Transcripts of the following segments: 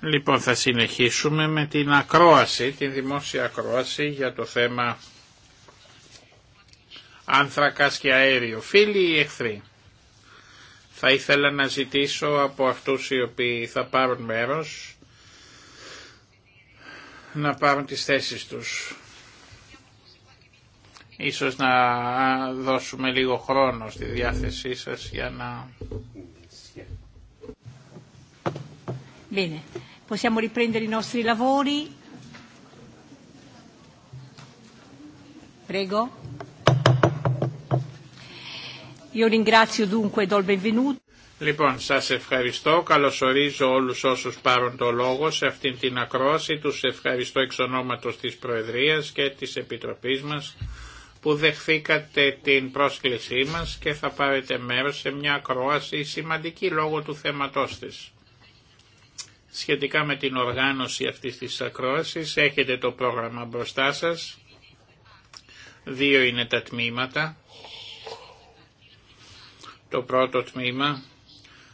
Λοιπόν, θα συνεχίσουμε με την ακρόαση, την δημόσια ακρόαση για το θέμα άνθρακας και αέριο. Φίλοι ή εχθροί, θα ήθελα να ζητήσω από αυτούς οι οποίοι θα πάρουν μέρος να πάρουν τις θέσεις τους. Ίσως να δώσουμε λίγο χρόνο στη διάθεσή σας για να Bene, Λοιπόν, σας ευχαριστώ. Καλωσορίζω όλους όσους πάρουν το λόγο σε αυτήν την ακρόαση. Τους ευχαριστώ εξ ονόματος της Προεδρίας και της Επιτροπής μας που δεχθήκατε την πρόσκλησή μας και θα πάρετε μέρος σε μια ακρόαση σημαντική λόγω του θέματός της σχετικά με την οργάνωση αυτής της ακρόασης. Έχετε το πρόγραμμα μπροστά σας. Δύο είναι τα τμήματα. Το πρώτο τμήμα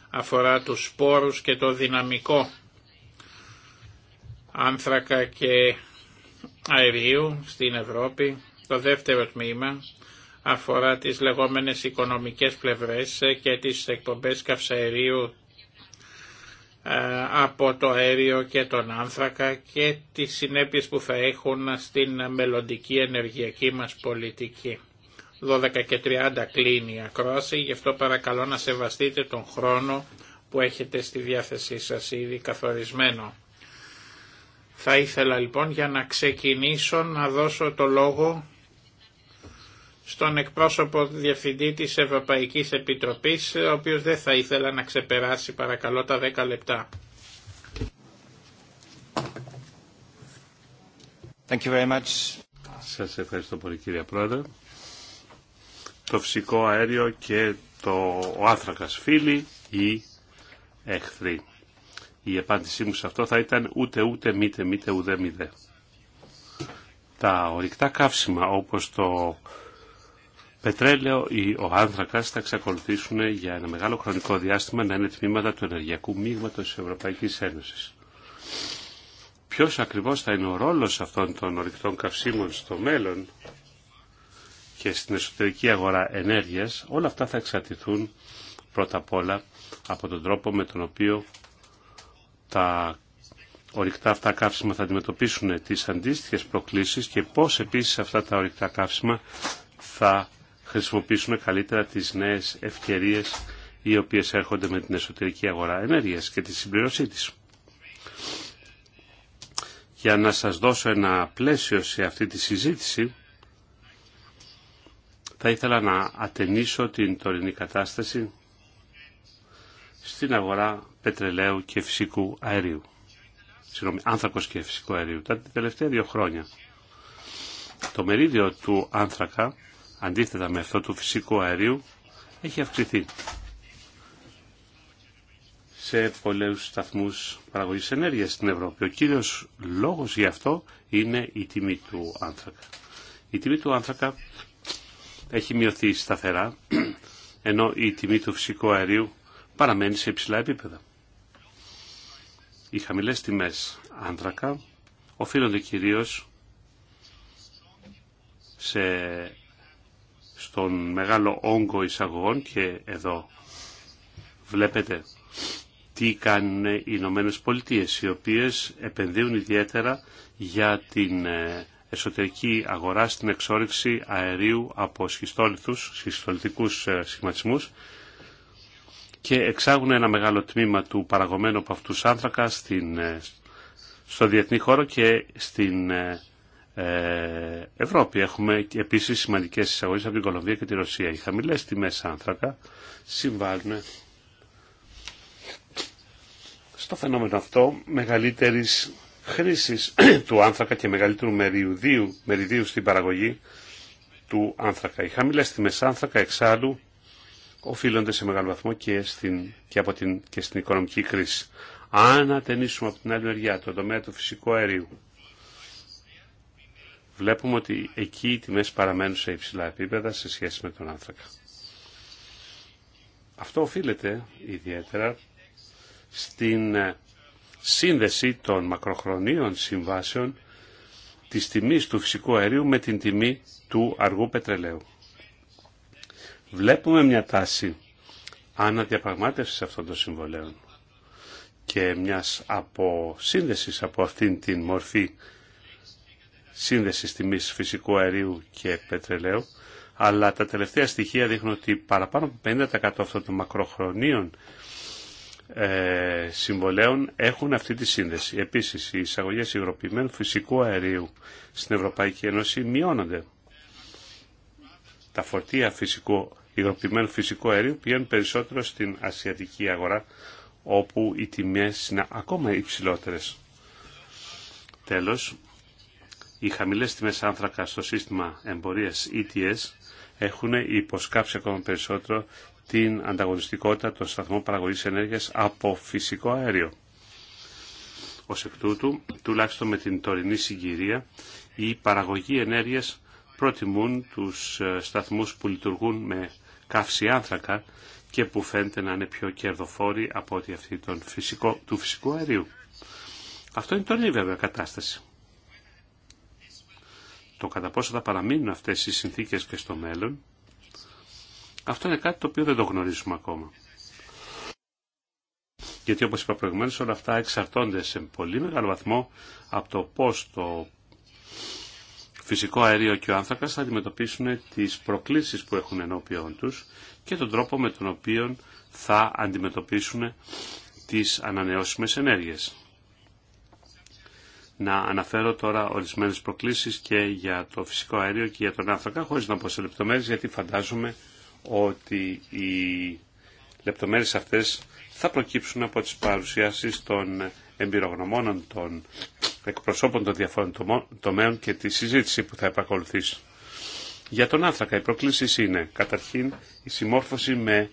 αφορά τους σπόρους και το δυναμικό άνθρακα και αερίου στην Ευρώπη. Το δεύτερο τμήμα αφορά τις λεγόμενες οικονομικές πλευρές και τις εκπομπές καυσαερίου ε, από το αέριο και τον άνθρακα και τις συνέπειες που θα έχουν στην μελλοντική ενεργειακή μας πολιτική. 12 και 30 κλείνει η γι' αυτό παρακαλώ να σεβαστείτε τον χρόνο που έχετε στη διάθεσή σας ήδη καθορισμένο. Θα ήθελα λοιπόν για να ξεκινήσω να δώσω το λόγο στον εκπρόσωπο διευθυντή της Ευρωπαϊκής Επιτροπής, ο οποίος δεν θα ήθελα να ξεπεράσει παρακαλώ τα 10 λεπτά. Thank Σας ευχαριστώ πολύ κύριε Πρόεδρε. Το φυσικό αέριο και το ο ή έχθρη. ή εχθροί. Η απάντησή μου σε αυτό θα ήταν ούτε ούτε μήτε μήτε ουδέ μηδέ. Τα ορυκτά καύσιμα όπως το πετρέλαιο ή ο άνθρακας θα εξακολουθήσουν για ένα μεγάλο χρονικό διάστημα να είναι τμήματα του ενεργειακού μείγματος της Ευρωπαϊκής Ένωσης. Ποιος ακριβώς θα είναι ο ρόλος αυτών των ορυκτών καυσίμων στο μέλλον και στην εσωτερική αγορά ενέργειας, όλα αυτά θα εξαρτηθούν πρώτα απ' όλα από τον τρόπο με τον οποίο τα ορυκτά αυτά καύσιμα θα αντιμετωπίσουν τις αντίστοιχες προκλήσεις και πώς επίσης αυτά τα ορυκτά καύσιμα θα χρησιμοποιήσουμε καλύτερα τις νέες ευκαιρίες οι οποίες έρχονται με την εσωτερική αγορά ενέργειας και τη συμπληρωσή της. Για να σας δώσω ένα πλαίσιο σε αυτή τη συζήτηση, θα ήθελα να ατενίσω την τωρινή κατάσταση στην αγορά πετρελαίου και φυσικού αερίου. Συγγνώμη, άνθρακος και φυσικού αερίου. Τα τελευταία δύο χρόνια. Το μερίδιο του άνθρακα αντίθετα με αυτό του φυσικού αερίου, έχει αυξηθεί σε πολλούς σταθμούς παραγωγής ενέργειας στην Ευρώπη. Ο κύριος λόγος γι' αυτό είναι η τιμή του άνθρακα. Η τιμή του άνθρακα έχει μειωθεί σταθερά, ενώ η τιμή του φυσικού αερίου παραμένει σε υψηλά επίπεδα. Οι χαμηλές τιμές άνθρακα οφείλονται κυρίως σε στον μεγάλο όγκο εισαγωγών και εδώ βλέπετε τι κάνουν οι Ηνωμένε Πολιτείε, οι οποίες επενδύουν ιδιαίτερα για την ε, εσωτερική αγορά στην εξόρυξη αερίου από σχιστόλιθους, σχιστολιθικούς ε, σχηματισμούς και εξάγουν ένα μεγάλο τμήμα του παραγωμένου από αυτούς άνθρακα στην, ε, στο διεθνή χώρο και στην ε, Ευρώπη. Έχουμε επίσης σημαντικές εισαγωγές από την Κολομβία και τη Ρωσία. Οι χαμηλές τιμές άνθρακα συμβάλλουν στο φαινόμενο αυτό μεγαλύτερης χρήσης του άνθρακα και μεγαλύτερου μεριδίου, μεριδίου στην παραγωγή του άνθρακα. Οι χαμηλές τιμές άνθρακα εξάλλου οφείλονται σε μεγάλο βαθμό και στην, και από την, και στην οικονομική κρίση. Αν ατενίσουμε από την άλλη μεριά το τομέα του φυσικού αερίου βλέπουμε ότι εκεί οι τιμές παραμένουν σε υψηλά επίπεδα σε σχέση με τον άνθρακα. Αυτό οφείλεται ιδιαίτερα στην ε, σύνδεση των μακροχρονίων συμβάσεων της τιμής του φυσικού αερίου με την τιμή του αργού πετρελαίου. Βλέπουμε μια τάση αναδιαπραγμάτευσης αυτών των συμβολέων και μιας αποσύνδεσης από αυτήν την μορφή Σύνδεση τιμή φυσικού αερίου και πετρελαίου, αλλά τα τελευταία στοιχεία δείχνουν ότι παραπάνω από 50% αυτών των μακροχρονίων ε, συμβολέων έχουν αυτή τη σύνδεση. Επίσης, οι εισαγωγές υγροποιημένου φυσικού αερίου στην Ευρωπαϊκή Ένωση μειώνονται. Τα φορτία φυσικού, υγροποιημένου φυσικού αερίου πηγαίνουν περισσότερο στην ασιατική αγορά, όπου οι τιμές είναι ακόμα υψηλότερες. Τέλος, οι χαμηλές τιμές άνθρακα στο σύστημα εμπορίας ETS έχουν υποσκάψει ακόμα περισσότερο την ανταγωνιστικότητα των σταθμών παραγωγής ενέργειας από φυσικό αέριο. Ω εκ τούτου, τουλάχιστον με την τωρινή συγκυρία, οι παραγωγοί ενέργειας προτιμούν τους ε, σταθμούς που λειτουργούν με καύση άνθρακα και που φαίνεται να είναι πιο κερδοφόροι από ό,τι αυτή του φυσικού αερίου. Αυτό είναι τωρινή βέβαια κατάσταση το κατά πόσο θα παραμείνουν αυτές οι συνθήκες και στο μέλλον, αυτό είναι κάτι το οποίο δεν το γνωρίζουμε ακόμα. Γιατί όπως είπα προηγουμένως όλα αυτά εξαρτώνται σε πολύ μεγάλο βαθμό από το πώς το φυσικό αέριο και ο άνθρακας θα αντιμετωπίσουν τις προκλήσεις που έχουν ενώπιον τους και τον τρόπο με τον οποίο θα αντιμετωπίσουν τις ανανεώσιμες ενέργειες να αναφέρω τώρα ορισμένε προκλήσεις και για το φυσικό αέριο και για τον άνθρακα, χωρίς να πω σε λεπτομέρειες, γιατί φαντάζομαι ότι οι λεπτομέρειες αυτές θα προκύψουν από τις παρουσιάσεις των εμπειρογνωμόνων, των εκπροσώπων των διαφόρων τομέων και τη συζήτηση που θα επακολουθήσει. Για τον άνθρακα οι προκλήσεις είναι καταρχήν η συμμόρφωση με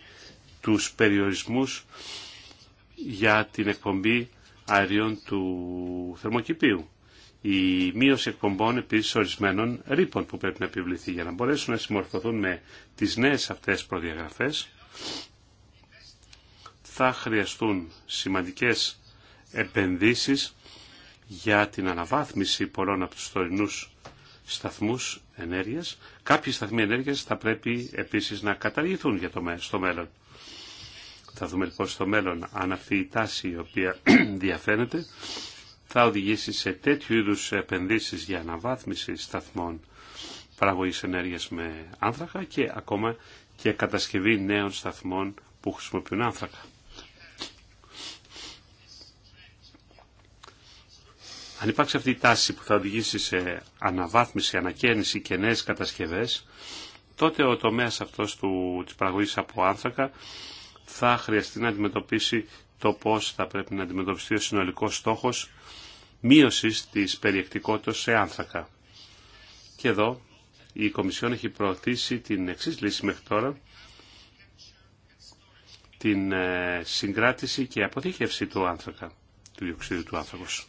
τους περιορισμούς για την εκπομπή αερίων του θερμοκηπίου. Η μείωση εκπομπών επίση ορισμένων ρήπων που πρέπει να επιβληθεί για να μπορέσουν να συμμορφωθούν με τις νέες αυτές προδιαγραφές θα χρειαστούν σημαντικές επενδύσεις για την αναβάθμιση πολλών από τους τωρινούς σταθμούς ενέργειας. Κάποιοι σταθμοί ενέργειας θα πρέπει επίσης να καταργηθούν για το, στο μέλλον. Θα δούμε λοιπόν στο μέλλον αν αυτή η τάση η οποία διαφαίνεται θα οδηγήσει σε τέτοιου είδους επενδύσεις για αναβάθμιση σταθμών παραγωγής ενέργειας με άνθρακα και ακόμα και κατασκευή νέων σταθμών που χρησιμοποιούν άνθρακα. Αν υπάρξει αυτή η τάση που θα οδηγήσει σε αναβάθμιση, ανακαίνιση και νέες κατασκευές, τότε ο τομέας αυτός του, της παραγωγής από άνθρακα θα χρειαστεί να αντιμετωπίσει το πώς θα πρέπει να αντιμετωπιστεί ο συνολικός στόχος μείωσης της περιεκτικότητας σε άνθρακα. Και εδώ η Κομισιόν έχει προωθήσει την εξή λύση μέχρι τώρα, την ε, συγκράτηση και αποθήκευση του άνθρακα, του διοξίδιου του άνθρακος.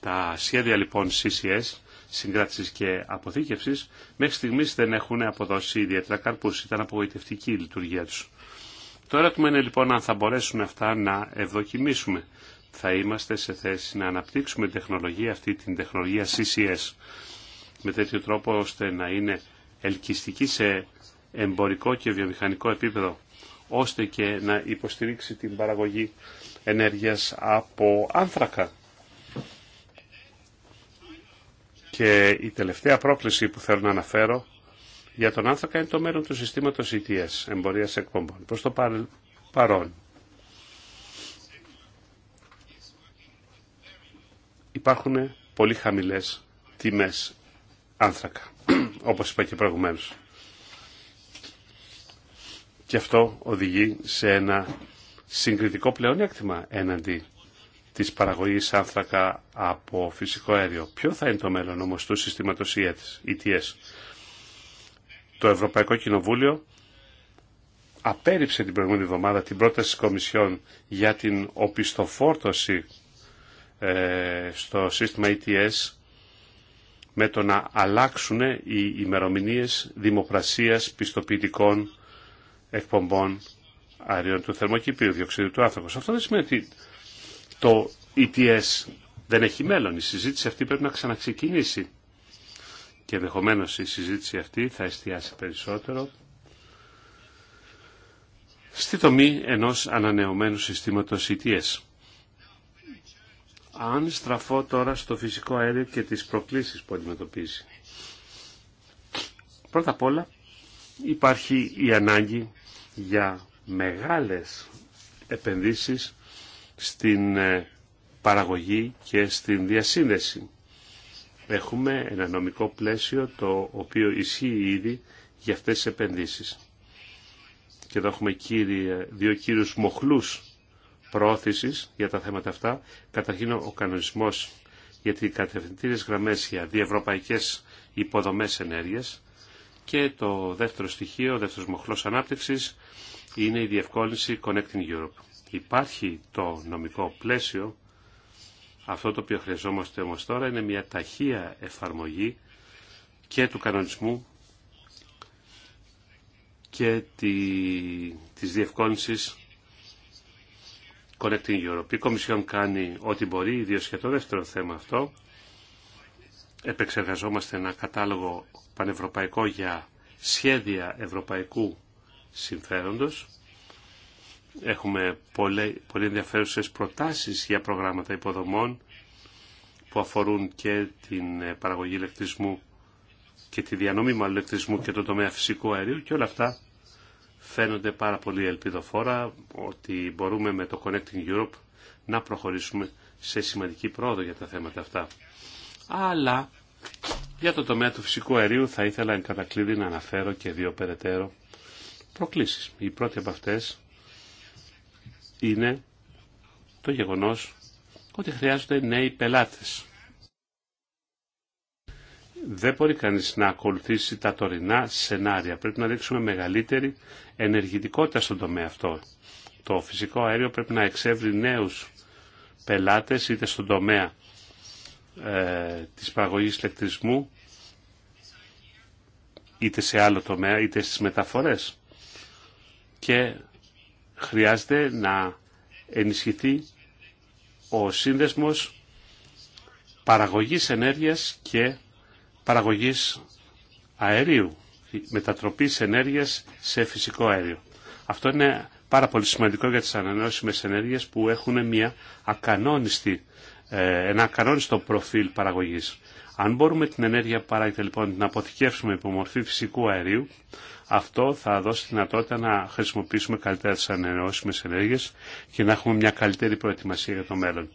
Τα σχέδια λοιπόν CCS, συγκράτησης και αποθήκευσης, μέχρι στιγμής δεν έχουν αποδώσει ιδιαίτερα καρπούς, ήταν απογοητευτική η λειτουργία τους. Το ερώτημα είναι λοιπόν αν θα μπορέσουν αυτά να ευδοκιμήσουμε. Θα είμαστε σε θέση να αναπτύξουμε τεχνολογία αυτή, την τεχνολογία CCS, με τέτοιο τρόπο ώστε να είναι ελκυστική σε εμπορικό και βιομηχανικό επίπεδο, ώστε και να υποστηρίξει την παραγωγή ενέργειας από άνθρακα. Και η τελευταία πρόκληση που θέλω να αναφέρω για τον άνθρακα είναι το μέλλον του συστήματος ETS, εμπορίας εκπομπών, προς το παρόν. Υπάρχουν πολύ χαμηλές τιμές άνθρακα, όπως είπα και προηγουμένως. Και αυτό οδηγεί σε ένα συγκριτικό πλεονέκτημα έναντι της παραγωγής άνθρακα από φυσικό αέριο. Ποιο θα είναι το μέλλον όμως του συστήματος ETS. Το Ευρωπαϊκό Κοινοβούλιο απέρριψε την προηγούμενη εβδομάδα την πρόταση της Κομισιόν για την οπισθοφόρτωση ε, στο σύστημα ETS με το να αλλάξουν οι ημερομηνίες δημοπρασίας πιστοποιητικών εκπομπών αριών του θερμοκηπίου, διοξιδίου του άνθρακος. Αυτό δεν σημαίνει ότι το ETS δεν έχει μέλλον. Η συζήτηση αυτή πρέπει να ξαναξεκινήσει και ενδεχομένω η συζήτηση αυτή θα εστιάσει περισσότερο στη τομή ενός ανανεωμένου συστήματος ETS. Αν στραφώ τώρα στο φυσικό αέριο και τις προκλήσεις που αντιμετωπίζει. Πρώτα απ' όλα υπάρχει η ανάγκη για μεγάλες επενδύσεις στην ε, παραγωγή και στην διασύνδεση έχουμε ένα νομικό πλαίσιο το οποίο ισχύει ήδη για αυτές τις επενδύσεις. Και εδώ έχουμε κύριε, δύο κύριους μοχλούς πρόθεσης για τα θέματα αυτά. Καταρχήν ο κανονισμός για τις κατευθυντήριες γραμμές για διευρωπαϊκές υποδομές ενέργειας και το δεύτερο στοιχείο, ο δεύτερος μοχλός ανάπτυξης είναι η διευκόλυνση Connecting Europe. Υπάρχει το νομικό πλαίσιο αυτό το οποίο χρειαζόμαστε όμως τώρα είναι μια ταχεία εφαρμογή και του κανονισμού και τη, της διευκόνησης Connecting Europe. Η Κομισιόν κάνει ό,τι μπορεί, ιδίω για το δεύτερο θέμα αυτό. Επεξεργαζόμαστε ένα κατάλογο πανευρωπαϊκό για σχέδια ευρωπαϊκού συμφέροντος Έχουμε πολλές, πολύ ενδιαφέρουσες προτάσεις για προγράμματα υποδομών που αφορούν και την ε, παραγωγή ηλεκτρισμού και τη διανομή μάλλον ηλεκτρισμού και το τομέα φυσικού αερίου και όλα αυτά φαίνονται πάρα πολύ ελπιδοφόρα ότι μπορούμε με το Connecting Europe να προχωρήσουμε σε σημαντική πρόοδο για τα θέματα αυτά. Αλλά για το τομέα του φυσικού αερίου θα ήθελα εν κατακλείδη να αναφέρω και δύο περαιτέρω προκλήσεις. Η πρώτη από αυτές είναι το γεγονός ότι χρειάζονται νέοι πελάτες. Δεν μπορεί κανείς να ακολουθήσει τα τωρινά σενάρια. Πρέπει να δείξουμε μεγαλύτερη ενεργητικότητα στον τομέα αυτό. Το φυσικό αέριο πρέπει να εξεύρει νέους πελάτες είτε στον τομέα ε, της παραγωγής ηλεκτρισμού είτε σε άλλο τομέα είτε στις μεταφορές. Και χρειάζεται να ενισχυθεί ο σύνδεσμος παραγωγής ενέργειας και παραγωγής αερίου, μετατροπής ενέργειας σε φυσικό αέριο. Αυτό είναι πάρα πολύ σημαντικό για τις ανανεώσιμες ενέργειες που έχουν μια ακανόνιστη, ε, ένα ακανόνιστο προφίλ παραγωγής. Αν μπορούμε την ενέργεια που παράγεται λοιπόν να αποθηκεύσουμε υπό μορφή φυσικού αερίου, αυτό θα δώσει τη δυνατότητα να χρησιμοποιήσουμε καλύτερα τι ανανεώσιμε ενέργειε και να έχουμε μια καλύτερη προετοιμασία για το μέλλον.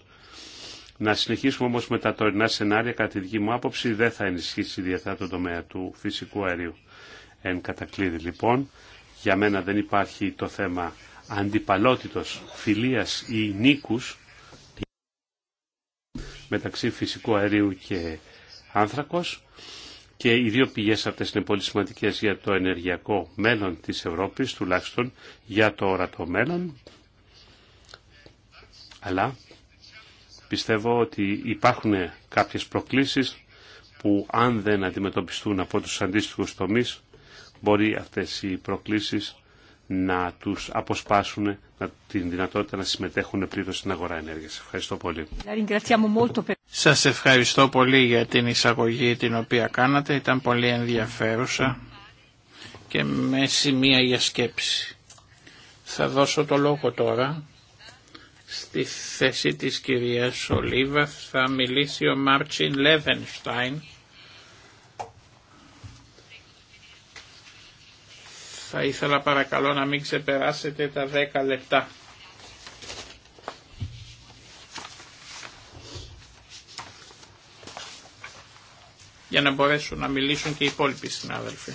Να συνεχίσουμε όμω με τα τωρινά σενάρια, κατά τη δική μου άποψη, δεν θα ενισχύσει ιδιαίτερα τον τομέα του φυσικού αερίου. Εν κατακλείδη λοιπόν, για μένα δεν υπάρχει το θέμα αντιπαλότητος φιλίας ή νίκους μεταξύ φυσικού αερίου και άνθρακος και οι δύο πηγές αυτές είναι πολύ σημαντικές για το ενεργειακό μέλλον της Ευρώπης, τουλάχιστον για το όρατο μέλλον. Αλλά πιστεύω ότι υπάρχουν κάποιες προκλήσεις που αν δεν αντιμετωπιστούν από τους αντίστοιχους τομείς, μπορεί αυτές οι προκλήσεις να τους αποσπάσουν την δυνατότητα να συμμετέχουν πλήρως στην αγορά ενέργειας. Ευχαριστώ πολύ. Σας ευχαριστώ πολύ για την εισαγωγή την οποία κάνατε. Ήταν πολύ ενδιαφέρουσα και με σημεία για σκέψη. Θα δώσω το λόγο τώρα. Στη θέση της κυρίας Ολίβα θα μιλήσει ο Μάρτσιν Λέβενστάιν Θα ήθελα παρακαλώ να μην ξεπεράσετε τα 10 λεπτά. για να μπορέσουν να μιλήσουν και οι υπόλοιποι συνάδελφοι.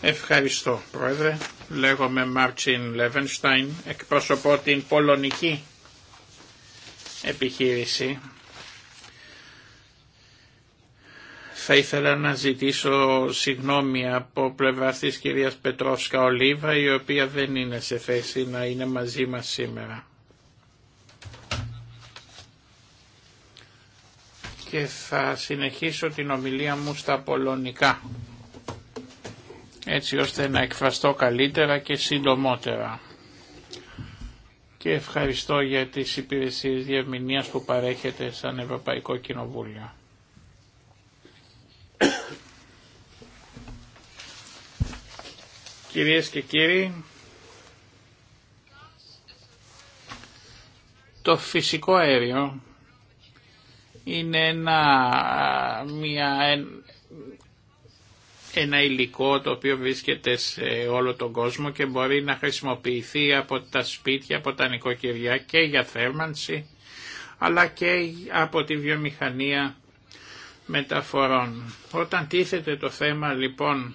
Ευχαριστώ Πρόεδρε. Λέγομαι Μάρτσιν Λεβενστάιν, εκπροσωπώ την πολωνική επιχείρηση Θα ήθελα να ζητήσω συγνώμη από πλευρά της κυρίας Πετρόσκα Ολίβα, η οποία δεν είναι σε θέση να είναι μαζί μας σήμερα. Και θα συνεχίσω την ομιλία μου στα πολωνικά, έτσι ώστε να εκφραστώ καλύτερα και συντομότερα. Και ευχαριστώ για τις υπηρεσίες διευμηνίας που παρέχετε σαν Ευρωπαϊκό Κοινοβούλιο. Κυρίες και κύριοι, το φυσικό αέριο είναι ένα, μια, ένα υλικό το οποίο βρίσκεται σε όλο τον κόσμο και μπορεί να χρησιμοποιηθεί από τα σπίτια, από τα νοικοκυριά και για θέρμανση αλλά και από τη βιομηχανία μεταφορών. Όταν τίθεται το θέμα λοιπόν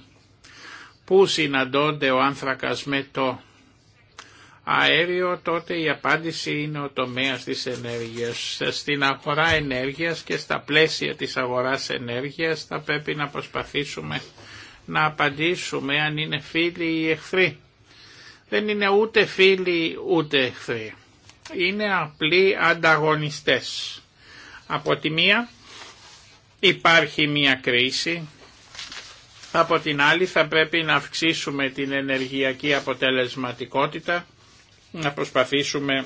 πού συναντώνται ο άνθρακας με το αέριο, τότε η απάντηση είναι ο τομέας της ενέργειας. Στην αγορά ενέργειας και στα πλαίσια της αγοράς ενέργειας θα πρέπει να προσπαθήσουμε να απαντήσουμε αν είναι φίλοι ή εχθροί. Δεν είναι ούτε φίλοι ούτε εχθροί. Είναι απλοί ανταγωνιστές. Από τη μία Υπάρχει μια κρίση. Από την άλλη θα πρέπει να αυξήσουμε την ενεργειακή αποτελεσματικότητα, να προσπαθήσουμε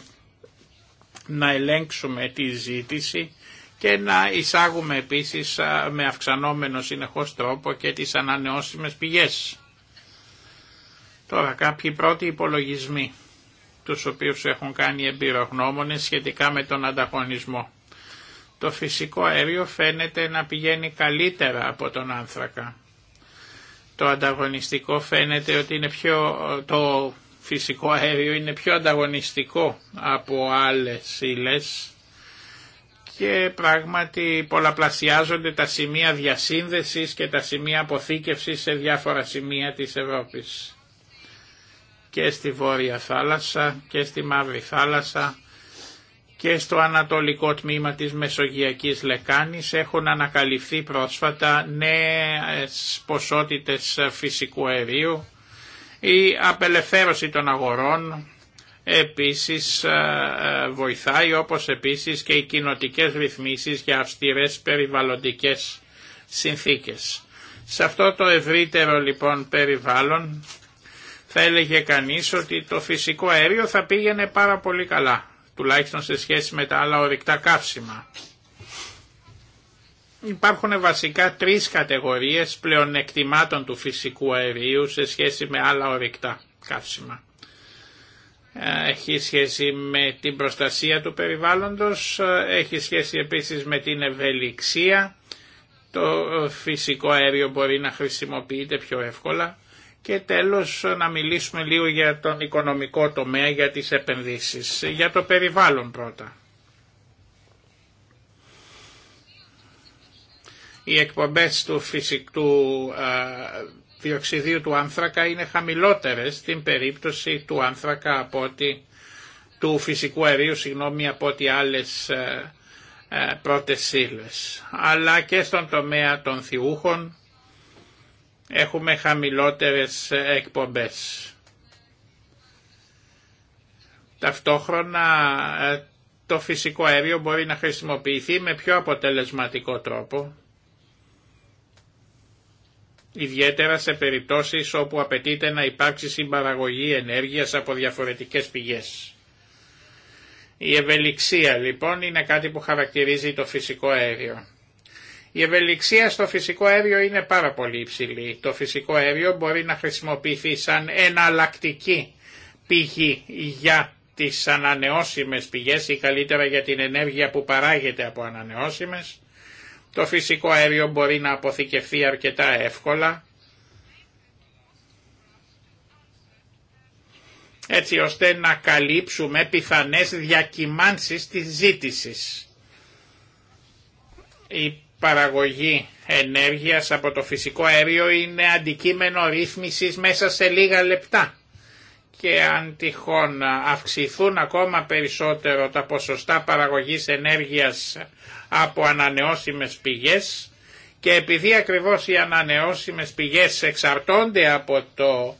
να ελέγξουμε τη ζήτηση και να εισάγουμε επίσης με αυξανόμενο συνεχώς τρόπο και τις ανανεώσιμες πηγές. Τώρα κάποιοι πρώτοι υπολογισμοί, τους οποίους έχουν κάνει εμπειρογνώμονες σχετικά με τον ανταγωνισμό το φυσικό αέριο φαίνεται να πηγαίνει καλύτερα από τον άνθρακα. Το ανταγωνιστικό φαίνεται ότι είναι πιο, το φυσικό αέριο είναι πιο ανταγωνιστικό από άλλες ύλε και πράγματι πολλαπλασιάζονται τα σημεία διασύνδεσης και τα σημεία αποθήκευσης σε διάφορα σημεία της Ευρώπης. Και στη Βόρεια Θάλασσα και στη Μαύρη Θάλασσα και στο ανατολικό τμήμα της Μεσογειακής Λεκάνης έχουν ανακαλυφθεί πρόσφατα νέες ποσότητες φυσικού αερίου. Η απελευθέρωση των αγορών επίσης ε, ε, βοηθάει όπως επίσης και οι κοινοτικές ρυθμίσεις για αυστηρές περιβαλλοντικές συνθήκες. Σε αυτό το ευρύτερο λοιπόν περιβάλλον θα έλεγε κανείς ότι το φυσικό αέριο θα πήγαινε πάρα πολύ καλά τουλάχιστον σε σχέση με τα άλλα ορυκτά καύσιμα. Υπάρχουν βασικά τρεις κατηγορίες πλεονεκτημάτων του φυσικού αερίου σε σχέση με άλλα ορυκτά καύσιμα. Έχει σχέση με την προστασία του περιβάλλοντος, έχει σχέση επίσης με την ευελιξία. Το φυσικό αέριο μπορεί να χρησιμοποιείται πιο εύκολα και τέλος να μιλήσουμε λίγο για τον οικονομικό τομέα, για τις επενδύσεις, για το περιβάλλον πρώτα. Οι εκπομπές του φυσικού διοξιδίου του άνθρακα είναι χαμηλότερες στην περίπτωση του άνθρακα από του φυσικού αερίου, συγγνώμη, από ότι άλλες πρώτες ύλες. Αλλά και στον τομέα των θιούχων έχουμε χαμηλότερες εκπομπές. Ταυτόχρονα ε, το φυσικό αέριο μπορεί να χρησιμοποιηθεί με πιο αποτελεσματικό τρόπο, ιδιαίτερα σε περιπτώσεις όπου απαιτείται να υπάρξει συμπαραγωγή ενέργειας από διαφορετικές πηγές. Η ευελιξία λοιπόν είναι κάτι που χαρακτηρίζει το φυσικό αέριο. Η ευελιξία στο φυσικό αέριο είναι πάρα πολύ υψηλή. Το φυσικό αέριο μπορεί να χρησιμοποιηθεί σαν εναλλακτική πηγή για τις ανανεώσιμες πηγές ή καλύτερα για την ενέργεια που παράγεται από ανανεώσιμες. Το φυσικό αέριο μπορεί να αποθηκευθεί αρκετά εύκολα έτσι ώστε να καλύψουμε πιθανές διακυμάνσεις της ζήτησης. Η παραγωγή ενέργειας από το φυσικό αέριο είναι αντικείμενο ρύθμισης μέσα σε λίγα λεπτά και αν τυχόν αυξηθούν ακόμα περισσότερο τα ποσοστά παραγωγής ενέργειας από ανανεώσιμες πηγές και επειδή ακριβώς οι ανανεώσιμες πηγές εξαρτώνται από, το,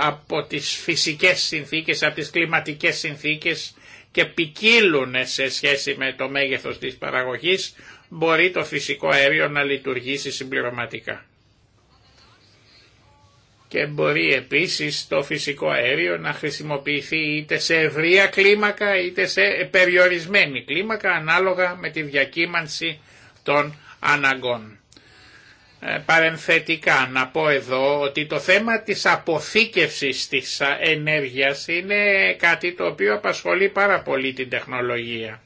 από τις φυσικές συνθήκες, από τις κλιματικές συνθήκες και ποικίλουν σε σχέση με το μέγεθος της παραγωγής, μπορεί το φυσικό αέριο να λειτουργήσει συμπληρωματικά. Και μπορεί επίσης το φυσικό αέριο να χρησιμοποιηθεί είτε σε ευρεία κλίμακα είτε σε περιορισμένη κλίμακα ανάλογα με τη διακύμανση των αναγκών. Ε, παρενθετικά να πω εδώ ότι το θέμα της αποθήκευσης της ε, ενέργειας είναι κάτι το οποίο απασχολεί πάρα πολύ την τεχνολογία.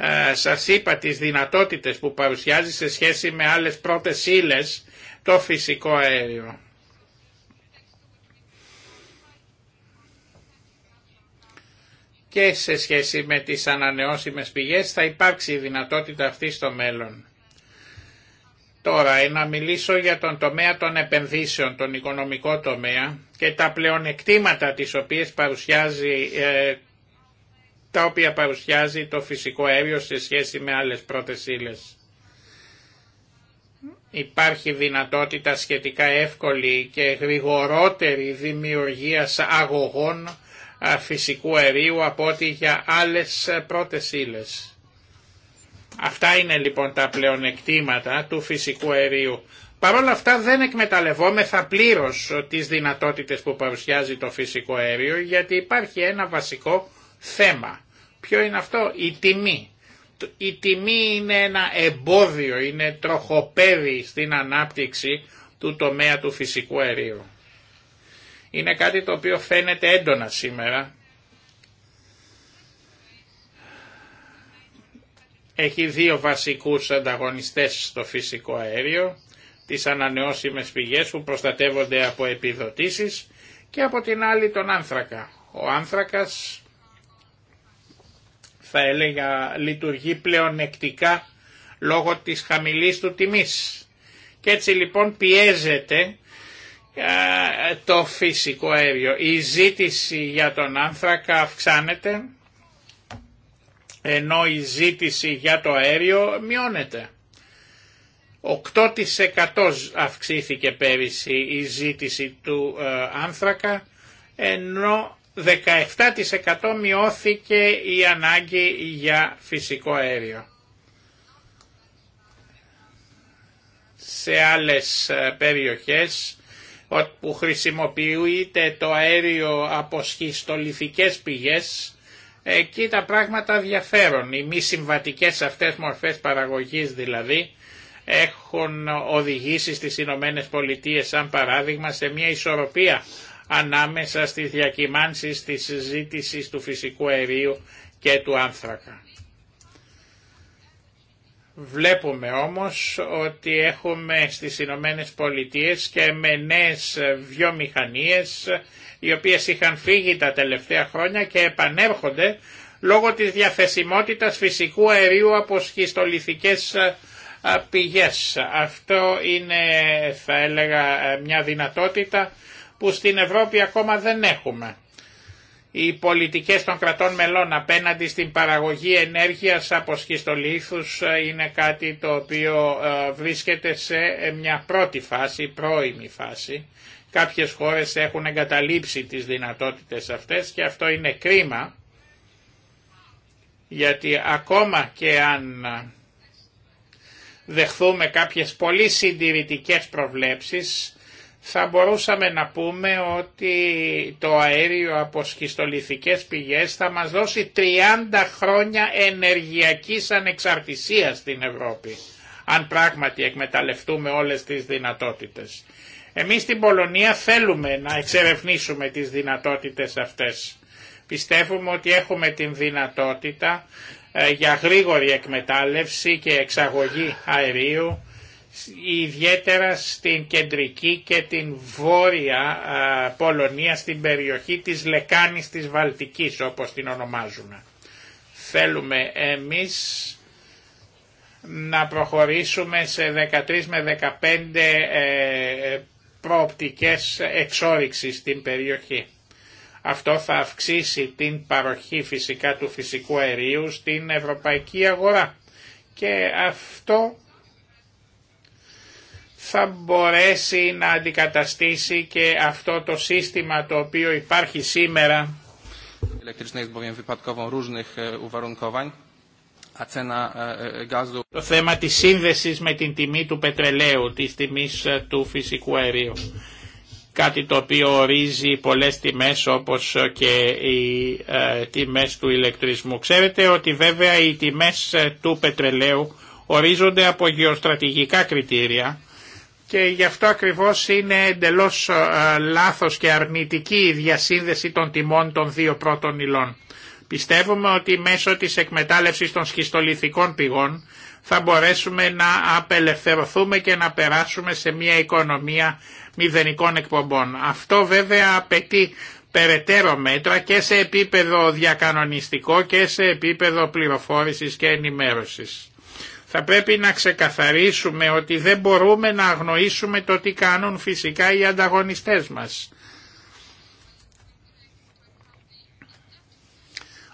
Ε, σας είπα τις δυνατότητες που παρουσιάζει σε σχέση με άλλες πρώτες ύλες το φυσικό αέριο. Και σε σχέση με τις ανανεώσιμες πηγές θα υπάρξει η δυνατότητα αυτή στο μέλλον. Τώρα, ε, να μιλήσω για τον τομέα των επενδύσεων, τον οικονομικό τομέα και τα πλεονεκτήματα τις οποίες παρουσιάζει ε, τα οποία παρουσιάζει το φυσικό αέριο σε σχέση με άλλες πρώτες ύλες. Υπάρχει δυνατότητα σχετικά εύκολη και γρηγορότερη δημιουργία αγωγών φυσικού αερίου από ό,τι για άλλες πρώτες ύλες. Αυτά είναι λοιπόν τα πλεονεκτήματα του φυσικού αερίου. Παρ' όλα αυτά δεν εκμεταλλευόμεθα πλήρως τις δυνατότητες που παρουσιάζει το φυσικό αέριο γιατί υπάρχει ένα βασικό θέμα. Ποιο είναι αυτό, η τιμή. Η τιμή είναι ένα εμπόδιο, είναι τροχοπέδι στην ανάπτυξη του τομέα του φυσικού αερίου. Είναι κάτι το οποίο φαίνεται έντονα σήμερα. Έχει δύο βασικούς ανταγωνιστές στο φυσικό αέριο, τις ανανεώσιμες πηγές που προστατεύονται από επιδοτήσεις και από την άλλη τον άνθρακα. Ο άνθρακας θα έλεγα λειτουργεί πλεονεκτικά λόγω της χαμηλής του τιμής. Και έτσι λοιπόν πιέζεται το φυσικό αέριο. Η ζήτηση για τον άνθρακα αυξάνεται ενώ η ζήτηση για το αέριο μειώνεται. 8% αυξήθηκε πέρυσι η ζήτηση του ε, άνθρακα ενώ 17% μειώθηκε η ανάγκη για φυσικό αέριο. Σε άλλες ε, περιοχές που χρησιμοποιείται το αέριο από σχιστολιθικές πηγές, εκεί τα πράγματα διαφέρουν. Οι μη συμβατικές αυτές μορφές παραγωγής δηλαδή έχουν οδηγήσει στις Ηνωμένε Πολιτείες σαν παράδειγμα σε μια ισορροπία ανάμεσα στις διακυμάνσεις της συζήτηση του φυσικού αερίου και του άνθρακα. Βλέπουμε όμως ότι έχουμε στις Ηνωμένε Πολιτείες και με νέες βιομηχανίες οι οποίες είχαν φύγει τα τελευταία χρόνια και επανέρχονται λόγω της διαθεσιμότητας φυσικού αερίου από σχιστολιθικές ε, ε, πηγές. Αυτό είναι θα έλεγα ε, μια δυνατότητα που στην Ευρώπη ακόμα δεν έχουμε. Οι πολιτικές των κρατών μελών απέναντι στην παραγωγή ενέργειας από σχιστολίθους ε, είναι κάτι το οποίο ε, βρίσκεται σε ε, μια πρώτη φάση, πρώιμη φάση. Κάποιες χώρες έχουν εγκαταλείψει τις δυνατότητες αυτές και αυτό είναι κρίμα γιατί ακόμα και αν δεχθούμε κάποιες πολύ συντηρητικές προβλέψεις θα μπορούσαμε να πούμε ότι το αέριο από σχιστολιθικές πηγές θα μας δώσει 30 χρόνια ενεργειακής ανεξαρτησίας στην Ευρώπη, αν πράγματι εκμεταλλευτούμε όλες τις δυνατότητες. Εμείς στην Πολωνία θέλουμε να εξερευνήσουμε τις δυνατότητες αυτές. Πιστεύουμε ότι έχουμε την δυνατότητα ε, για γρήγορη εκμετάλλευση και εξαγωγή αερίου ιδιαίτερα στην κεντρική και την βόρεια Πολωνία, στην περιοχή της Λεκάνης της Βαλτικής όπως την ονομάζουμε. Θέλουμε εμείς να προχωρήσουμε σε 13 με 15 ε, προοπτικές εξόριξης στην περιοχή. Αυτό θα αυξήσει την παροχή φυσικά του φυσικού αερίου στην ευρωπαϊκή αγορά και αυτό θα μπορέσει να αντικαταστήσει και αυτό το σύστημα το οποίο υπάρχει σήμερα. E, e, e, το θέμα της σύνδεσης με την τιμή του πετρελαίου, της τιμής ε, του φυσικού αερίου. Κάτι το οποίο ορίζει πολλές τιμές όπως ε, και οι ε, τιμές του ηλεκτρισμού. Ξέρετε ότι βέβαια οι τιμές του πετρελαίου ορίζονται από γεωστρατηγικά κριτήρια και γι' αυτό ακριβώς είναι εντελώς ε, λάθος και αρνητική η διασύνδεση των τιμών των δύο πρώτων υλών. Πιστεύουμε ότι μέσω της εκμετάλλευσης των σχιστολιθικών πηγών θα μπορέσουμε να απελευθερωθούμε και να περάσουμε σε μια οικονομία μηδενικών εκπομπών. Αυτό βέβαια απαιτεί περαιτέρω μέτρα και σε επίπεδο διακανονιστικό και σε επίπεδο πληροφόρησης και ενημέρωσης θα πρέπει να ξεκαθαρίσουμε ότι δεν μπορούμε να αγνοήσουμε το τι κάνουν φυσικά οι ανταγωνιστές μας.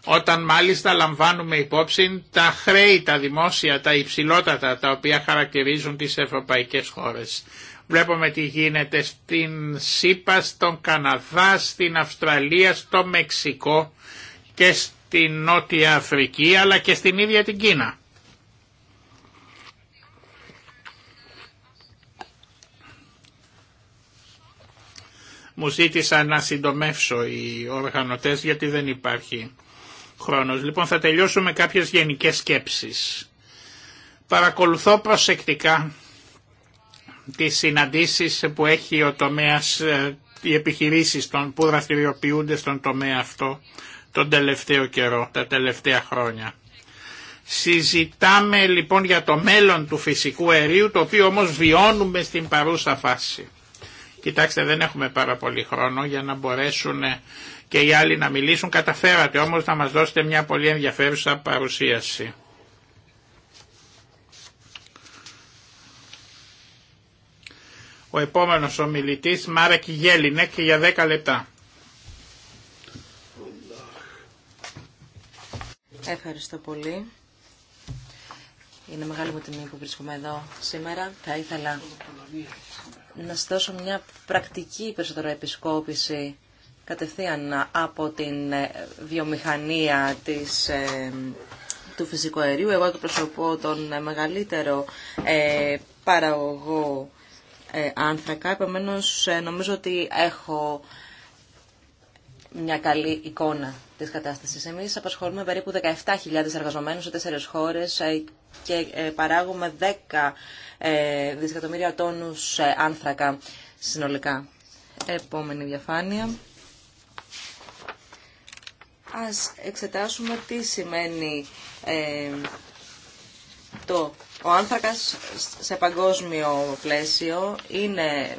Όταν μάλιστα λαμβάνουμε υπόψη τα χρέη, τα δημόσια, τα υψηλότατα τα οποία χαρακτηρίζουν τις ευρωπαϊκές χώρες. Βλέπουμε τι γίνεται στην ΣΥΠΑ, στον Καναδά, στην Αυστραλία, στο Μεξικό και στην Νότια Αφρική αλλά και στην ίδια την Κίνα. Μου ζήτησαν να συντομεύσω οι οργανωτές γιατί δεν υπάρχει χρόνος. Λοιπόν θα τελειώσουμε κάποιες γενικές σκέψεις. Παρακολουθώ προσεκτικά τις συναντήσεις που έχει ο τομέας, ε, οι επιχειρήσεις που δραστηριοποιούνται στον τομέα αυτό τον τελευταίο καιρό, τα τελευταία χρόνια. Συζητάμε λοιπόν για το μέλλον του φυσικού αερίου, το οποίο όμως βιώνουμε στην παρούσα φάση. Κοιτάξτε δεν έχουμε πάρα πολύ χρόνο για να μπορέσουν και οι άλλοι να μιλήσουν. Καταφέρατε όμως να μας δώσετε μια πολύ ενδιαφέρουσα παρουσίαση. Ο επόμενος ομιλητής Μάρακ Γέλινε και για 10 λεπτά. Ευχαριστώ πολύ. Είναι μεγάλη μου τιμή που βρίσκομαι εδώ σήμερα. Θα ήθελα να σας δώσω μια πρακτική περισσότερο επισκόπηση κατευθείαν από την ε, βιομηχανία της, ε, του φυσικού αερίου. Εγώ προσωπώ τον μεγαλύτερο ε, παραγωγό ε, άνθρακα, επομένως ε, νομίζω ότι έχω μια καλή εικόνα της κατάστασης. Εμείς απασχολούμε περίπου 17.000 εργαζομένους σε τέσσερις χώρες και ε, παράγουμε 10 ε, δισεκατομμύρια τόνους ε, άνθρακα συνολικά. Επόμενη διαφάνεια. Ας εξετάσουμε τι σημαίνει το. Ο άνθρακας σε παγκόσμιο πλαίσιο είναι,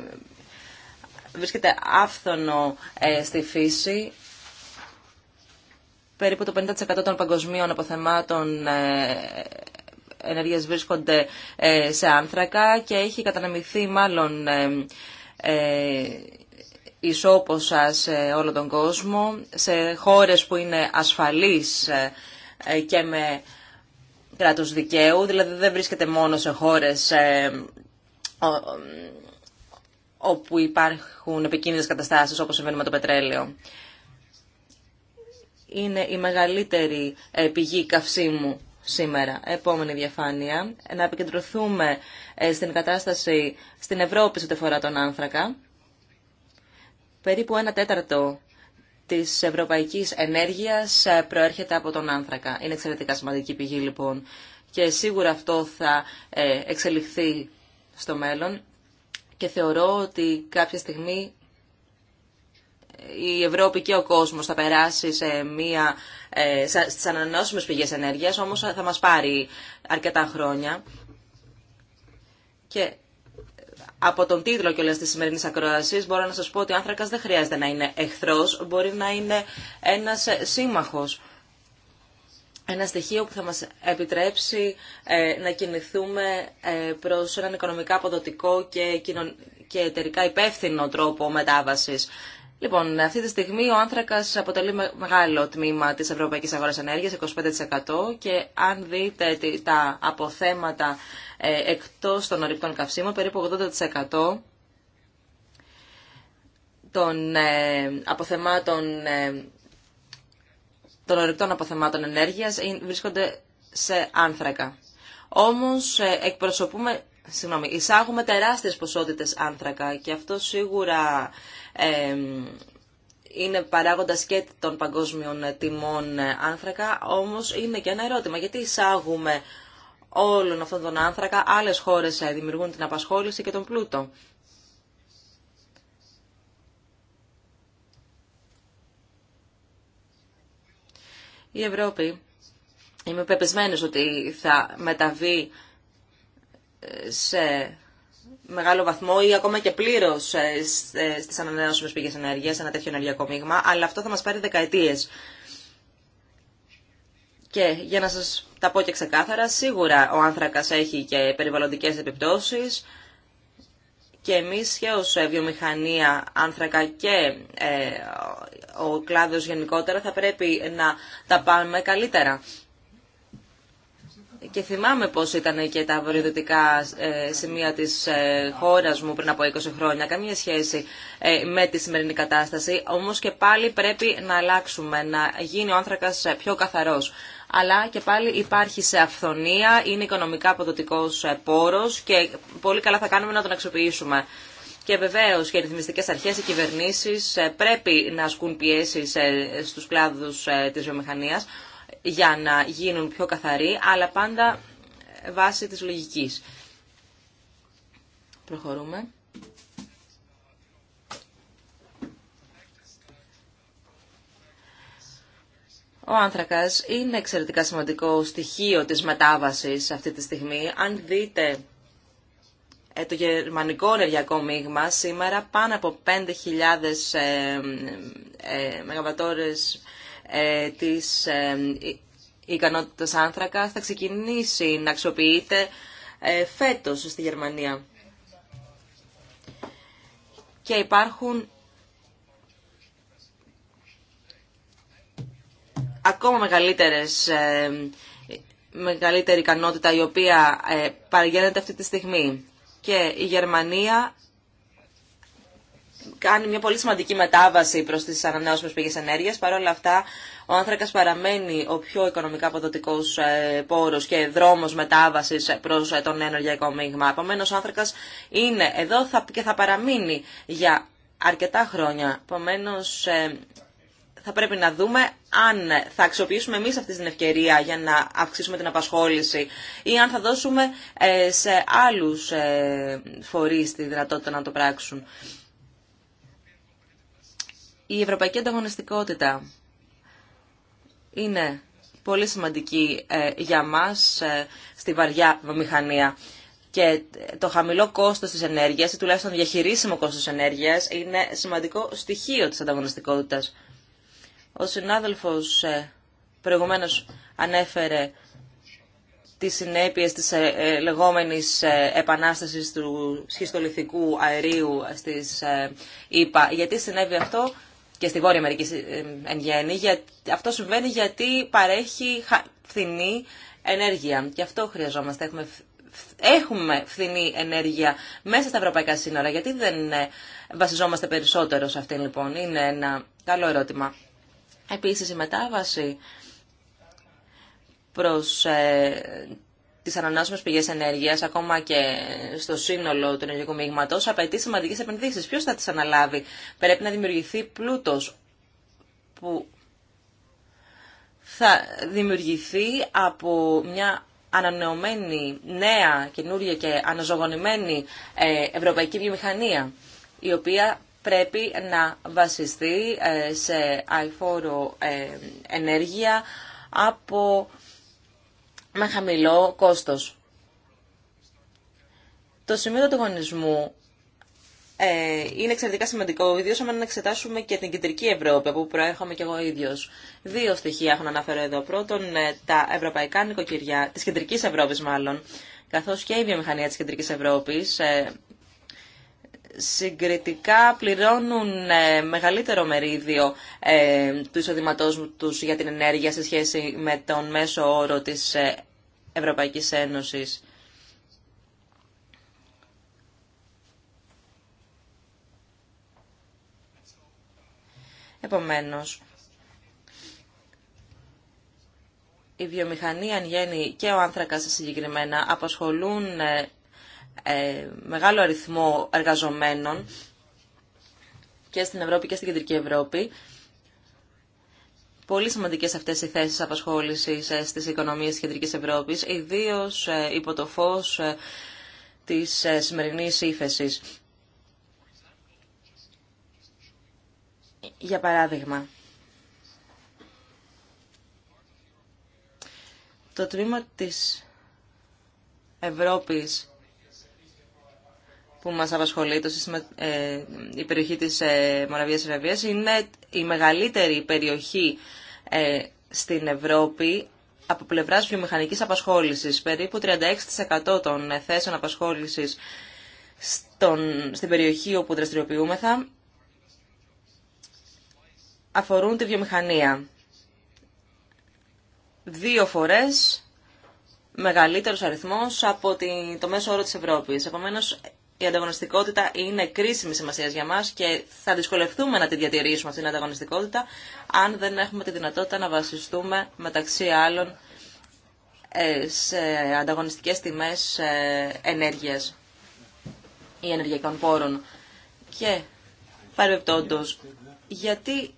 βρίσκεται άφθονο στη φύση. Περίπου το 50% των παγκοσμίων αποθεμάτων ενέργειας βρίσκονται ε, σε άνθρακα και έχει καταναμηθεί μάλλον ε, ε, ισόποσα σε όλο τον κόσμο, σε χώρες που είναι ασφαλείς και με κράτος δικαίου, δηλαδή δεν βρίσκεται μόνο σε χώρες όπου υπάρχουν επικίνδυνες καταστάσεις όπως συμβαίνει με το πετρέλαιο. Είναι η μεγαλύτερη πηγή καυσίμου σήμερα. Επόμενη διαφάνεια. Να επικεντρωθούμε ε, στην κατάσταση στην Ευρώπη σε ό,τι τον άνθρακα. Περίπου ένα τέταρτο της ευρωπαϊκής ενέργειας ε, προέρχεται από τον άνθρακα. Είναι εξαιρετικά σημαντική πηγή λοιπόν και σίγουρα αυτό θα ε, εξελιχθεί στο μέλλον και θεωρώ ότι κάποια στιγμή η Ευρώπη και ο κόσμος θα περάσει σε μία, ε, στις ανανεώσιμες πηγές ενέργειας, όμως θα μας πάρει αρκετά χρόνια. Και από τον τίτλο και όλες τη σημερινή ακροασίε, μπορώ να σα πω ότι ο άνθρακα δεν χρειάζεται να είναι εχθρό, μπορεί να είναι ένας σύμμαχο. Ένα στοιχείο που θα μας επιτρέψει ε, να κινηθούμε ε, προς έναν οικονομικά αποδοτικό και, και εταιρικά υπεύθυνο τρόπο μετάβασης. Λοιπόν, αυτή τη στιγμή ο άνθρακα αποτελεί μεγάλο τμήμα τη ευρωπαϊκή αγορά ενέργεια, 25%. Και αν δείτε τα αποθέματα ε, εκτό των ορυκτών καυσίμων, περίπου 80% των ε, αποθεμάτων ε, των ορυκτών αποθεμάτων ενέργειας βρίσκονται σε άνθρακα. Όμως εκπροσωπούμε, συγγνώμη, εισάγουμε τεράστιες ποσότητες άνθρακα και αυτό σίγουρα είναι παράγοντας και των παγκόσμιων τιμών άνθρακα, όμως είναι και ένα ερώτημα. Γιατί εισάγουμε όλων αυτών των άνθρακα, άλλες χώρες ε, δημιουργούν την απασχόληση και τον πλούτο. Η Ευρώπη, είμαι πεπισμένος ότι θα μεταβεί ε, σε μεγάλο βαθμό ή ακόμα και πλήρω ε, ε, στι ανανεώσιμε πηγέ ενέργεια, ένα τέτοιο ενεργειακό μείγμα, αλλά αυτό θα μα πάρει δεκαετίε. Και για να σας τα πω και ξεκάθαρα, σίγουρα ο άνθρακας έχει και περιβαλλοντικές επιπτώσεις και εμείς και ως ε, βιομηχανία άνθρακα και ο κλάδος γενικότερα θα πρέπει να τα πάμε καλύτερα. Και θυμάμαι πώς ήταν και τα βορειοδυτικά ε, σημεία της ε, χώρας μου πριν από 20 χρόνια. Καμία σχέση ε, με τη σημερινή κατάσταση. Όμως και πάλι πρέπει να αλλάξουμε, να γίνει ο άνθρακας πιο καθαρός. Αλλά και πάλι υπάρχει σε αυθονία, είναι οικονομικά αποδοτικός πόρος και πολύ καλά θα κάνουμε να τον αξιοποιήσουμε. Και βεβαίω και οι ρυθμιστικέ αρχέ, οι κυβερνήσει πρέπει να ασκούν πιέσει στου κλάδου τη βιομηχανία, για να γίνουν πιο καθαροί, αλλά πάντα βάσει της λογικής. Προχωρούμε. Ο άνθρακας είναι εξαιρετικά σημαντικό στοιχείο της μετάβασης αυτή τη στιγμή. Αν δείτε ε, το γερμανικό ενεργειακό μείγμα σήμερα πάνω από 5.000 ε, ε, ε ε, της ε, ικανότητας άνθρακα θα ξεκινήσει να αξιοποιείται ε, φέτος στη Γερμανία. Και υπάρχουν ακόμα μεγαλύτερες, μεγαλύτερη ικανότητα η οποία παραγγέλνεται αυτή τη στιγμή. Και η Γερμανία κάνει μια πολύ σημαντική μετάβαση προς τις ανανεώσιμες πηγές ενέργειας. Παρ' όλα αυτά, ο άνθρακας παραμένει ο πιο οικονομικά αποδοτικός ε, πόρος και δρόμος μετάβασης προς ε, τον ενεργειακό μείγμα. Επομένω, ο άνθρακας είναι εδώ και θα παραμείνει για αρκετά χρόνια. Επομένω, ε, θα πρέπει να δούμε αν θα αξιοποιήσουμε εμεί αυτή την ευκαιρία για να αυξήσουμε την απασχόληση ή αν θα δώσουμε σε άλλους φορείς τη δυνατότητα να το πράξουν. Η ευρωπαϊκή ανταγωνιστικότητα είναι πολύ σημαντική ε, για μας ε, στη βαριά βιομηχανία Και το χαμηλό κόστος της ενέργειας, ή τουλάχιστον το διαχειρίσιμο κόστος της ενέργειας, είναι σημαντικό στοιχείο της ανταγωνιστικότητας. Ο συνάδελφος ε, προηγουμένως ανέφερε τις συνέπειες της λεγόμενης επανάστασης του σχιστολιθικού αερίου στις ΗΠΑ. Γιατί συνέβη αυτό, και στη Βόρεια Αμερική ε, εν γέννη. αυτό συμβαίνει γιατί παρέχει φθηνή ενέργεια. Και αυτό χρειαζόμαστε. Έχουμε, έχουμε φθηνή ενέργεια μέσα στα ευρωπαϊκά σύνορα. Γιατί δεν ε, βασιζόμαστε περισσότερο σε αυτήν λοιπόν. Είναι ένα καλό ερώτημα. Επίσης η μετάβαση προς ε, τις ανανεώσιμε πηγές ενέργειας, ακόμα και στο σύνολο του ενεργειακού μείγματο, απαιτεί σημαντικέ επενδύσει. Ποιο θα τι αναλάβει. Πρέπει να δημιουργηθεί πλούτος που θα δημιουργηθεί από μια ανανεωμένη, νέα, καινούργια και αναζωογονημένη ε, ευρωπαϊκή βιομηχανία, η οποία πρέπει να βασιστεί ε, σε αηφόρο ε, ενέργεια από με χαμηλό κόστος. Το σημείο του γονισμού ε, είναι εξαιρετικά σημαντικό, ιδίω να εξετάσουμε και την κεντρική Ευρώπη, που προέρχομαι και εγώ ίδιο. Δύο στοιχεία έχω να αναφέρω εδώ. Πρώτον, ε, τα ευρωπαϊκά νοικοκυριά, τη κεντρική Ευρώπη μάλλον, καθώ και η βιομηχανία τη κεντρική Ευρώπη ε, συγκριτικά πληρώνουν ε, μεγαλύτερο μερίδιο ε, του εισοδήματό του για την ενέργεια σε σχέση με τον μέσο όρο της ε, Ευρωπαϊκής Ένωσης. Επομένως, η βιομηχανία εν γέννη και ο άνθρακας συγκεκριμένα απασχολούν ε, μεγάλο αριθμό εργαζομένων και στην Ευρώπη και στην Κεντρική Ευρώπη. Πολύ σημαντικές αυτές οι θέσεις απασχόλησης ε, στις οικονομίες της Κεντρικής Ευρώπης, ιδίως ε, υπό το φως της σημερινής ύφεσης. Για παράδειγμα, το τμήμα της Ευρώπης που μας απασχολεί, το σύστημα, ε, η περιοχή της ε, Μοραβίας είναι η μεγαλύτερη περιοχή ε, στην Ευρώπη από πλευρά βιομηχανικής απασχόλησης. Περίπου 36% των ε, θέσεων απασχόλησης στον, στην περιοχή όπου δραστηριοποιούμεθα αφορούν τη βιομηχανία. Δύο φορές μεγαλύτερος αριθμός από το μέσο όρο της Ευρώπης. Επομένως, η ανταγωνιστικότητα είναι κρίσιμη σημασία για μα και θα δυσκολευτούμε να τη διατηρήσουμε αυτήν την ανταγωνιστικότητα αν δεν έχουμε τη δυνατότητα να βασιστούμε μεταξύ άλλων ε, σε ανταγωνιστικές τιμές ενέργειας ή ενεργειακών πόρων. Και παρεμπιπτόντω, γιατί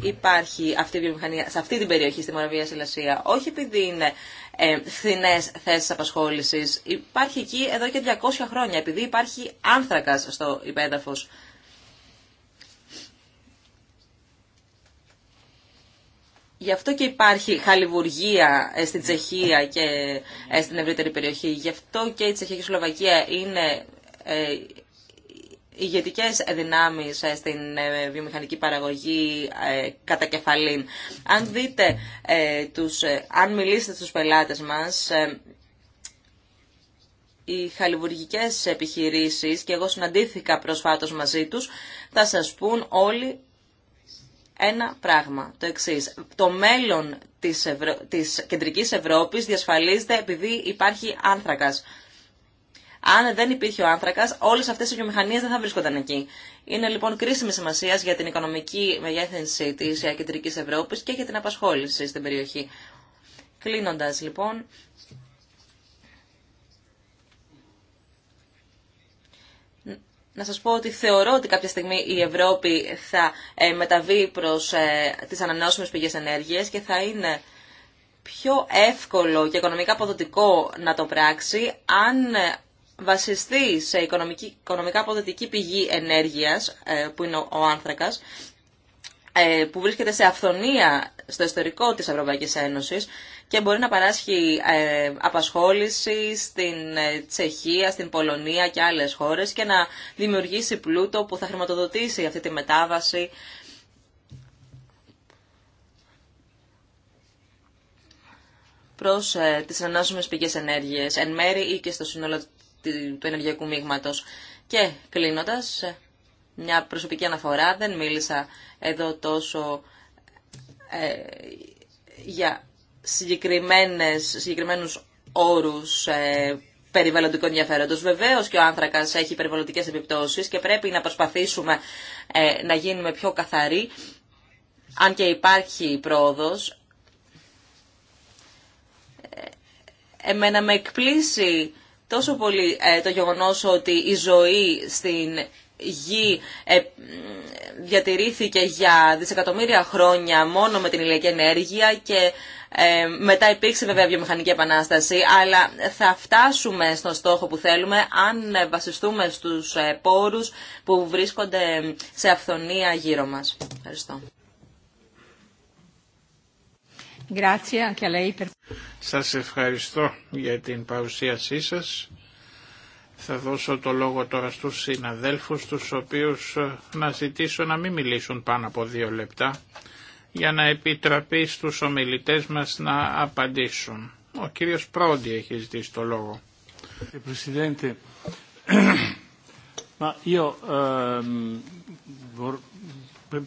υπάρχει αυτή η βιομηχανία σε αυτή την περιοχή, στη Μοραβία Σιλασία. Όχι επειδή είναι ε, φθηνέ θέσει απασχόληση. Υπάρχει εκεί εδώ και 200 χρόνια, επειδή υπάρχει άνθρακα στο υπέδαφο. Γι' αυτό και υπάρχει χαλιβουργία ε, στην Τσεχία και ε, στην ευρύτερη περιοχή. Γι' αυτό και η Τσεχία και η Σλοβακία είναι ε, ηγετικέ δυνάμει ε, στην ε, βιομηχανική παραγωγή ε, κατά κεφαλήν. Αν δείτε, τους, αν μιλήσετε στους πελάτες μας, οι χαλιβουργικές επιχειρήσεις, και εγώ συναντήθηκα προσφάτως μαζί τους, θα σας πούν όλοι ένα πράγμα, το εξής. Το μέλλον της, της κεντρικής Ευρώπης διασφαλίζεται επειδή υπάρχει άνθρακας. Αν δεν υπήρχε ο άνθρακα, όλε αυτέ οι βιομηχανίε δεν θα βρίσκονταν εκεί. Είναι λοιπόν κρίσιμη σημασία για την οικονομική μεγέθυνση τη Κεντρική Ευρώπη και για την απασχόληση στην περιοχή. Κλείνοντα λοιπόν. Να σας πω ότι θεωρώ ότι κάποια στιγμή η Ευρώπη θα ε, μεταβεί προς ε, τις ανανεώσιμες πηγές ενέργειας και θα είναι πιο εύκολο και οικονομικά αποδοτικό να το πράξει αν ε, βασιστεί σε οικονομικά αποδοτική πηγή ενέργειας, ε, που είναι ο άνθρακας, ε, που βρίσκεται σε αυθονία στο ιστορικό της Ευρωπαϊκής Ένωσης και μπορεί να παράσχει ε, απασχόληση στην Τσεχία, στην Πολωνία και άλλες χώρες και να δημιουργήσει πλούτο που θα χρηματοδοτήσει αυτή τη μετάβαση προς τις ανάσχομες πηγές ενέργειας, εν μέρη ή και στο σύνολο του ενεργειακού μείγματος. Και κλείνοντα μια προσωπική αναφορά, δεν μίλησα εδώ τόσο ε, για συγκεκριμένες, συγκεκριμένους όρους ε, περιβαλλοντικού ενδιαφέροντος. Βεβαίως και ο άνθρακας έχει περιβαλλοντικές επιπτώσεις και πρέπει να προσπαθήσουμε ε, να γίνουμε πιο καθαροί, αν και υπάρχει πρόοδος. Ε, εμένα με εκπλήσει τόσο πολύ ε, το γεγονός ότι η ζωή στην γη ε, διατηρήθηκε για δισεκατομμύρια χρόνια μόνο με την ηλιακή ενέργεια και ε, μετά υπήρξε βέβαια βιομηχανική επανάσταση, αλλά θα φτάσουμε στον στόχο που θέλουμε αν βασιστούμε στους πόρους που βρίσκονται σε αυθονία γύρω μας. Ευχαριστώ. Σας ευχαριστώ για την παρουσίασή σας. Θα δώσω το λόγο τώρα στους συναδέλφους, τους οποίους να ζητήσω να μην μιλήσουν πάνω από δύο λεπτά, για να επιτραπεί στους ομιλητές μας να απαντήσουν. Ο κύριος Πρόντι έχει ζητήσει το λόγο.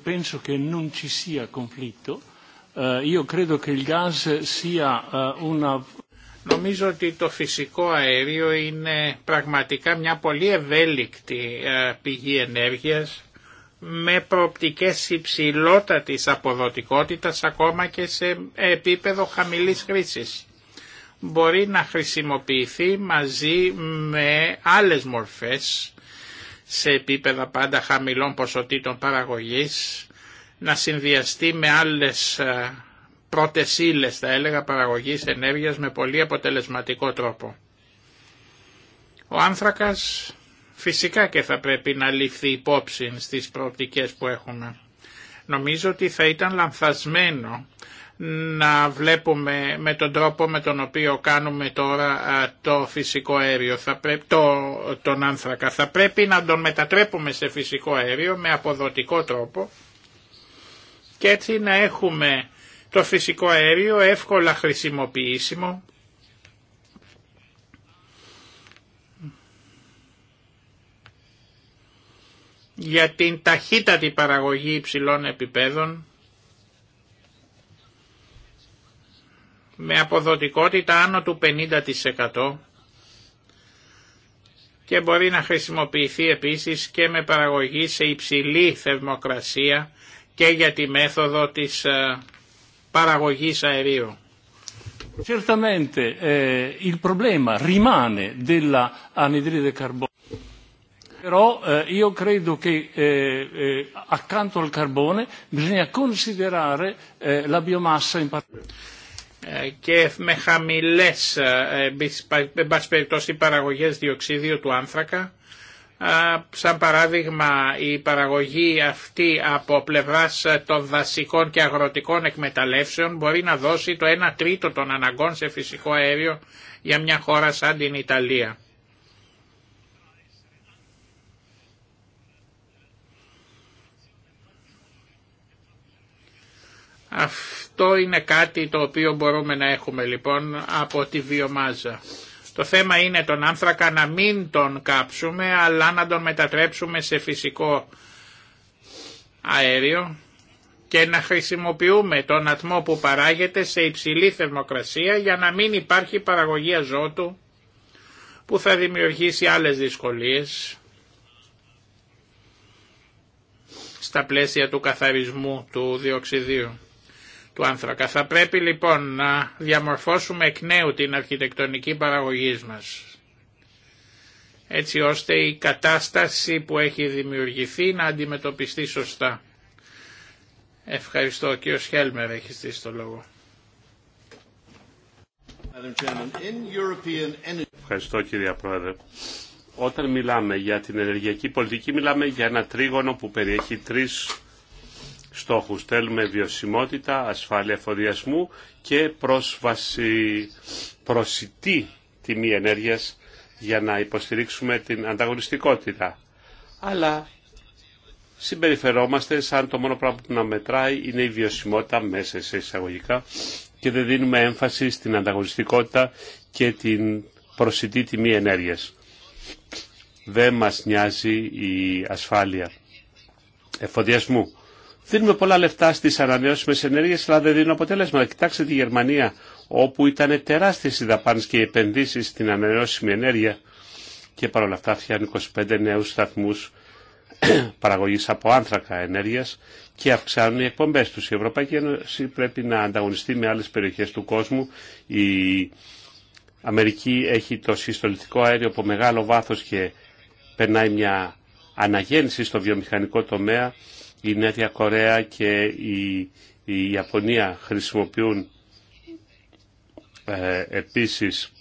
penso che non ci sia conflitto ε, ε, Νομίζω ότι το φυσικό αέριο είναι πραγματικά μια πολύ ευέλικτη ε, πηγή ενέργειας με προοπτικές υψηλότατης αποδοτικότητας ακόμα και σε επίπεδο χαμηλής χρήσης. Μπορεί να χρησιμοποιηθεί μαζί με άλλες μορφές σε επίπεδα πάντα χαμηλών ποσοτήτων παραγωγής να συνδυαστεί με άλλες ε, πρώτες ύλες, θα έλεγα, παραγωγής ενέργειας με πολύ αποτελεσματικό τρόπο. Ο άνθρακας φυσικά και θα πρέπει να ληφθεί υπόψη στις προοπτικές που έχουμε. Νομίζω ότι θα ήταν λανθασμένο να βλέπουμε με τον τρόπο με τον οποίο κάνουμε τώρα το φυσικό αέριο, θα πρέπει, το, τον άνθρακα. Θα πρέπει να τον μετατρέπουμε σε φυσικό αέριο με αποδοτικό τρόπο και έτσι να έχουμε το φυσικό αέριο εύκολα χρησιμοποιήσιμο για την ταχύτατη παραγωγή υψηλών επιπέδων με αποδοτικότητα άνω του 50% και μπορεί να χρησιμοποιηθεί επίσης και με παραγωγή σε υψηλή θερμοκρασία και για τη μέθοδο της παραγωγής αερίου. Certamente eh, il problema rimane della anidride carbonica, però eh, io credo che eh, eh, accanto al carbone bisogna considerare eh, la biomassa in particolare. Και με χαμηλές, εν πάση περιπτώσει, παραγωγές διοξιδίου του άνθρακα, σαν παράδειγμα η παραγωγή αυτή από πλευράς ε, των δασικών και αγροτικών εκμεταλλεύσεων μπορεί να δώσει το 1 τρίτο των αναγκών σε φυσικό αέριο για μια χώρα σαν την Ιταλία. Αυτό είναι κάτι το οποίο μπορούμε να έχουμε λοιπόν από τη βιομάζα. Το θέμα είναι τον άνθρακα να μην τον κάψουμε αλλά να τον μετατρέψουμε σε φυσικό αέριο και να χρησιμοποιούμε τον ατμό που παράγεται σε υψηλή θερμοκρασία για να μην υπάρχει παραγωγή αζότου που θα δημιουργήσει άλλες δυσκολίες στα πλαίσια του καθαρισμού του διοξιδίου του άνθρακα. Θα πρέπει λοιπόν να διαμορφώσουμε εκ νέου την αρχιτεκτονική παραγωγής μας έτσι ώστε η κατάσταση που έχει δημιουργηθεί να αντιμετωπιστεί σωστά. Ευχαριστώ. Ο κύριος Χέλμερ έχει στήσει το λόγο. Ευχαριστώ κύριε Πρόεδρε. Όταν μιλάμε για την ενεργειακή πολιτική μιλάμε για ένα τρίγωνο που περιέχει τρεις στόχους. Θέλουμε βιωσιμότητα, ασφάλεια εφοδιασμού και πρόσβαση προσιτή τιμή ενέργειας για να υποστηρίξουμε την ανταγωνιστικότητα. Αλλά συμπεριφερόμαστε σαν το μόνο πράγμα που να μετράει είναι η βιωσιμότητα μέσα σε εισαγωγικά και δεν δίνουμε έμφαση στην ανταγωνιστικότητα και την προσιτή τιμή ενέργειας. Δεν μας νοιάζει η ασφάλεια εφοδιασμού. Δίνουμε πολλά λεφτά στι ανανεώσιμε ενέργειε, αλλά δεν δίνουν αποτέλεσμα. Κοιτάξτε τη Γερμανία, όπου ήταν τεράστιε οι δαπάνε και οι επενδύσει στην ανανεώσιμη ενέργεια και παρόλα αυτά φτιάχνουν 25 νέου σταθμού παραγωγή από άνθρακα ενέργεια και αυξάνουν οι εκπομπέ του. Η Ευρωπαϊκή Ένωση πρέπει να ανταγωνιστεί με άλλε περιοχέ του κόσμου. Η Αμερική έχει το συστολιστικό αέριο από μεγάλο βάθο και περνάει μια αναγέννηση στο βιομηχανικό τομέα η Νέα Κορέα και η, Ιαπωνία χρησιμοποιούν ε, επίσης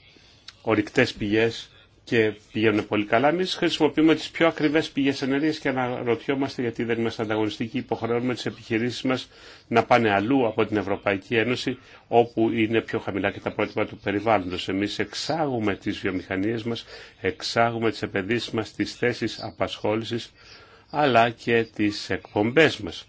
ορυκτές πηγές και πηγαίνουν πολύ καλά. Εμεί χρησιμοποιούμε τις πιο ακριβές πηγές ενέργεια και αναρωτιόμαστε γιατί δεν είμαστε ανταγωνιστικοί. Υποχρεώνουμε τις επιχειρήσεις μας να πάνε αλλού από την Ευρωπαϊκή Ένωση, όπου είναι πιο χαμηλά και τα πρότυπα του περιβάλλοντος. Εμεί εξάγουμε τις βιομηχανίες μας, εξάγουμε τις επενδύσει μας, τις θέσεις απασχόλησης αλλά και τις εκπομπές μας.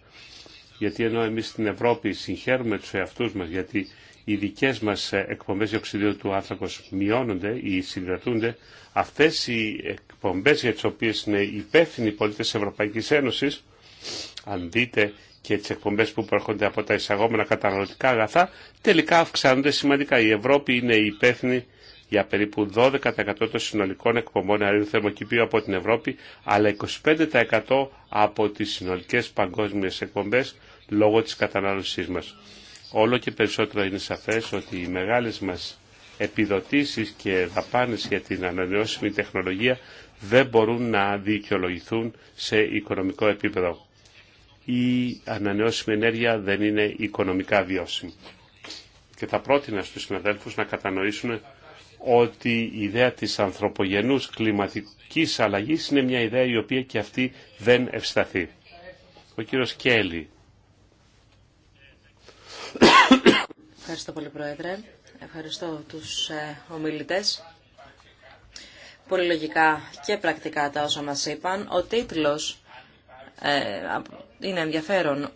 Γιατί ενώ εμείς στην Ευρώπη συγχαίρουμε τους εαυτούς μας γιατί οι δικές μας εκπομπές οξυδίου του άνθρακος μειώνονται ή συγκρατούνται, αυτές οι εκπομπές για τις οποίες είναι υπεύθυνοι οι πολίτες της Ευρωπαϊκής Ένωσης, αν δείτε και τις εκπομπές που προέρχονται από τα εισαγόμενα καταναλωτικά αγαθά, τελικά αυξάνονται σημαντικά. Η Ευρώπη είναι υπεύθυνη για περίπου 12% των συνολικών εκπομπών αερίου θερμοκηπίου από την Ευρώπη, αλλά 25% από τις συνολικές παγκόσμιες εκπομπές λόγω της κατανάλωσής μας. Όλο και περισσότερο είναι σαφές ότι οι μεγάλες μας επιδοτήσεις και δαπάνες για την ανανεώσιμη τεχνολογία δεν μπορούν να δικαιολογηθούν σε οικονομικό επίπεδο. Η ανανεώσιμη ενέργεια δεν είναι οικονομικά βιώσιμη. Και θα πρότεινα στους συναδέλφους να κατανοήσουν ότι η ιδέα της ανθρωπογενούς κλιματικής αλλαγής είναι μια ιδέα η οποία και αυτή δεν ευσταθεί. Ο κύριος Κέλλη. Ευχαριστώ πολύ Πρόεδρε. Ευχαριστώ τους ε, ομιλητές. Πολυλογικά και πρακτικά τα όσα μας είπαν. Ο τίτλος ε, είναι ενδιαφέρον.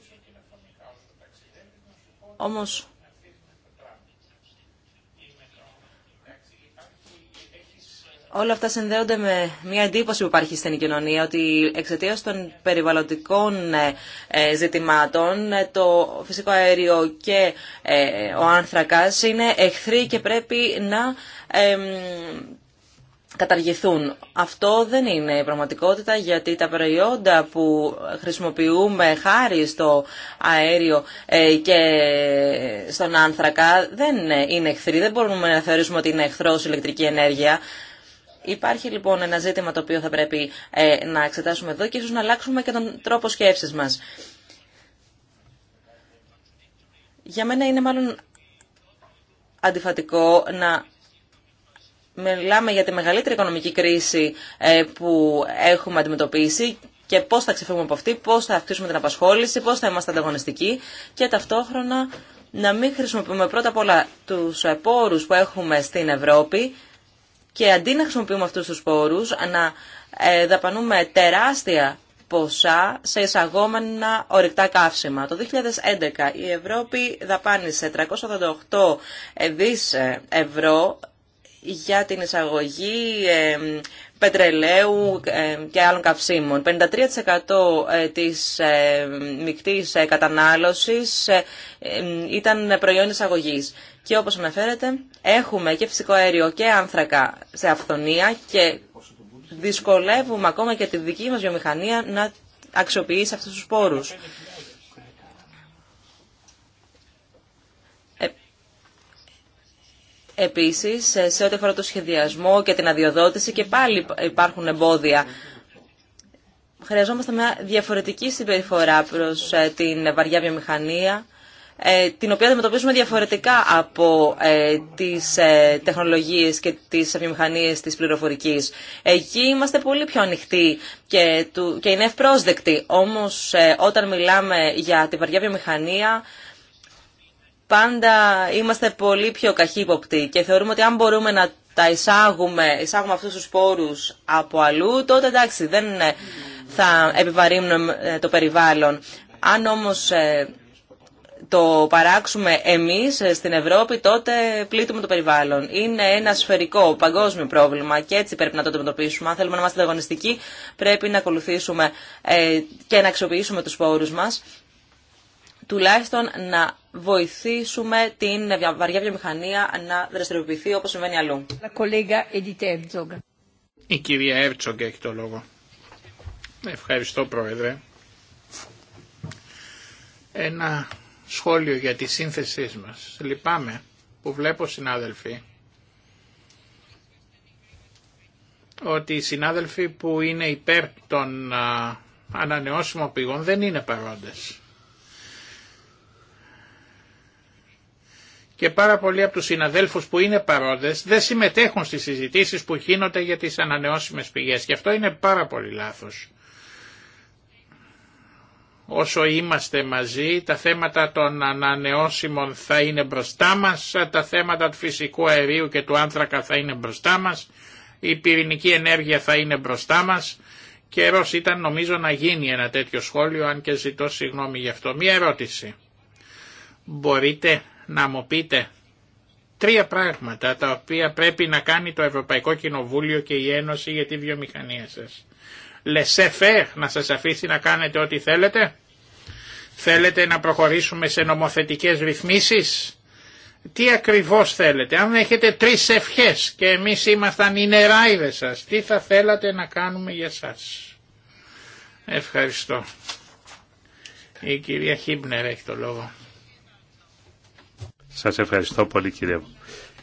Όμως Όλα αυτά συνδέονται με μια εντύπωση που υπάρχει στην κοινωνία ότι εξαιτία των περιβαλλοντικών ε, ε, ζητημάτων ε, το φυσικό αέριο και ο άνθρακας είναι εχθροί και πρέπει να καταργηθούν. Αυτό δεν είναι η πραγματικότητα γιατί τα προϊόντα που χρησιμοποιούμε χάρη στο αέριο και στον άνθρακα δεν είναι εχθροί. Δεν μπορούμε να θεωρήσουμε ότι είναι εχθρός ηλεκτρική ενέργεια. Υπάρχει λοιπόν ένα ζήτημα το οποίο θα πρέπει ε, να εξετάσουμε εδώ και ίσως να αλλάξουμε και τον τρόπο σκέψης μας. Για μένα είναι μάλλον αντιφατικό να μιλάμε για τη μεγαλύτερη οικονομική κρίση ε, που έχουμε αντιμετωπίσει και πώς θα ξεφύγουμε από αυτή, πώς θα αυξήσουμε την απασχόληση, πώς θα είμαστε ανταγωνιστικοί και ταυτόχρονα να μην χρησιμοποιούμε πρώτα απ' όλα τους ε, πόρους που έχουμε στην Ευρώπη και αντί να χρησιμοποιούμε αυτούς τους πόρους, να ε, δαπανούμε τεράστια ποσά σε εισαγόμενα ορυκτά καύσιμα. Το 2011 η Ευρώπη δαπάνησε 388 δις ε, ευρώ για την εισαγωγή ε, πετρελαίου και άλλων καυσίμων. 53% της μικτής κατανάλωσης ήταν προϊόν εισαγωγής. Και όπως αναφέρεται, έχουμε και φυσικό αέριο και άνθρακα σε αυθονία και δυσκολεύουμε ακόμα και τη δική μας βιομηχανία να αξιοποιήσει αυτούς τους πόρους. Ε, επίσης, σε ό,τι αφορά το σχεδιασμό και την αδειοδότηση και πάλι υπάρχουν εμπόδια. Χρειαζόμαστε μια διαφορετική συμπεριφορά προς ε, την βαριά βιομηχανία ε, την οποία αντιμετωπίζουμε διαφορετικά από ε, τις ε, τεχνολογίες και τις βιομηχανίες της πληροφορικής. Εκεί είμαστε πολύ πιο ανοιχτοί και, και είναι ευπρόσδεκτοι. Όμως όταν μιλάμε για τη βαριά βιομηχανία πάντα είμαστε πολύ πιο καχύποπτοι και θεωρούμε ότι αν μπορούμε να τα εισάγουμε, εισάγουμε αυτούς τους σπόρους από αλλού, τότε εντάξει δεν θα επιβαρύνουμε το περιβάλλον. Αν όμως το παράξουμε εμείς στην Ευρώπη, τότε πλήττουμε το περιβάλλον. Είναι ένα σφαιρικό, παγκόσμιο πρόβλημα και έτσι πρέπει να το αντιμετωπίσουμε. Αν θέλουμε να είμαστε ανταγωνιστικοί πρέπει να ακολουθήσουμε ε, και να αξιοποιήσουμε τους πόρους μας. Τουλάχιστον να βοηθήσουμε την βαριά βιομηχανία να δραστηριοποιηθεί όπως συμβαίνει αλλού. Η κυρία Εύτσογκ έχει το λόγο. Ευχαριστώ Πρόεδρε. Ένα σχόλιο για τη σύνθεσή μας. Λυπάμαι που βλέπω συνάδελφοι ότι οι συνάδελφοι που είναι υπέρ των ανανεώσιμων πηγών δεν είναι παρόντες. Και πάρα πολλοί από τους συναδέλφους που είναι παρόντες δεν συμμετέχουν στις συζητήσεις που γίνονται για τις ανανεώσιμες πηγές και αυτό είναι πάρα πολύ λάθος. Όσο είμαστε μαζί, τα θέματα των ανανεώσιμων θα είναι μπροστά μας, τα θέματα του φυσικού αερίου και του άνθρακα θα είναι μπροστά μας, η πυρηνική ενέργεια θα είναι μπροστά μας. Καιρός ήταν νομίζω να γίνει ένα τέτοιο σχόλιο, αν και ζητώ συγγνώμη γι' αυτό. Μία ερώτηση. Μπορείτε να μου πείτε τρία πράγματα τα οποία πρέπει να κάνει το Ευρωπαϊκό Κοινοβούλιο και η Ένωση για τη βιομηχανία σας. Λεσέφε να σας αφήσει να κάνετε ό,τι θέλετε. Θέλετε να προχωρήσουμε σε νομοθετικές ρυθμίσεις. Τι ακριβώς θέλετε. Αν έχετε τρεις ευχές και εμείς ήμασταν οι νεράιδες σας. Τι θα θέλατε να κάνουμε για σας. Ευχαριστώ. Η κυρία Χίμπνερ έχει το λόγο. Σας ευχαριστώ πολύ κύριε,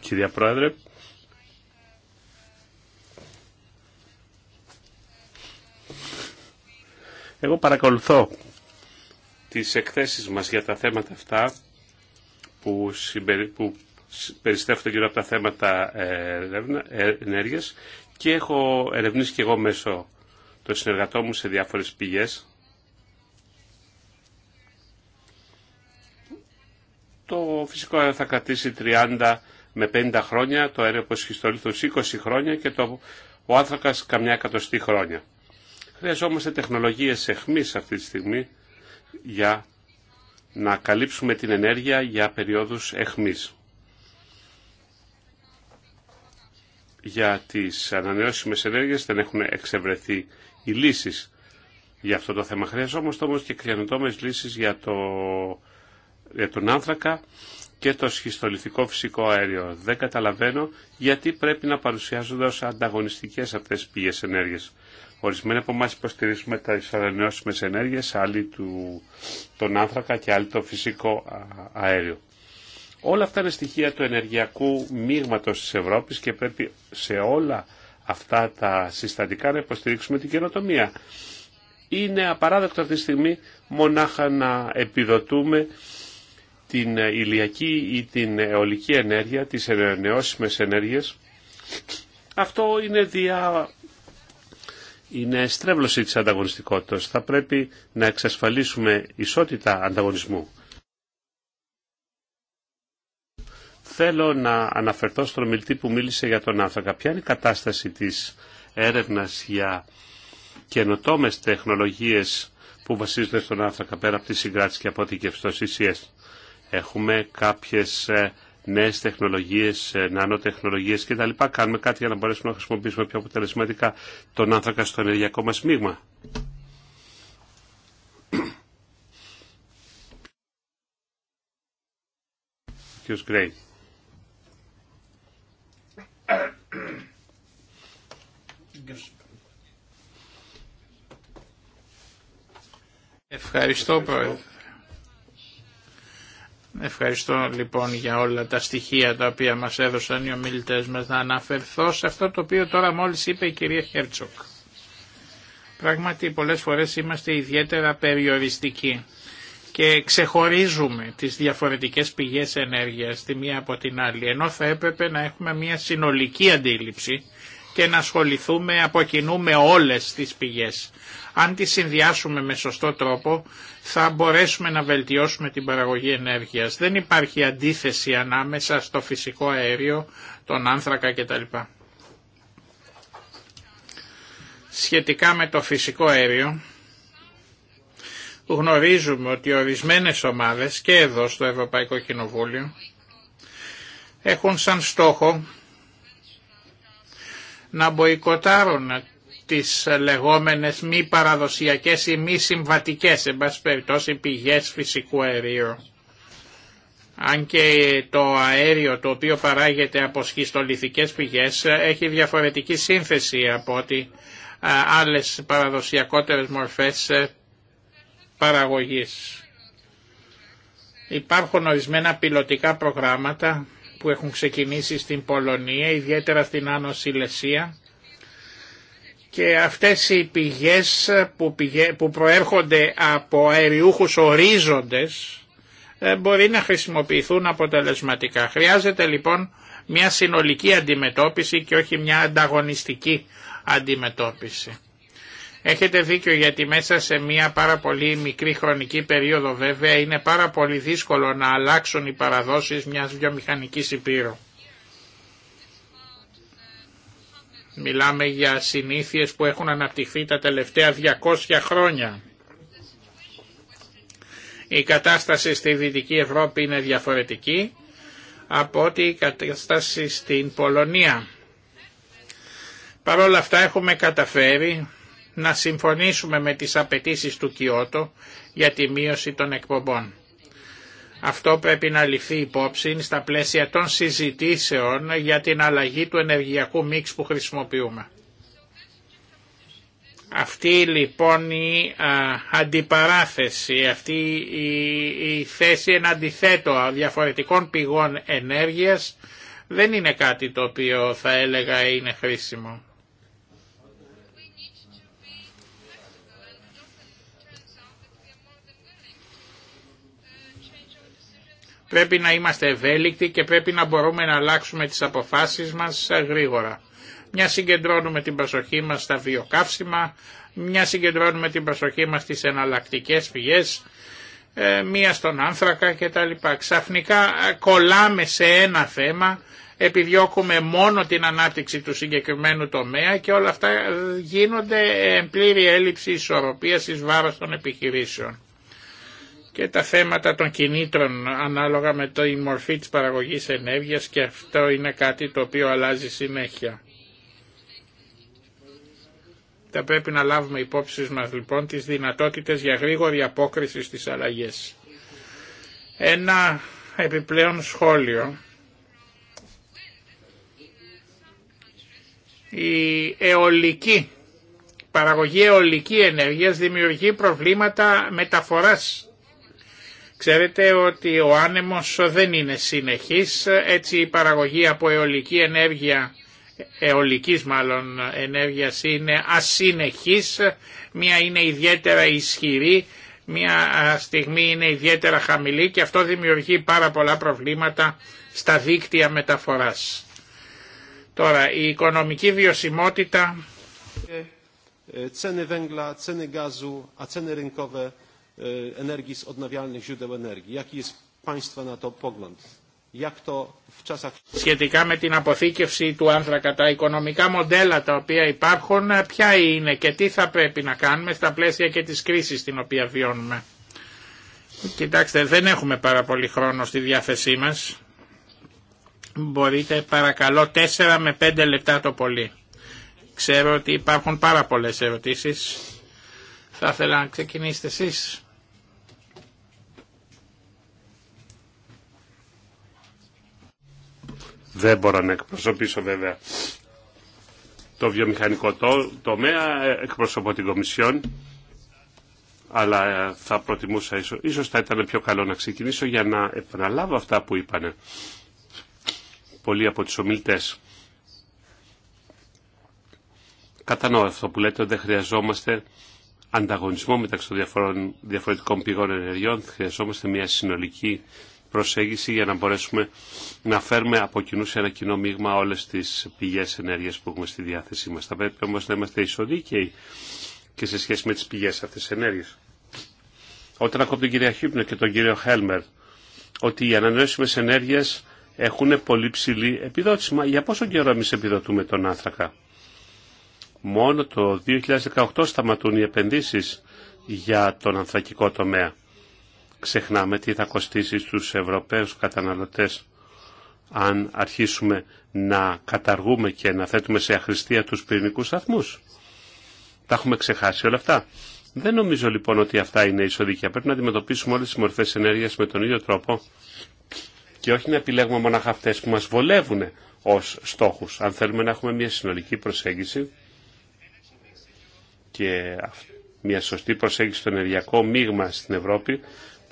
κυρία Πρόεδρε. Εγώ παρακολουθώ τις εκθέσεις μας για τα θέματα αυτά που, συμπερι... που περιστρέφονται γύρω από τα θέματα ε, ε, ενέργειας και έχω ερευνήσει και εγώ μέσω των συνεργατών μου σε διάφορες πηγές το φυσικό αέριο θα κρατήσει 30 με 50 χρόνια, το αέριο που σχιστολήθος 20 χρόνια και το, ο άνθρακας καμιά εκατοστή χρόνια. Χρειαζόμαστε τεχνολογίες εχμής αυτή τη στιγμή για να καλύψουμε την ενέργεια για περίοδους εχμής. Για τις ανανεώσιμες ενέργειες δεν έχουν εξευρεθεί οι λύσεις για αυτό το θέμα. Χρειαζόμαστε όμως και κρυανοτόμες λύσεις για, τον άνθρακα και το σχιστολιθικό φυσικό αέριο. Δεν καταλαβαίνω γιατί πρέπει να παρουσιάζονται ως ανταγωνιστικές αυτές τις πηγές Ορισμένοι από εμά υποστηρίζουμε τα ανανεώσιμε ενέργειε, άλλοι του, τον άνθρακα και άλλοι το φυσικό αέριο. Όλα αυτά είναι στοιχεία του ενεργειακού μείγματο τη Ευρώπη και πρέπει σε όλα αυτά τα συστατικά να υποστηρίξουμε την καινοτομία. Είναι απαράδεκτο αυτή τη στιγμή μονάχα να επιδοτούμε την ηλιακή ή την αιωλική ενέργεια, τις ενεώσιμες ενέργειες. Αυτό είναι δια είναι στρέβλωση της ανταγωνιστικότητας. Θα πρέπει να εξασφαλίσουμε ισότητα ανταγωνισμού. Θέλω να αναφερθώ στον ομιλητή που μίλησε για τον άνθρακα. Ποια είναι η κατάσταση της έρευνας για καινοτόμες τεχνολογίες που βασίζονται στον άνθρακα πέρα από τη συγκράτηση και από την Έχουμε κάποιες ε, νέες τεχνολογίες, ε, νανοτεχνολογίες κτλ. Κάνουμε κάτι για να μπορέσουμε να χρησιμοποιήσουμε πιο αποτελεσματικά τον άνθρακα στο ενεργειακό μας μείγμα. Ευχαριστώ, Ευχαριστώ λοιπόν για όλα τα στοιχεία τα οποία μας έδωσαν οι ομιλητές μας να αναφερθώ σε αυτό το οποίο τώρα μόλις είπε η κυρία Χέρτσοκ. Πράγματι πολλές φορές είμαστε ιδιαίτερα περιοριστικοί και ξεχωρίζουμε τις διαφορετικές πηγές ενέργειας τη μία από την άλλη, ενώ θα έπρεπε να έχουμε μια συνολική αντίληψη και να ασχοληθούμε από κοινού με όλες τις πηγές. Αν τις συνδυάσουμε με σωστό τρόπο θα μπορέσουμε να βελτιώσουμε την παραγωγή ενέργειας. Δεν υπάρχει αντίθεση ανάμεσα στο φυσικό αέριο, τον άνθρακα κτλ. Σχετικά με το φυσικό αέριο, γνωρίζουμε ότι ορισμένες ομάδες και εδώ στο Ευρωπαϊκό Κοινοβούλιο έχουν σαν στόχο να μποϊκοτάρουν τις λεγόμενες μη παραδοσιακές ή μη συμβατικές εν πάση περιπτώσει πηγές φυσικού αερίου. Αν και το αέριο το οποίο παράγεται από σχιστολιθικές πηγές έχει διαφορετική σύνθεση από ότι άλλες παραδοσιακότερες μορφές ε, παραγωγής. Υπάρχουν ορισμένα πιλωτικά προγράμματα που έχουν ξεκινήσει στην Πολωνία, ιδιαίτερα στην Άνω Σιλεσία. Και αυτές οι πηγές που προέρχονται από αεριούχους ορίζοντες ε, μπορεί να χρησιμοποιηθούν αποτελεσματικά. Χρειάζεται λοιπόν μια συνολική αντιμετώπιση και όχι μια ανταγωνιστική αντιμετώπιση. Έχετε δίκιο γιατί μέσα σε μια πάρα πολύ μικρή χρονική περίοδο βέβαια είναι πάρα πολύ δύσκολο να αλλάξουν οι παραδόσεις μιας βιομηχανικής υπήρου. Μιλάμε για συνήθειες που έχουν αναπτυχθεί τα τελευταία 200 χρόνια. Η κατάσταση στη Δυτική Ευρώπη είναι διαφορετική από ότι η κατάσταση στην Πολωνία. Παρ' όλα αυτά έχουμε καταφέρει να συμφωνήσουμε με τις απαιτήσει του Κιώτο για τη μείωση των εκπομπών. Αυτό πρέπει να ληφθεί υπόψη στα πλαίσια των συζητήσεων για την αλλαγή του ενεργειακού μίξ που χρησιμοποιούμε. Αυτή λοιπόν η αντιπαράθεση, αυτή η, η θέση εν αντιθέτω διαφορετικών πηγών ενέργειας δεν είναι κάτι το οποίο θα έλεγα είναι χρήσιμο. Πρέπει να είμαστε ευέλικτοι και πρέπει να μπορούμε να αλλάξουμε τις αποφάσεις μας ε, γρήγορα. Μια συγκεντρώνουμε την προσοχή μας στα βιοκαύσιμα, μια συγκεντρώνουμε την προσοχή μας στις εναλλακτικές πηγές, ε, μία στον άνθρακα κτλ. Ξαφνικά ε, κολλάμε σε ένα θέμα, επιδιώκουμε μόνο την ανάπτυξη του συγκεκριμένου τομέα και όλα αυτά γίνονται πλήρη έλλειψη ισορροπίας εις βάρος των επιχειρήσεων και τα θέματα των κινήτρων ανάλογα με το η μορφή της παραγωγής ενέργειας και αυτό είναι κάτι το οποίο αλλάζει συνέχεια. Θα πρέπει να λάβουμε υπόψη μας λοιπόν τις δυνατότητες για γρήγορη απόκριση στις αλλαγές. Ένα επιπλέον σχόλιο. Η αιωλική, παραγωγή αιωλική ενέργειας δημιουργεί προβλήματα μεταφοράς Ξέρετε ότι ο άνεμος δεν είναι συνεχής, έτσι η παραγωγή από αιωλική ενέργεια, αιωλικής μάλλον ενέργειας είναι ασυνεχής, μία είναι ιδιαίτερα ισχυρή, μία στιγμή είναι ιδιαίτερα χαμηλή και αυτό δημιουργεί πάρα πολλά προβλήματα στα δίκτυα μεταφοράς. Τώρα, η οικονομική βιωσιμότητα... Ceny węgla, ceny Σχετικά με την αποθήκευση του άνθρακα, τα οικονομικά μοντέλα τα οποία υπάρχουν, ε, ποια είναι και τι θα πρέπει να κάνουμε στα πλαίσια και της κρίσης την οποία βιώνουμε. Κοιτάξτε, δεν έχουμε πάρα πολύ χρόνο στη διάθεσή μας. Μπορείτε παρακαλώ 4 με 5 λεπτά το πολύ. Ξέρω ότι υπάρχουν πάρα πολλές ερωτήσεις. Θα ήθελα να ξεκινήσετε εσείς. Δεν μπορώ να εκπροσωπήσω βέβαια το βιομηχανικό το, τομέα, ε, εκπροσωπώ την Κομισιόν, αλλά ε, θα προτιμούσα ίσως, ίσως θα ήταν πιο καλό να ξεκινήσω για να επαναλάβω αυτά που είπανε πολλοί από τους ομιλητές. Κατανοώ αυτό που λέτε ότι δεν χρειαζόμαστε ανταγωνισμό μεταξύ των διαφορετικών πηγών ενεργειών, χρειαζόμαστε μια συνολική προσέγγιση για να μπορέσουμε να φέρουμε από κοινού σε ένα κοινό μείγμα όλες τις πηγές ενέργειας που έχουμε στη διάθεσή μας. Θα πρέπει όμως να είμαστε ισοδίκαιοι και σε σχέση με τις πηγές αυτέ της ενέργειας. Όταν ακούω τον κύριο Χίπνο και τον κύριο Χέλμερ ότι οι ανανεώσιμες ενέργειες έχουν πολύ ψηλή επιδότηση. Μα για πόσο καιρό εμείς επιδοτούμε τον άνθρακα. Μόνο το 2018 σταματούν οι επενδύσεις για τον ανθρακικό τομέα ξεχνάμε τι θα κοστίσει στους Ευρωπαίους καταναλωτές αν αρχίσουμε να καταργούμε και να θέτουμε σε αχρηστία τους πυρηνικούς σταθμούς. Τα έχουμε ξεχάσει όλα αυτά. Δεν νομίζω λοιπόν ότι αυτά είναι ισοδίκια. Πρέπει να αντιμετωπίσουμε όλες τις μορφές ενέργειας με τον ίδιο τρόπο και όχι να επιλέγουμε μονάχα αυτές που μας βολεύουν ως στόχους. Αν θέλουμε να έχουμε μια συνολική προσέγγιση και μια σωστή προσέγγιση στο ενεργειακό μείγμα στην Ευρώπη,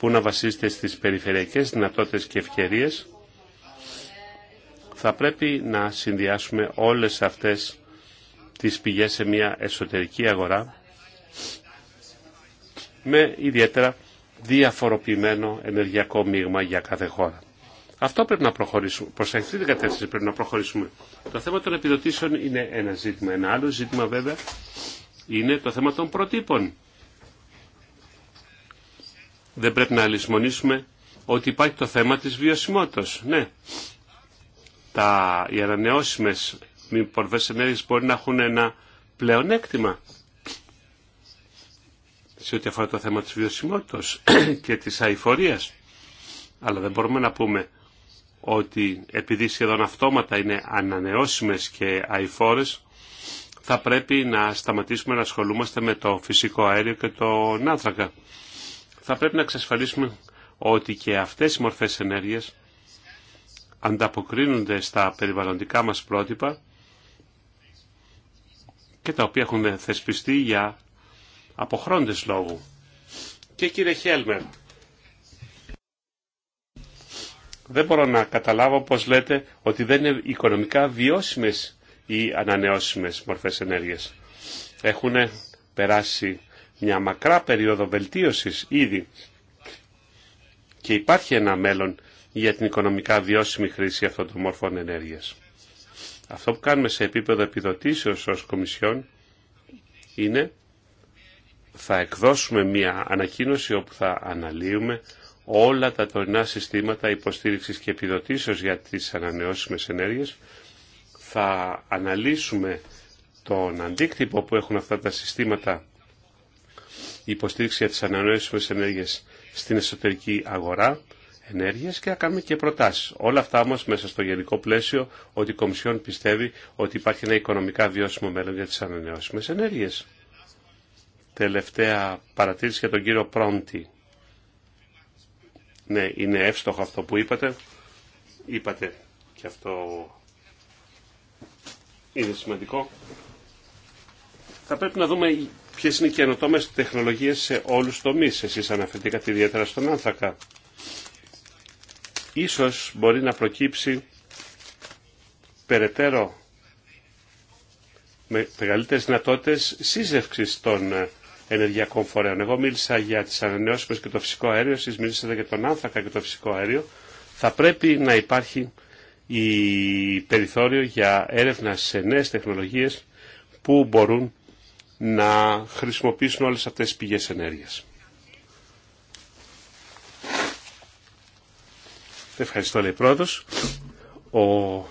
που να βασίστε στις περιφερειακές δυνατότητες και ευκαιρίες. Θα πρέπει να συνδυάσουμε όλες αυτές τις πηγές σε μια εσωτερική αγορά με ιδιαίτερα διαφοροποιημένο ενεργειακό μείγμα για κάθε χώρα. Αυτό πρέπει να προχωρήσουμε. Προς αυτή την κατεύθυνση πρέπει να προχωρήσουμε. Το θέμα των επιδοτήσεων είναι ένα ζήτημα. Ένα άλλο ζήτημα βέβαια είναι το θέμα των προτύπων δεν πρέπει να λησμονήσουμε ότι υπάρχει το θέμα της βιωσιμότητας. Ναι, τα, οι ανανεώσιμες μορφές ενέργειας μπορεί να έχουν ένα πλεονέκτημα σε ό,τι αφορά το θέμα της βιωσιμότητας και της αηφορίας. Αλλά δεν μπορούμε να πούμε ότι επειδή σχεδόν αυτόματα είναι ανανεώσιμες και αηφόρες, θα πρέπει να σταματήσουμε να ασχολούμαστε με το φυσικό αέριο και τον άνθρακα θα πρέπει να εξασφαλίσουμε ότι και αυτές οι μορφές ενέργειας ανταποκρίνονται στα περιβαλλοντικά μας πρότυπα και τα οποία έχουν θεσπιστεί για αποχρόντες λόγου. Και κύριε Χέλμερ, δεν μπορώ να καταλάβω πως λέτε ότι δεν είναι οικονομικά βιώσιμες οι ανανεώσιμες μορφές ενέργειας. Έχουν περάσει μια μακρά περίοδο βελτίωσης ήδη και υπάρχει ένα μέλλον για την οικονομικά βιώσιμη χρήση αυτών των μορφών ενέργειας. Αυτό που κάνουμε σε επίπεδο επιδοτήσεως ως Κομισιόν είναι θα εκδώσουμε μια ανακοίνωση όπου θα αναλύουμε όλα τα τωρινά συστήματα υποστήριξης και επιδοτήσεως για τις ανανεώσιμες ενέργειες. Θα αναλύσουμε τον αντίκτυπο που έχουν αυτά τα συστήματα υποστήριξη για τις ανανεώσιμες ενέργειες στην εσωτερική αγορά ενέργειας και να κάνουμε και προτάσεις. Όλα αυτά όμως μέσα στο γενικό πλαίσιο ότι η Κομισιόν πιστεύει ότι υπάρχει ένα οικονομικά βιώσιμο μέλλον για τις ανανεώσιμες ενέργειες. Τελευταία παρατήρηση για τον κύριο Πρόντι. Ναι, είναι εύστοχο αυτό που είπατε. Είπατε και αυτό είναι σημαντικό. Θα πρέπει να δούμε ποιε είναι οι καινοτόμε τεχνολογίε σε όλου του τομεί. Εσεί αναφερθήκατε ιδιαίτερα στον άνθρακα. Ίσως μπορεί να προκύψει περαιτέρω με μεγαλύτερε δυνατότητε σύζευξη των ε, ενεργειακών φορέων. Εγώ μίλησα για τι ανανεώσιμε και το φυσικό αέριο, εσεί μίλησατε για τον άνθρακα και το φυσικό αέριο. Θα πρέπει να υπάρχει η περιθώριο για έρευνα σε νέες τεχνολογίες που μπορούν να χρησιμοποιήσουν όλες αυτές τις πηγές ενέργειας. Ευχαριστώ, λέει πρώτος. Ο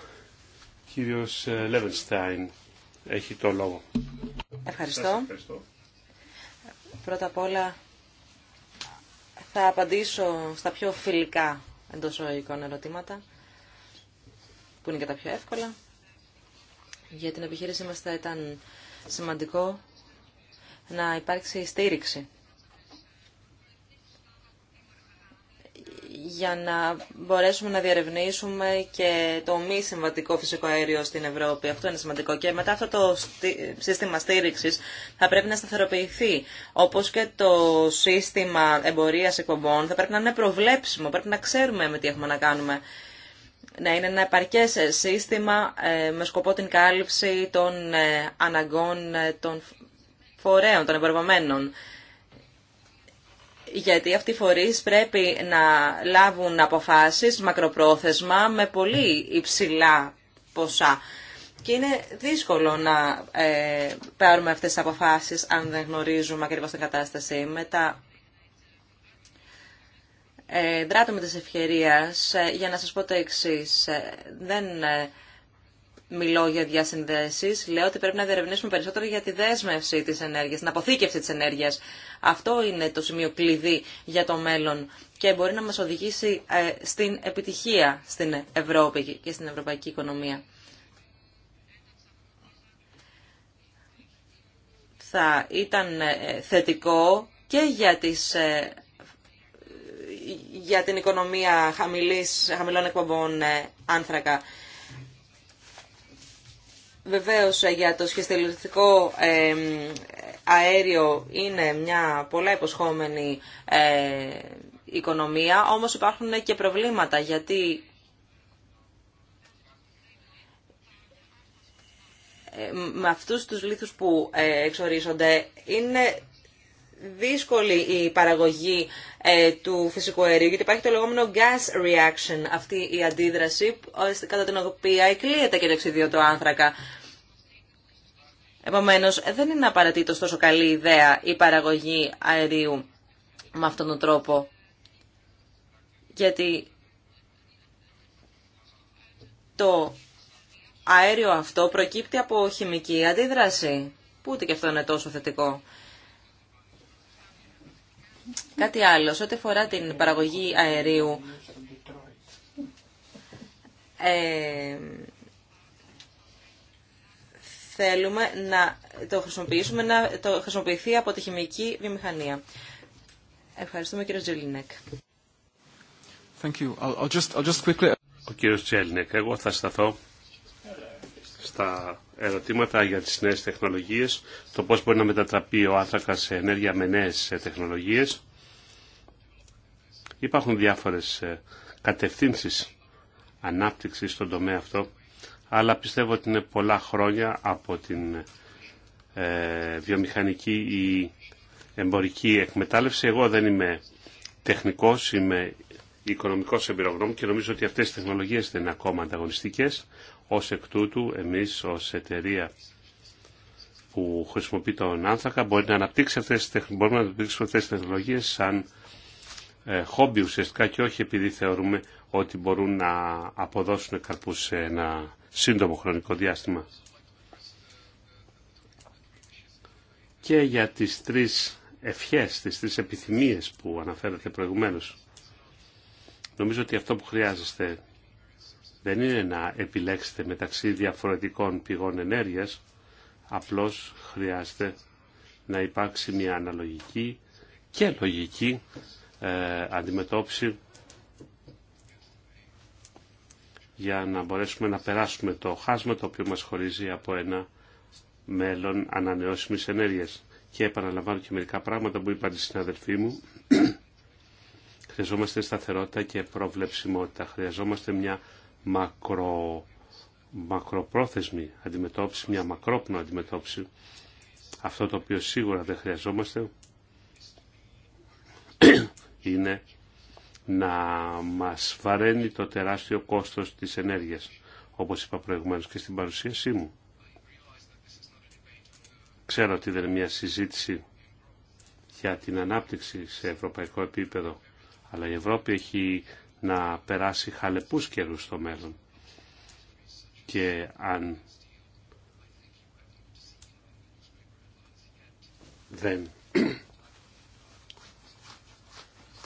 κύριος ε, Λεβενστάιν έχει το λόγο. Ευχαριστώ. Πρώτα απ' όλα θα απαντήσω στα πιο φιλικά εντός οικών ερωτήματα, που είναι και τα πιο εύκολα. Για την επιχείρησή μας θα ήταν σημαντικό να υπάρξει στήριξη. για να μπορέσουμε να διαρευνήσουμε και το μη συμβατικό φυσικό αέριο στην Ευρώπη. Αυτό είναι σημαντικό. Και μετά αυτό το σύστημα στήριξη θα πρέπει να σταθεροποιηθεί. Όπως και το σύστημα εμπορίας εκπομπών θα πρέπει να είναι προβλέψιμο, πρέπει να ξέρουμε με τι έχουμε να κάνουμε. Να είναι ένα επαρκέ σύστημα ε, με σκοπό την κάλυψη των ε, αναγκών ε, των φορέων, των εμπορευμένων. Γιατί αυτοί οι φορεί πρέπει να λάβουν αποφάσεις μακροπρόθεσμα με πολύ υψηλά ποσά. Και είναι δύσκολο να ε, πάρουμε αυτέ τι αποφάσει αν δεν γνωρίζουμε ακριβώ την κατάσταση. Μετά ε, δράτω με τι ευκαιρίε ε, για να σα πω το εξή. Ε, δεν... Ε, μιλώ για διασυνδέσεις, λέω ότι πρέπει να διερευνήσουμε περισσότερο για τη δέσμευση της ενέργειας, την αποθήκευση της ενέργειας. Αυτό είναι το σημείο κλειδί για το μέλλον και μπορεί να μας οδηγήσει ε, στην επιτυχία στην Ευρώπη και στην ευρωπαϊκή οικονομία. Θα ήταν ε, θετικό και για τις ε, για την οικονομία χαμηλής, χαμηλών εκπομπών άνθρακα Βεβαίω, ε, για το σχεστελιστικό ε, αέριο είναι μια πολλά υποσχόμενη ε, οικονομία, όμως υπάρχουν και προβλήματα γιατί με αυτούς τους λίθους που εξορίζονται είναι δύσκολη η παραγωγή ε, του φυσικού αερίου, γιατί υπάρχει το λεγόμενο gas reaction, αυτή η αντίδραση ε, κατά την οποία εκλείεται και το εξιδίο το άνθρακα. Επομένως, δεν είναι απαραίτητο τόσο καλή ιδέα η παραγωγή αερίου με αυτόν τον τρόπο, γιατί το αέριο αυτό προκύπτει από χημική αντίδραση, που ούτε και αυτό είναι τόσο θετικό. Κάτι άλλο, σε ό,τι αφορά την παραγωγή αερίου, ε, θέλουμε να το χρησιμοποιήσουμε, να το χρησιμοποιηθεί από τη χημική βιομηχανία. Ευχαριστούμε κύριο Τζελίνεκ. Thank you. I'll, just, I'll just quickly... Ο εγώ θα σταθώ τα ερωτήματα για τις νέες τεχνολογίες, το πώς μπορεί να μετατραπεί ο άνθρακας σε ενέργεια με νέες ε, τεχνολογίες. Υπάρχουν διάφορες ε, κατευθύνσεις ανάπτυξης στον τομέα αυτό, αλλά πιστεύω ότι είναι πολλά χρόνια από την ε, βιομηχανική ή εμπορική εκμετάλλευση. Εγώ δεν είμαι τεχνικός, είμαι οικονομικός εμπειρογνώμων και νομίζω ότι αυτές οι τεχνολογίες δεν είναι ακόμα ανταγωνιστικές, ως εκ τούτου, εμείς ως εταιρεία που χρησιμοποιεί τον άνθρακα μπορεί να αναπτύξει αυτές, μπορούμε να αναπτύξουμε αυτές τις τεχνολογίες σαν ε, χόμπι ουσιαστικά και όχι επειδή θεωρούμε ότι μπορούν να αποδώσουν καρπούς σε ένα σύντομο χρονικό διάστημα. Και για τις τρεις ευχές, τις τρεις επιθυμίες που αναφέρατε προηγουμένως. Νομίζω ότι αυτό που χρειάζεστε δεν είναι να επιλέξετε μεταξύ διαφορετικών πηγών ενέργειας, απλώς χρειάζεται να υπάρξει μια αναλογική και λογική ε, αντιμετώπιση για να μπορέσουμε να περάσουμε το χάσμα το οποίο μας χωρίζει από ένα μέλλον ανανεώσιμης ενέργειας. Και επαναλαμβάνω και μερικά πράγματα που είπαν οι αδελφή μου. Χρειαζόμαστε σταθερότητα και προβλεψιμότητα. Χρειαζόμαστε μια μακρο, μακροπρόθεσμη αντιμετώπιση, μια μακρόπνο αντιμετώπιση. Αυτό το οποίο σίγουρα δεν χρειαζόμαστε είναι να μας βαραίνει το τεράστιο κόστος της ενέργειας, όπως είπα προηγουμένως και στην παρουσίασή μου. Ξέρω ότι δεν είναι μια συζήτηση για την ανάπτυξη σε ευρωπαϊκό επίπεδο, αλλά η Ευρώπη έχει να περάσει χαλεπούς καιρούς στο μέλλον. Και αν δεν,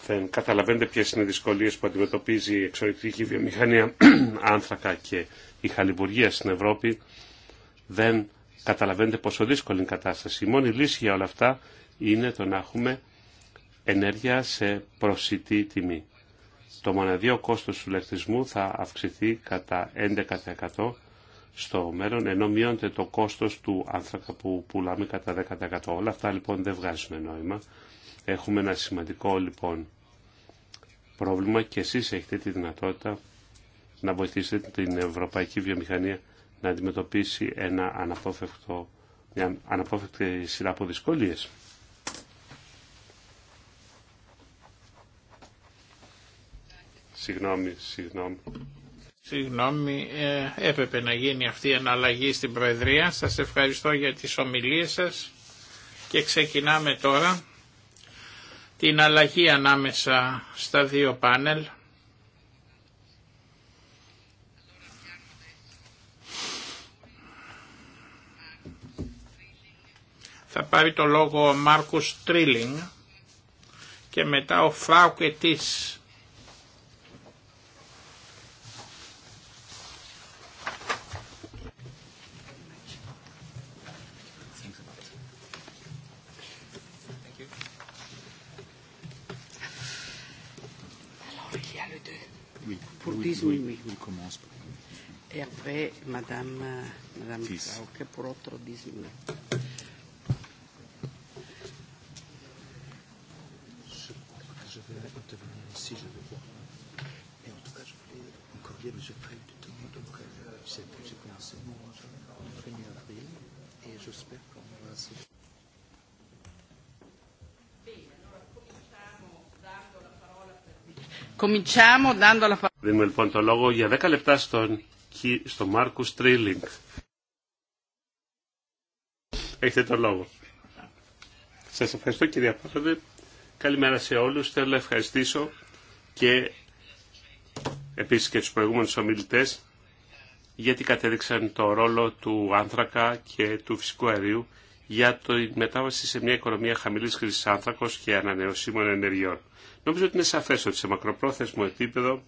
δεν καταλαβαίνετε ποιες είναι οι δυσκολίες που αντιμετωπίζει η εξωτερική βιομηχανία άνθρακα και η χαλιβουργία στην Ευρώπη, δεν καταλαβαίνετε πόσο δύσκολη είναι η κατάσταση. Η μόνη λύση για όλα αυτά είναι το να έχουμε ενέργεια σε προσιτή τιμή το μοναδίο κόστος του λεκτισμού θα αυξηθεί κατά 11% στο μέλλον, ενώ μειώνεται το κόστος του άνθρακα που πουλάμε κατά 10%. Όλα αυτά λοιπόν δεν βγάζουν νόημα. Έχουμε ένα σημαντικό λοιπόν πρόβλημα και εσείς έχετε τη δυνατότητα να βοηθήσετε την ευρωπαϊκή βιομηχανία να αντιμετωπίσει ένα αναπόφευκτο, μια αναπόφευκτη σειρά από δυσκολίες. Συγγνώμη, συγγνώμη. Συγγνώμη, ε, έπρεπε να γίνει αυτή η αναλλαγή στην Προεδρία. Σας ευχαριστώ για τις ομιλίες σας και ξεκινάμε τώρα την αλλαγή ανάμεσα στα δύο πάνελ. Θα πάρει το λόγο ο Μάρκους Τρίλινγκ και μετά ο τη. 10 minuit. Madame, Madame Cominciamo dando la parola. Δίνουμε λοιπόν το λόγο για 10 λεπτά στον, στον Μάρκου Τρίλινγκ. Έχετε το λόγο. Σας ευχαριστώ κύριε Πρόεδρε. Καλημέρα σε όλους. Θέλω να ευχαριστήσω και επίσης και του προηγούμενους ομιλητές γιατί κατέδειξαν το ρόλο του άνθρακα και του φυσικού αερίου για τη μετάβαση σε μια οικονομία χαμηλής χρήσης άνθρακος και ανανεωσίμων ενεργειών. Νομίζω ότι είναι σαφές ότι σε μακροπρόθεσμο επίπεδο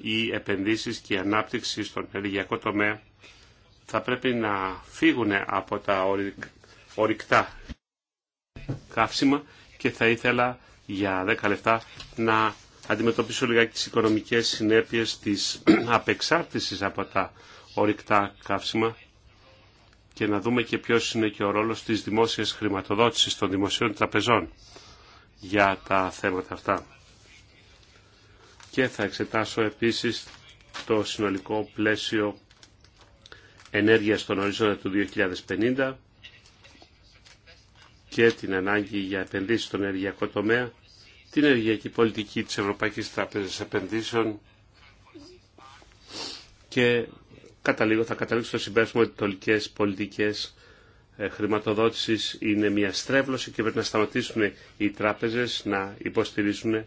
οι επενδύσεις και η ανάπτυξη στον ενεργειακό τομέα θα πρέπει να φύγουν από τα ορυκτά καύσιμα και θα ήθελα για 10 λεπτά να αντιμετωπίσω λιγάκι τις οικονομικές συνέπειες της απεξάρτησης από τα ορυκτά καύσιμα και να δούμε και ποιος είναι και ο ρόλος της δημόσιας χρηματοδότησης των δημοσίων τραπεζών για τα θέματα αυτά και θα εξετάσω επίσης το συνολικό πλαίσιο ενέργειας στον ορίζοντα του 2050 και την ανάγκη για επενδύσεις στον ενεργειακό τομέα, την ενεργειακή πολιτική της Ευρωπαϊκής Τράπεζας Επενδύσεων και κατά θα καταλήξω στο συμπέρασμα ότι τολικές πολιτικές ε, χρηματοδότησης είναι μια στρέβλωση και πρέπει να σταματήσουν οι τράπεζες να υποστηρίζουν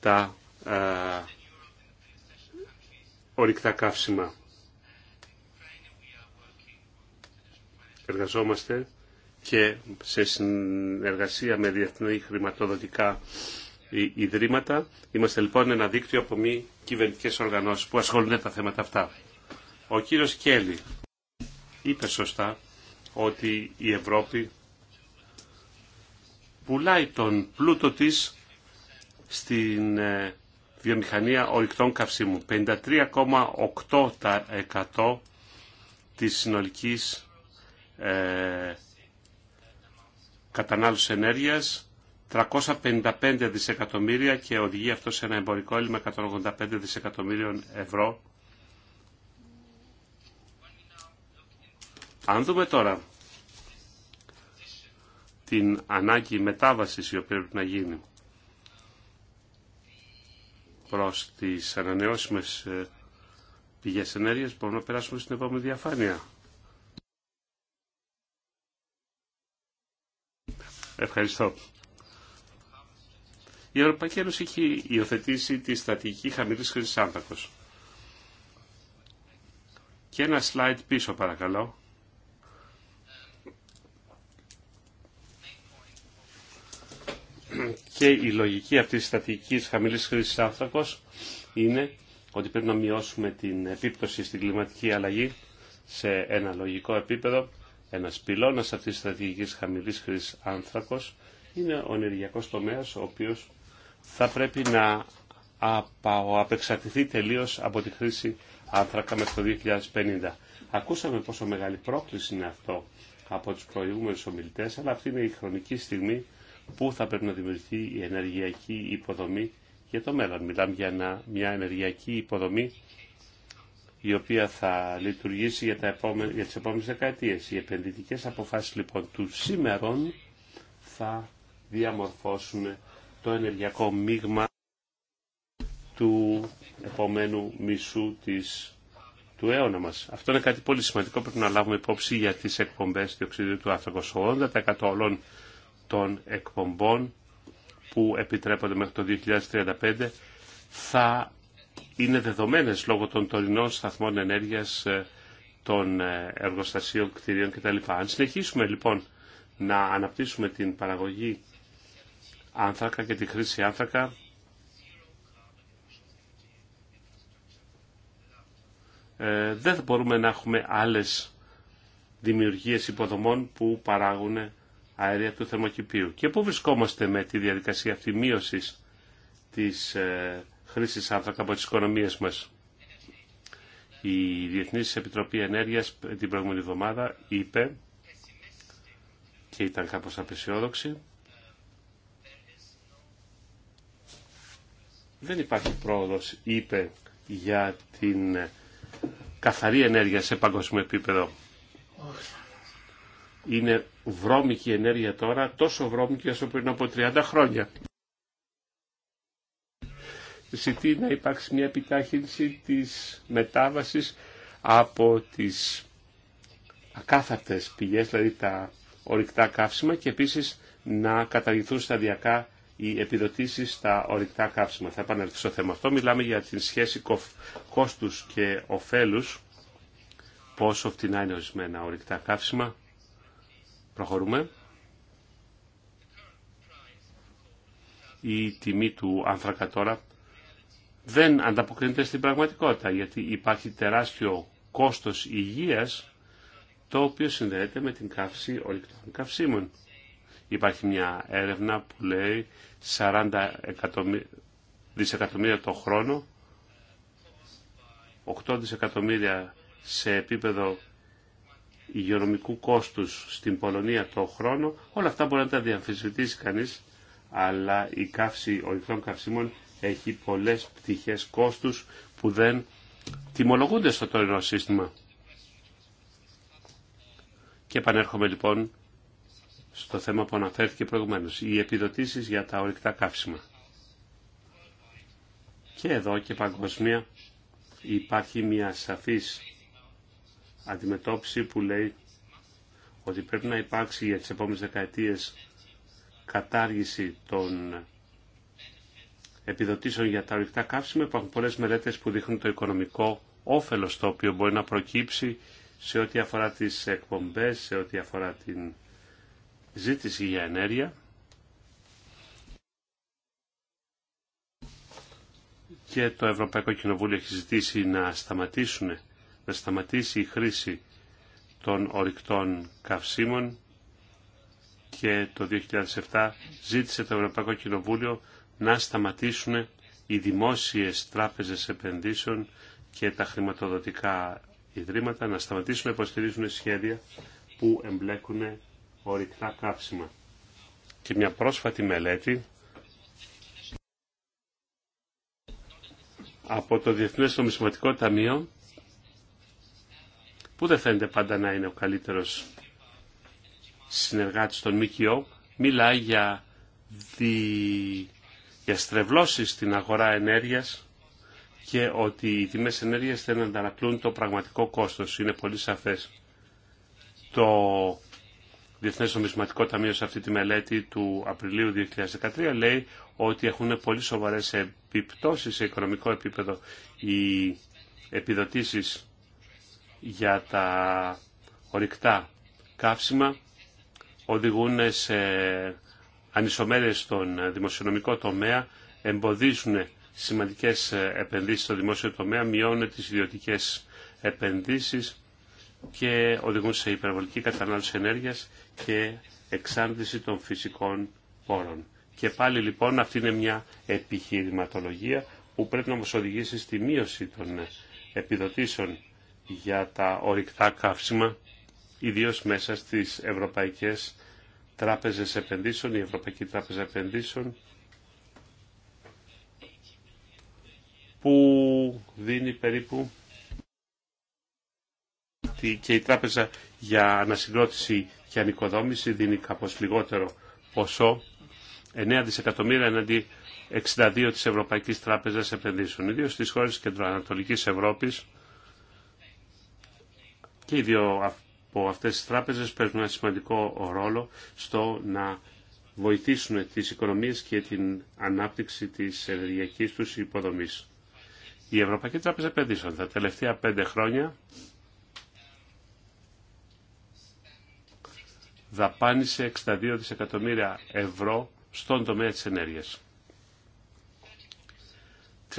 τα ε, ορυκτά καύσιμα. Εργαζόμαστε και σε συνεργασία με διεθνή χρηματοδοτικά ιδρύματα. Είμαστε λοιπόν ένα δίκτυο από μη κυβερνητικές οργανώσεις που ασχολούνται τα θέματα αυτά. Ο κύριος Κέλλη είπε σωστά ότι η Ευρώπη πουλάει τον πλούτο της στην ε, βιομηχανία ορυκτών καυσίμων. 53,8% της συνολικής ε, κατανάλωσης ενέργειας, 355 δισεκατομμύρια και οδηγεί αυτό σε ένα εμπορικό έλλειμμα 185 δισεκατομμύριων ευρώ. Αν δούμε τώρα την ανάγκη μετάβασης η οποία πρέπει να γίνει προς τις ανανεώσιμες ε, πηγές ενέργειας μπορούμε να περάσουμε στην επόμενη διαφάνεια. Ευχαριστώ. Η Ευρωπαϊκή Ένωση έχει υιοθετήσει τη στρατηγική χαμηλής χρήσης άνθρακος. Και ένα slide πίσω παρακαλώ. και η λογική αυτή τη στατική χαμηλή χρήση άνθρακο είναι ότι πρέπει να μειώσουμε την επίπτωση στην κλιματική αλλαγή σε ένα λογικό επίπεδο. ένα πυλώνα αυτή τη στρατηγικής χαμηλή χρήση άνθρακο είναι ο ενεργειακό τομέα, ο οποίο θα πρέπει να απεξαρτηθεί τελείω από τη χρήση άνθρακα μέχρι το 2050. Ακούσαμε πόσο μεγάλη πρόκληση είναι αυτό από τους προηγούμενους ομιλητές, αλλά αυτή είναι η χρονική στιγμή πού θα πρέπει να δημιουργηθεί η ενεργειακή υποδομή για το μέλλον. Μιλάμε για μια ενεργειακή υποδομή η οποία θα λειτουργήσει για, τα επόμενα, για τις επόμενες δεκαετίες. Οι επενδυτικές αποφάσεις λοιπόν του σήμερων θα διαμορφώσουν το ενεργειακό μείγμα του επόμενου μισού της, του αιώνα μας. Αυτό είναι κάτι πολύ σημαντικό, πρέπει να λάβουμε υπόψη για τις εκπομπές διοξιδίου του άνθρακος. 80% όλων των εκπομπών που επιτρέπονται μέχρι το 2035 θα είναι δεδομένες λόγω των τωρινών σταθμών ενέργειας ε, των ε, εργοστασίων, κτηρίων κτλ. Αν συνεχίσουμε λοιπόν να αναπτύσσουμε την παραγωγή άνθρακα και τη χρήση άνθρακα, ε, δεν θα μπορούμε να έχουμε άλλες δημιουργίες υποδομών που παράγουν αέρια του θερμοκηπίου. Και πού βρισκόμαστε με τη διαδικασία αυτή μείωσης της ε, χρήσης άνθρακα από τις οικονομίες μας. Η Διεθνής Επιτροπή Ενέργειας την προηγούμενη εβδομάδα είπε και ήταν κάπω απεσιόδοξη δεν υπάρχει πρόοδο, είπε, για την καθαρή ενέργεια σε παγκόσμιο επίπεδο είναι βρώμικη ενέργεια τώρα, τόσο βρώμικη όσο πριν από 30 χρόνια. Ζητεί να υπάρξει μια επιτάχυνση της μετάβασης από τις ακάθαρτες πηγές, δηλαδή τα ορυκτά καύσιμα και επίσης να καταργηθούν σταδιακά οι επιδοτήσει στα ορυκτά καύσιμα. Θα επανέλθω στο θέμα αυτό. Μιλάμε για την σχέση κόστους και ωφέλους, πόσο φτηνά είναι ορισμένα ορυκτά καύσιμα Προχωρούμε. Η τιμή του άνθρακα τώρα δεν ανταποκρίνεται στην πραγματικότητα γιατί υπάρχει τεράστιο κόστος υγείας το οποίο συνδέεται με την καύση ολικτών καυσίμων. Υπάρχει μια έρευνα που λέει 40 δισεκατομμύρια το χρόνο, 8 δισεκατομμύρια σε επίπεδο υγειονομικού κόστους στην Πολωνία το χρόνο, όλα αυτά μπορεί να τα διαμφισβητήσει κανείς, αλλά η καύση ορυκτών καυσίμων έχει πολλές πτυχές κόστους που δεν τιμολογούνται στο τωρινό σύστημα. Και επανέρχομαι λοιπόν στο θέμα που αναφέρθηκε προηγουμένως, οι επιδοτήσεις για τα ορυκτά καύσιμα. Και εδώ και παγκοσμία υπάρχει μια σαφής αντιμετώπιση που λέει ότι πρέπει να υπάρξει για τις επόμενες δεκαετίες κατάργηση των επιδοτήσεων για τα ορυκτά καύσιμα. Υπάρχουν πολλές μελέτες που δείχνουν το οικονομικό όφελος το οποίο μπορεί να προκύψει σε ό,τι αφορά τις εκπομπές, σε ό,τι αφορά την ζήτηση για ενέργεια. Και το Ευρωπαϊκό Κοινοβούλιο έχει ζητήσει να σταματήσουν να σταματήσει η χρήση των ορικτών καυσίμων και το 2007 ζήτησε το Ευρωπαϊκό Κοινοβούλιο να σταματήσουν οι δημόσιες τράπεζες επενδύσεων και τα χρηματοδοτικά ιδρύματα να σταματήσουν να υποστηρίζουν σχέδια που εμπλέκουν ορυκτά καύσιμα. Και μια πρόσφατη μελέτη από το Διεθνές Νομισματικό Ταμείο που δεν φαίνεται πάντα να είναι ο καλύτερος συνεργάτης των ΜΚΟ, μιλάει για, δι... για στρεβλώσεις στην αγορά ενέργειας και ότι οι τιμές ενέργειας να ανταραπλούν το πραγματικό κόστος. Είναι πολύ σαφές. Το Διεθνές Νομισματικό Ταμείο σε αυτή τη μελέτη του Απριλίου 2013 λέει ότι έχουν πολύ σοβαρές επιπτώσεις σε οικονομικό επίπεδο οι επιδοτήσεις για τα ορυκτά καύσιμα οδηγούν σε ανισομέρειες στον δημοσιονομικό τομέα, εμποδίζουν σημαντικές επενδύσεις στο δημόσιο τομέα, μειώνουν τις ιδιωτικές επενδύσεις και οδηγούν σε υπερβολική κατανάλωση ενέργειας και εξάντληση των φυσικών πόρων. Και πάλι λοιπόν αυτή είναι μια επιχειρηματολογία που πρέπει να μας οδηγήσει στη μείωση των επιδοτήσεων για τα ορυκτά καύσιμα, ιδίως μέσα στις ευρωπαϊκές τράπεζες επενδύσεων, η Ευρωπαϊκή Τράπεζα Επενδύσεων, που δίνει περίπου και η τράπεζα για ανασυγκρότηση και ανοικοδόμηση δίνει κάπως λιγότερο ποσό 9 δισεκατομμύρια εναντί 62 της Ευρωπαϊκής Τράπεζας Επενδύσεων. Ιδίως στις χώρες της Κεντροανατολικής Ευρώπης και οι δύο από αυτές τις τράπεζες παίζουν ένα σημαντικό ρόλο στο να βοηθήσουν τις οικονομίες και την ανάπτυξη της ενεργειακής τους υποδομής. Η Ευρωπαϊκή Τράπεζα Επενδύσεων τα τελευταία πέντε χρόνια δαπάνησε 62 δισεκατομμύρια ευρώ στον τομέα της ενέργειας.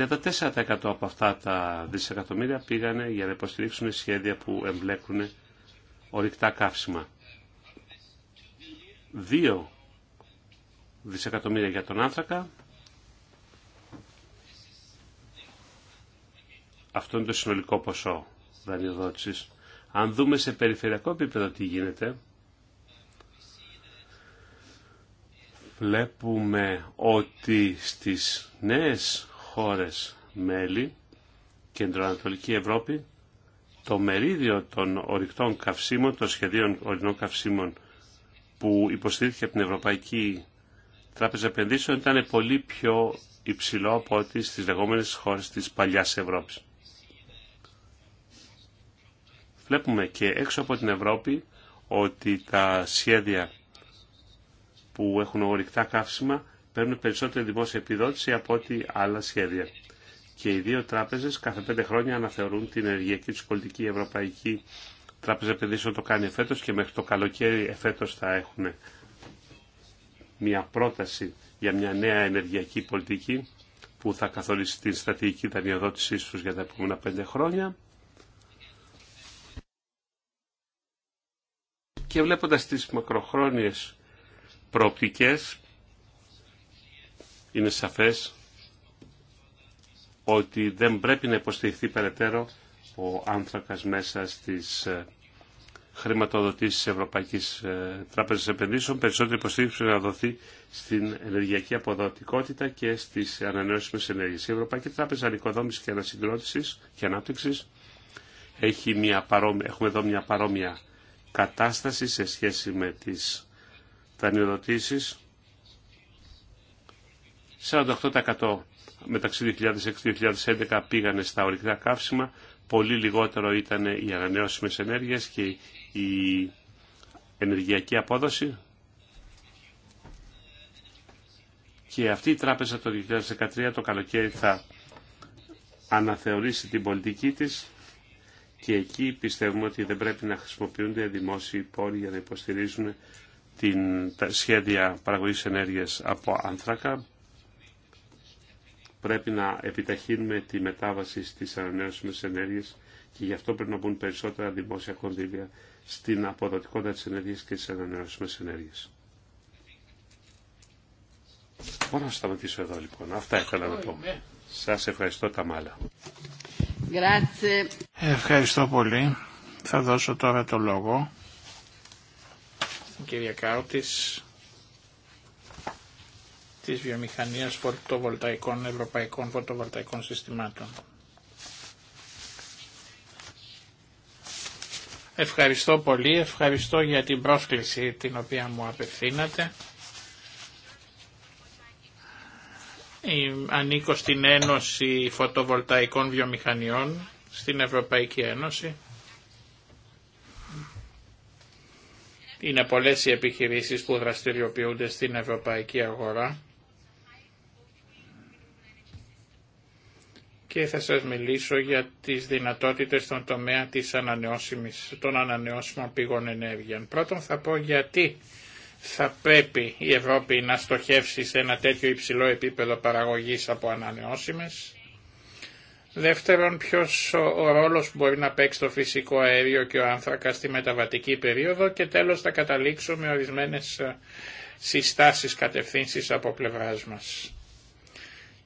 34% από αυτά τα δισεκατομμύρια πήγανε για να υποστηρίξουν σχέδια που εμπλέκουν ορυκτά καύσιμα. 2 δισεκατομμύρια για τον άνθρακα. Αυτό είναι το συνολικό ποσό δανειοδότησης. Αν δούμε σε περιφερειακό επίπεδο τι γίνεται, βλέπουμε ότι στις νέες χώρες μέλη, Κεντροανατολική Ευρώπη, το μερίδιο των ορυκτών καυσίμων, των σχεδίων ορεινών καυσίμων που υποστήριχε από την Ευρωπαϊκή Τράπεζα Επενδύσεων ήταν πολύ πιο υψηλό από ό,τι στις λεγόμενες χώρες της παλιάς Ευρώπης. Βλέπουμε και έξω από την Ευρώπη ότι τα σχέδια που έχουν ορυκτά καύσιμα παίρνουν περισσότερη δημόσια επιδότηση από ό,τι άλλα σχέδια. Και οι δύο τράπεζες κάθε πέντε χρόνια αναθεωρούν την ενεργειακή του πολιτική η Ευρωπαϊκή Τράπεζα Επενδύσεων το κάνει εφέτος και μέχρι το καλοκαίρι εφέτος θα έχουν μια πρόταση για μια νέα ενεργειακή πολιτική που θα καθορίσει την στρατηγική δανειοδότησή του για τα επόμενα πέντε χρόνια. Και βλέποντα τι μακροχρόνιε προοπτικές είναι σαφές ότι δεν πρέπει να υποστηριχθεί περαιτέρω ο άνθρακας μέσα στις ε, χρηματοδοτήσεις της Ευρωπαϊκής ε, Τράπεζας Επενδύσεων. Περισσότερη υποστήριξη πρέπει να δοθεί στην ενεργειακή αποδοτικότητα και στις ανανεώσιμες ενέργειες. Η Ευρωπαϊκή Τράπεζα Ανοικοδόμησης και Ανασυγκρότησης και Ανάπτυξης έχει μια έχουμε εδώ μια παρόμοια κατάσταση σε σχέση με τις δανειοδοτήσεις 48% μεταξύ 2006-2011 πήγανε στα ορυκτά καύσιμα, πολύ λιγότερο ήταν οι ανανεώσιμες ενέργειες και η ενεργειακή απόδοση. Και αυτή η τράπεζα το 2013 το καλοκαίρι θα αναθεωρήσει την πολιτική της και εκεί πιστεύουμε ότι δεν πρέπει να χρησιμοποιούνται δημόσιοι πόροι για να υποστηρίζουν την, τα σχέδια παραγωγής ενέργειας από άνθρακα πρέπει να επιταχύνουμε τη μετάβαση στις ανανεώσιμες ενέργειες και γι' αυτό πρέπει να μπουν περισσότερα δημόσια κονδύλια στην αποδοτικότητα της ενέργειας και στις ανανεώσιμες ενέργειες. Μπορώ να σταματήσω εδώ λοιπόν. Αυτά ήθελα να πω. Σας ευχαριστώ τα μάλα. Ευχαριστώ πολύ. Θα δώσω τώρα το λόγο. Κυρία Κάουτης, της βιομηχανίας φωτοβολταϊκών, ευρωπαϊκών φωτοβολταϊκών συστημάτων. Ευχαριστώ πολύ, ευχαριστώ για την πρόσκληση την οποία μου απευθύνατε. Ε, ανήκω στην Ένωση Φωτοβολταϊκών Βιομηχανιών, στην Ευρωπαϊκή Ένωση. Είναι πολλές οι επιχειρήσεις που δραστηριοποιούνται στην ευρωπαϊκή αγορά και θα σας μιλήσω για τις δυνατότητες στον τομέα της ανανεώσιμης, των ανανεώσιμων πηγών ενέργειας. Πρώτον θα πω γιατί θα πρέπει η Ευρώπη να στοχεύσει σε ένα τέτοιο υψηλό επίπεδο παραγωγής από ανανεώσιμες. Δεύτερον, ποιος ο ρόλος που μπορεί να παίξει το φυσικό αέριο και ο άνθρακα στη μεταβατική περίοδο και τέλος θα καταλήξω με ορισμένες ε, συστάσεις κατευθύνσεις από πλευράς μας.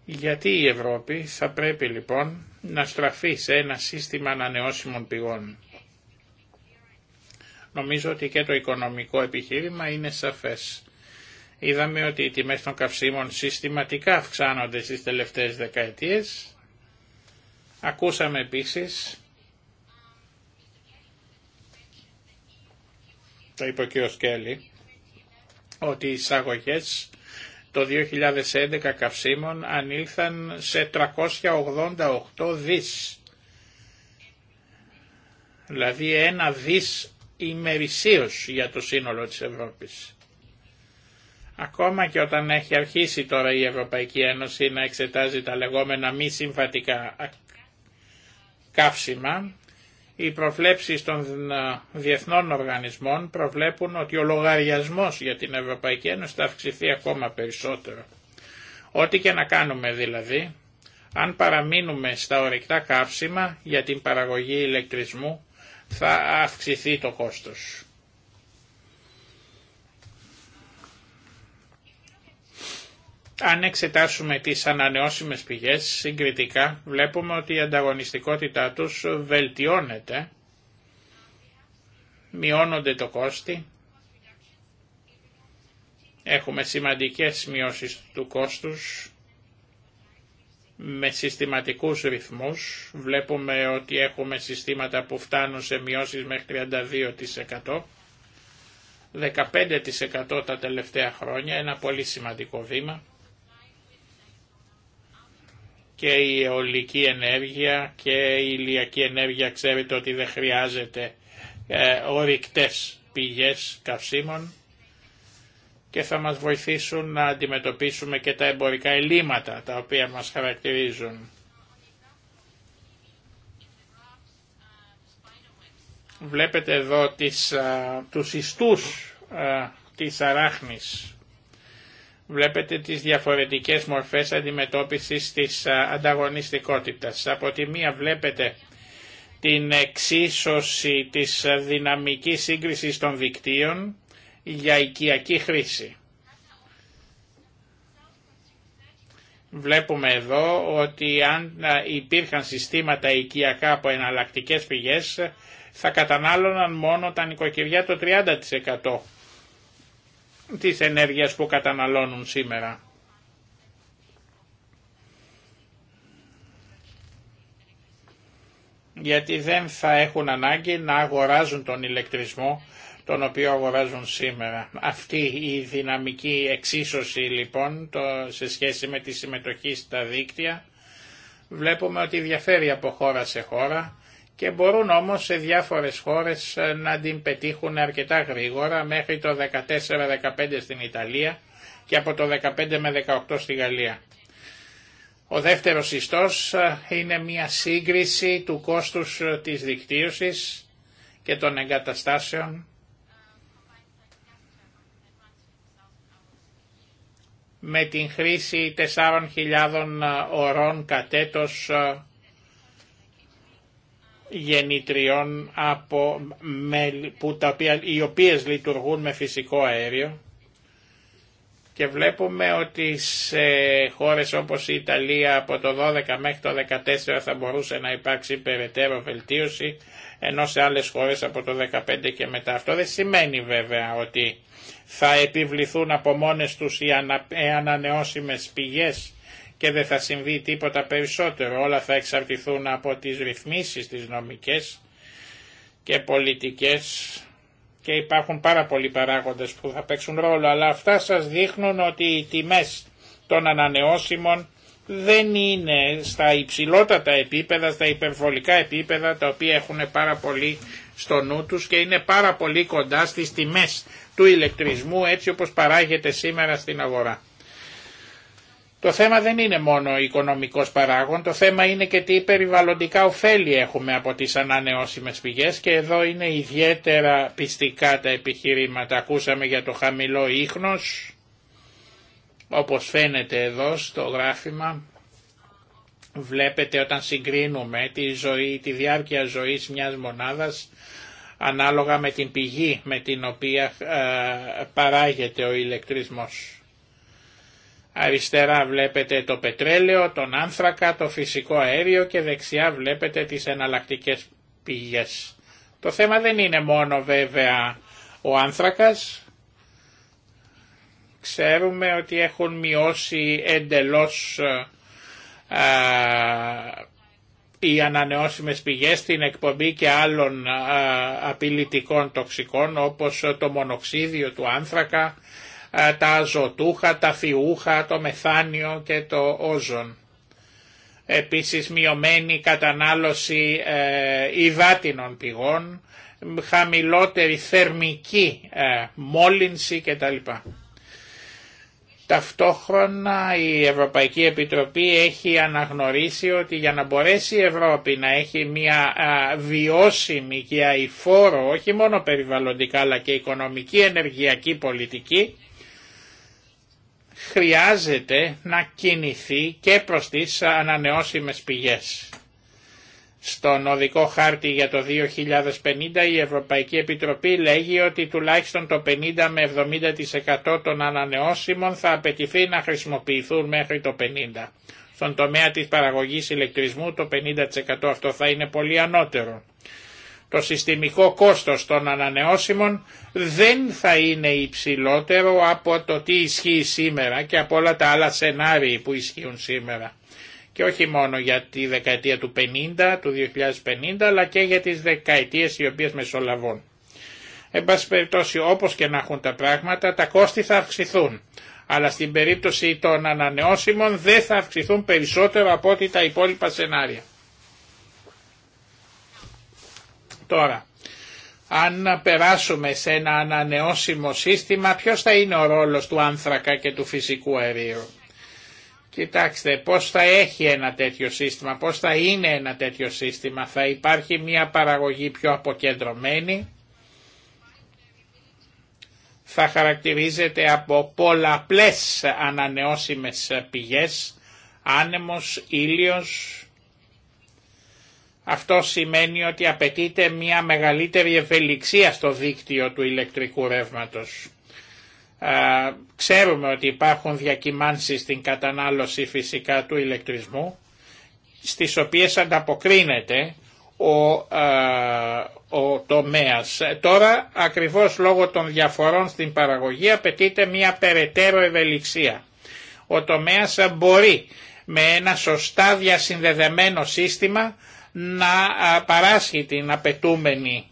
Γιατί η Ευρώπη θα πρέπει λοιπόν να στραφεί σε ένα σύστημα ανανεώσιμων πηγών. Νομίζω ότι και το οικονομικό επιχείρημα είναι σαφές. Είδαμε ότι οι τιμές των καυσίμων συστηματικά αυξάνονται στις τελευταίες δεκαετίες. Ακούσαμε επίσης, το είπε ο κ. Σκέλη, ότι οι εισαγωγές το 2011 καυσίμων ανήλθαν σε 388 δις. Δηλαδή ένα δις ημερησίως για το σύνολο της Ευρώπης. Ακόμα και όταν έχει αρχίσει τώρα η Ευρωπαϊκή Ένωση να εξετάζει τα λεγόμενα μη συμβατικά καύσιμα, οι προβλέψεις των ε, διεθνών οργανισμών προβλέπουν ότι ο λογαριασμός για την Ευρωπαϊκή Ένωση θα αυξηθεί ακόμα περισσότερο. Ό,τι και να κάνουμε δηλαδή, αν παραμείνουμε στα ορυκτά καύσιμα για την παραγωγή ηλεκτρισμού, θα αυξηθεί το κόστος. Αν εξετάσουμε τις ανανεώσιμες πηγές συγκριτικά βλέπουμε ότι η ανταγωνιστικότητά τους βελτιώνεται, μειώνονται το κόστη, έχουμε σημαντικές μειώσεις του κόστους με συστηματικούς ρυθμούς. Βλέπουμε ότι έχουμε συστήματα που φτάνουν σε μειώσεις μέχρι 32%. 15% τα τελευταία χρόνια, ένα πολύ σημαντικό βήμα και η αιωλική ενέργεια και η ηλιακή ενέργεια ξέρετε ότι δεν χρειάζεται ε, ορυκτές πηγές καυσίμων και θα μας βοηθήσουν να αντιμετωπίσουμε και τα εμπορικά ελλείμματα τα οποία μας χαρακτηρίζουν. Βλέπετε εδώ τις, τους ιστούς της αράχνης βλέπετε τις διαφορετικές μορφές αντιμετώπισης της ανταγωνιστικότητας. Από τη μία βλέπετε την εξίσωση της δυναμικής σύγκρισης των δικτύων για οικιακή χρήση. Βλέπουμε εδώ ότι αν υπήρχαν συστήματα οικιακά από εναλλακτικές πηγές θα κατανάλωναν μόνο τα νοικοκυριά το 30% της ενέργειας που καταναλώνουν σήμερα. γιατί δεν θα έχουν ανάγκη να αγοράζουν τον ηλεκτρισμό τον οποίο αγοράζουν σήμερα. Αυτή η δυναμική εξίσωση λοιπόν το, σε σχέση με τη συμμετοχή στα δίκτυα βλέπουμε ότι διαφέρει από χώρα σε χώρα και μπορούν όμως σε διάφορες χώρες ε, να την πετύχουν αρκετά γρήγορα μέχρι το 14-15 στην Ιταλία και από το 15 με 18 στη Γαλλία. Ο δεύτερος ιστός ε, είναι μια σύγκριση του κόστους ε, της δικτύωσης και των εγκαταστάσεων με την χρήση 4.000 ωρών κατέτος γεννητριών από, που τα οποία, οι οποίες λειτουργούν με φυσικό αέριο και βλέπουμε ότι σε χώρες όπως η Ιταλία από το 12 μέχρι το 14 θα μπορούσε να υπάρξει περαιτέρω βελτίωση ενώ σε άλλες χώρες από το 15 και μετά. Αυτό δεν σημαίνει βέβαια ότι θα επιβληθούν από μόνες τους οι ανανεώσιμες πηγές και δεν θα συμβεί τίποτα περισσότερο. Όλα θα εξαρτηθούν από τις ρυθμίσεις τις νομικές και πολιτικές και υπάρχουν πάρα πολλοί παράγοντες που θα παίξουν ρόλο, αλλά αυτά σας δείχνουν ότι οι τιμές των ανανεώσιμων δεν είναι στα υψηλότατα επίπεδα, στα υπερβολικά επίπεδα τα οποία έχουν πάρα πολύ στο νου τους και είναι πάρα πολύ κοντά στις τιμές του ηλεκτρισμού έτσι όπως παράγεται σήμερα στην αγορά. Το θέμα δεν είναι μόνο ο οικονομικός παράγων, το θέμα είναι και τι περιβαλλοντικά ωφέλη έχουμε από τις ανανεώσιμες πηγές και εδώ είναι ιδιαίτερα πιστικά τα επιχειρήματα. Ακούσαμε για το χαμηλό ίχνος, όπως φαίνεται εδώ στο γράφημα. Βλέπετε όταν συγκρίνουμε τη, ζωή, τη διάρκεια ζωής μιας μονάδας ανάλογα με την πηγή με την οποία ε, παράγεται ο ηλεκτρισμός. Αριστερά βλέπετε το πετρέλαιο, τον άνθρακα, το φυσικό αέριο και δεξιά βλέπετε τις εναλλακτικές πηγές. Το θέμα δεν είναι μόνο βέβαια ο άνθρακας. Ξέρουμε ότι έχουν μειώσει εντελώς α, ε, οι ανανεώσιμες πηγές στην εκπομπή και άλλων α, ε, απειλητικών τοξικών όπως το μονοξίδιο του άνθρακα τα αζωτούχα, τα φιούχα, το μεθάνιο και το όζον. Επίσης μειωμένη κατανάλωση ε, υδάτινων πηγών, χαμηλότερη θερμική ε, μόλυνση κτλ. Ταυτόχρονα η Ευρωπαϊκή Επιτροπή έχει αναγνωρίσει ότι για να μπορέσει η Ευρώπη να έχει μια βιώσιμη και αηφόρο όχι μόνο περιβαλλοντικά αλλά και οικονομική ενεργειακή πολιτική χρειάζεται να κινηθεί και προς τις ανανεώσιμες πηγές. Στον οδικό χάρτη για το 2050 η Ευρωπαϊκή Επιτροπή λέγει ότι τουλάχιστον το 50 με 70% των ανανεώσιμων θα απαιτηθεί να χρησιμοποιηθούν μέχρι το 50. Στον τομέα της παραγωγής ηλεκτρισμού το 50% αυτό θα είναι πολύ ανώτερο το συστημικό κόστος των ανανεώσιμων δεν θα είναι υψηλότερο από το τι ισχύει σήμερα και από όλα τα άλλα σενάρια που ισχύουν σήμερα. Και όχι μόνο για τη δεκαετία του 50, του 2050, αλλά και για τις δεκαετίες οι οποίες μεσολαβούν. Εν πάση περιπτώσει όπως και να έχουν τα πράγματα τα κόστη θα αυξηθούν. Αλλά στην περίπτωση των ανανεώσιμων δεν θα αυξηθούν περισσότερο από ό,τι τα υπόλοιπα σενάρια. Τώρα, αν περάσουμε σε ένα ανανεώσιμο σύστημα, ποιος θα είναι ο ρόλος του άνθρακα και του φυσικού αερίου. Κοιτάξτε, πώς θα έχει ένα τέτοιο σύστημα, πώς θα είναι ένα τέτοιο σύστημα. Θα υπάρχει μια παραγωγή πιο αποκεντρωμένη, θα χαρακτηρίζεται από πολλαπλές ανανεώσιμες πηγές, άνεμος, ήλιος, αυτό σημαίνει ότι απαιτείται μια μεγαλύτερη ευελιξία στο δίκτυο του ηλεκτρικού ρεύματος. Ξέρουμε ότι υπάρχουν διακυμάνσεις στην κατανάλωση φυσικά του ηλεκτρισμού, στις οποίες ανταποκρίνεται ο, ο τομέας. Τώρα, ακριβώς λόγω των διαφορών στην παραγωγή, απαιτείται μια περαιτέρω ευελιξία. Ο τομέας μπορεί με ένα σωστά διασυνδεδεμένο σύστημα να παράσχει την απαιτούμενη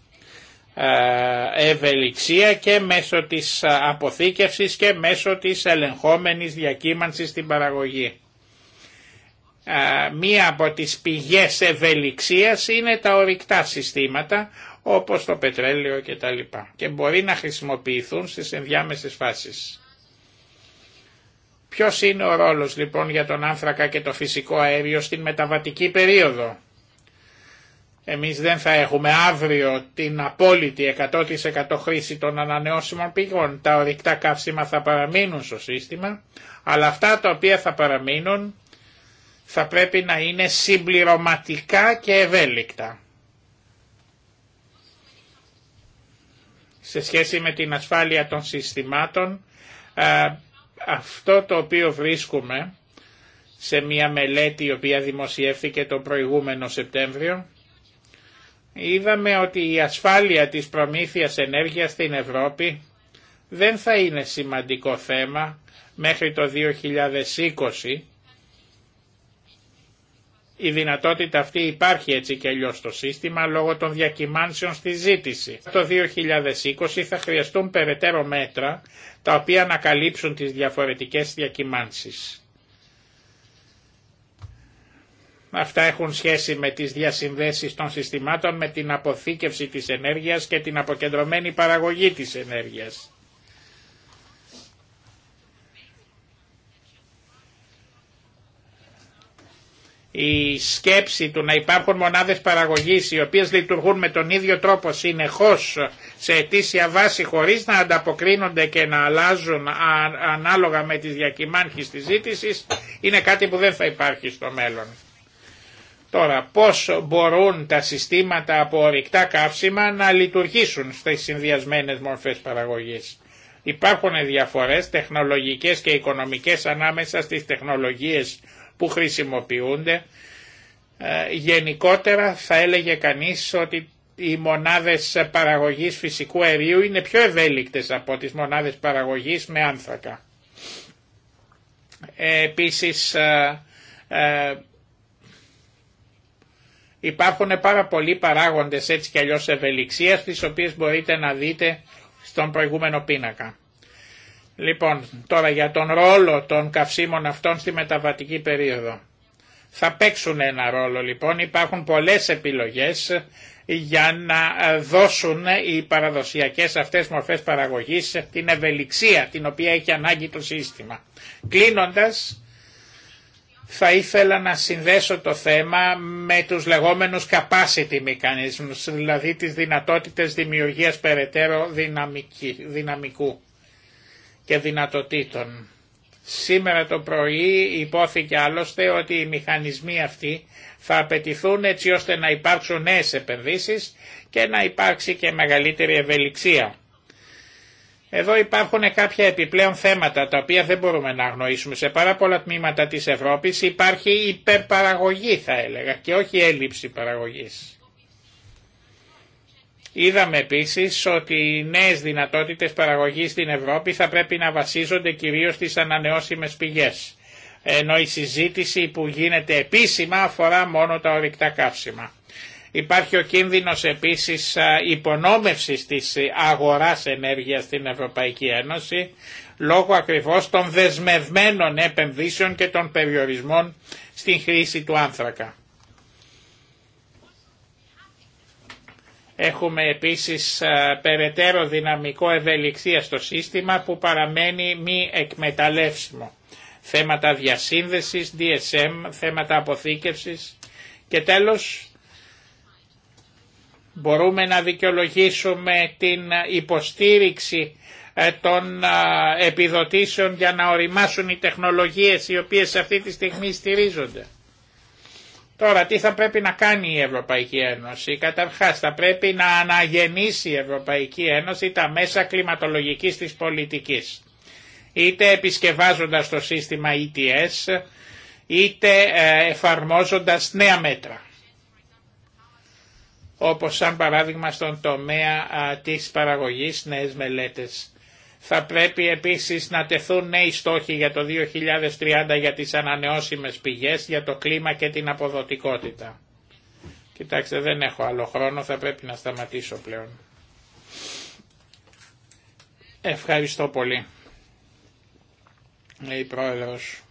ευελιξία και μέσω της αποθήκευσης και μέσω της ελεγχόμενης διακύμανσης στην παραγωγή. Μία από τις πηγές ευελιξίας είναι τα ορυκτά συστήματα όπως το πετρέλαιο κτλ. και μπορεί να χρησιμοποιηθούν στις ενδιάμεσες φάσεις. Ποιος είναι ο ρόλος λοιπόν για τον άνθρακα και το φυσικό αέριο στην μεταβατική περίοδο. Εμείς δεν θα έχουμε αύριο την απόλυτη 100% χρήση των ανανεώσιμων πηγών. Τα ορυκτά καύσιμα θα παραμείνουν στο σύστημα, αλλά αυτά τα οποία θα παραμείνουν θα πρέπει να είναι συμπληρωματικά και ευέλικτα. Σε σχέση με την ασφάλεια των συστημάτων, αυτό το οποίο βρίσκουμε σε μια μελέτη η οποία δημοσιεύθηκε τον προηγούμενο Σεπτέμβριο, είδαμε ότι η ασφάλεια της προμήθειας ενέργειας στην Ευρώπη δεν θα είναι σημαντικό θέμα μέχρι το 2020. Η δυνατότητα αυτή υπάρχει έτσι και αλλιώς στο σύστημα λόγω των διακυμάνσεων στη ζήτηση. Το 2020 θα χρειαστούν περαιτέρω μέτρα τα οποία να καλύψουν τις διαφορετικές διακυμάνσεις. Αυτά έχουν σχέση με τις διασυνδέσεις των συστημάτων, με την αποθήκευση της ενέργειας και την αποκεντρωμένη παραγωγή της ενέργειας. η σκέψη του να υπάρχουν μονάδες παραγωγής οι οποίες λειτουργούν με τον ίδιο τρόπο συνεχώς σε αιτήσια βάση χωρίς να ανταποκρίνονται και να αλλάζουν ανάλογα με τις διακυμάνχεις της ζήτησης είναι κάτι που δεν θα υπάρχει στο μέλλον. Τώρα, πώς μπορούν τα συστήματα από ορυκτά καύσιμα να λειτουργήσουν στις συνδυασμένες μορφές παραγωγής. Υπάρχουν διαφορές τεχνολογικές και οικονομικές ανάμεσα στις τεχνολογίες που χρησιμοποιούνται. Ε, γενικότερα θα έλεγε κανείς ότι οι μονάδες παραγωγής φυσικού αερίου είναι πιο ευέλικτες από τις μονάδες παραγωγής με άνθρακα. Ε, επίσης ε, Υπάρχουν πάρα πολλοί παράγοντες έτσι κι αλλιώς ευελιξίας, τις οποίες μπορείτε να δείτε στον προηγούμενο πίνακα. Λοιπόν, τώρα για τον ρόλο των καυσίμων αυτών στη μεταβατική περίοδο. Θα παίξουν ένα ρόλο λοιπόν, υπάρχουν πολλές επιλογές για να δώσουν οι παραδοσιακές αυτές μορφές παραγωγής την ευελιξία την οποία έχει ανάγκη το σύστημα. Κλείνοντα θα ήθελα να συνδέσω το θέμα με τους λεγόμενους capacity mechanisms, δηλαδή τις δυνατότητες δημιουργίας περαιτέρω δυναμικού και δυνατοτήτων. Σήμερα το πρωί υπόθηκε άλλωστε ότι οι μηχανισμοί αυτοί θα απαιτηθούν έτσι ώστε να υπάρξουν νέες επενδύσεις και να υπάρξει και μεγαλύτερη ευελιξία. Εδώ υπάρχουν κάποια επιπλέον θέματα τα οποία δεν μπορούμε να αγνοήσουμε. Σε πάρα πολλά τμήματα της Ευρώπης υπάρχει υπερπαραγωγή θα έλεγα και όχι έλλειψη παραγωγής. Είδαμε επίσης ότι οι νέες δυνατότητες παραγωγής στην Ευρώπη θα πρέπει να βασίζονται κυρίως στις ανανεώσιμες πηγές, ενώ η συζήτηση που γίνεται επίσημα αφορά μόνο τα ορυκτά καύσιμα. Υπάρχει ο κίνδυνος επίσης υπονόμευσης της αγοράς ενέργειας στην Ευρωπαϊκή Ένωση λόγω ακριβώς των δεσμευμένων επενδύσεων και των περιορισμών στην χρήση του άνθρακα. Έχουμε επίσης περαιτέρω δυναμικό ευελιξία στο σύστημα που παραμένει μη εκμεταλλεύσιμο. Θέματα διασύνδεσης, DSM, θέματα αποθήκευσης και τέλος Μπορούμε να δικαιολογήσουμε την υποστήριξη ε, των ε, επιδοτήσεων για να οριμάσουν οι τεχνολογίες οι οποίες αυτή τη στιγμή στηρίζονται. Τώρα τι θα πρέπει να κάνει η Ευρωπαϊκή Ένωση. Καταρχάς θα πρέπει να αναγεννήσει η Ευρωπαϊκή Ένωση τα μέσα κλιματολογικής της πολιτικής. Είτε επισκευάζοντας το σύστημα ETS, είτε ε, εφαρμόζοντας νέα μέτρα όπως σαν παράδειγμα στον τομέα της παραγωγής νέες μελέτες. Θα πρέπει επίσης να τεθούν νέοι στόχοι για το 2030 για τις ανανεώσιμες πηγές, για το κλίμα και την αποδοτικότητα. Κοιτάξτε δεν έχω άλλο χρόνο, θα πρέπει να σταματήσω πλέον. Ευχαριστώ πολύ. Λέει Πρόεδρος.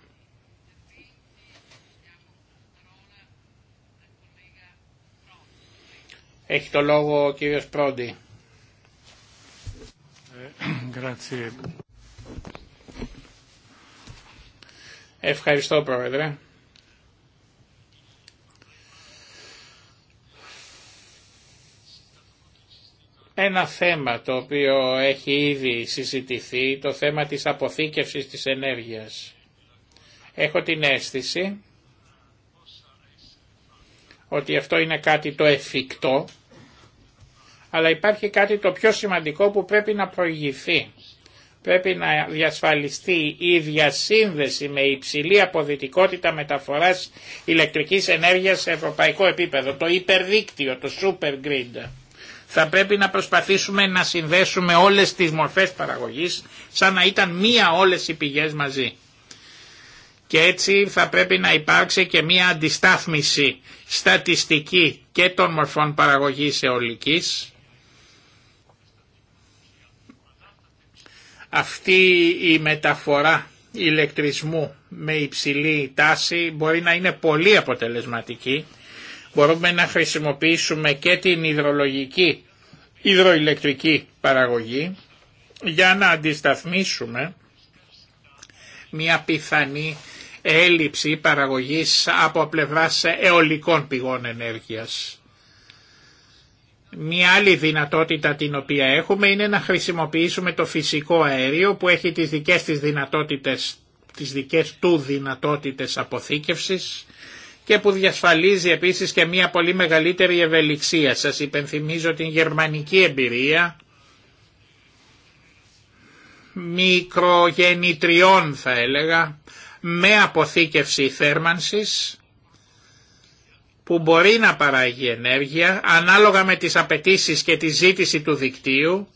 Έχει το λόγο ο κύριος Πρόντι. Ευχαριστώ πρόεδρε. Ένα θέμα το οποίο έχει ήδη συζητηθεί, το θέμα της αποθήκευσης της ενέργειας. Έχω την αίσθηση ότι αυτό είναι κάτι το εφικτό αλλά υπάρχει κάτι το πιο σημαντικό που πρέπει να προηγηθεί. Πρέπει να διασφαλιστεί η διασύνδεση με υψηλή αποδυτικότητα μεταφοράς ηλεκτρικής ενέργειας σε ευρωπαϊκό επίπεδο, το υπερδίκτυο, το super grid. Θα πρέπει να προσπαθήσουμε να συνδέσουμε όλες τις μορφές παραγωγής σαν να ήταν μία όλες οι πηγές μαζί. Και έτσι θα πρέπει να υπάρξει και μία αντιστάθμιση στατιστική και των μορφών παραγωγής αιωλικής Αυτή η μεταφορά ηλεκτρισμού με υψηλή τάση μπορεί να είναι πολύ αποτελεσματική. Μπορούμε να χρησιμοποιήσουμε και την υδρολογική, υδροηλεκτρική παραγωγή για να αντισταθμίσουμε μια πιθανή έλλειψη παραγωγής από πλευράς αιωλικών πηγών ενέργειας. Μία άλλη δυνατότητα την οποία έχουμε είναι να χρησιμοποιήσουμε το φυσικό αέριο που έχει τις δικές, της δυνατότητες, τις δικές του δυνατότητες αποθήκευσης και που διασφαλίζει επίσης και μία πολύ μεγαλύτερη ευελιξία. Σας υπενθυμίζω την γερμανική εμπειρία μικρογεννητριών θα έλεγα με αποθήκευση θέρμανσης που μπορεί να παράγει ενέργεια ανάλογα με τις απαιτήσεις και τη ζήτηση του δικτύου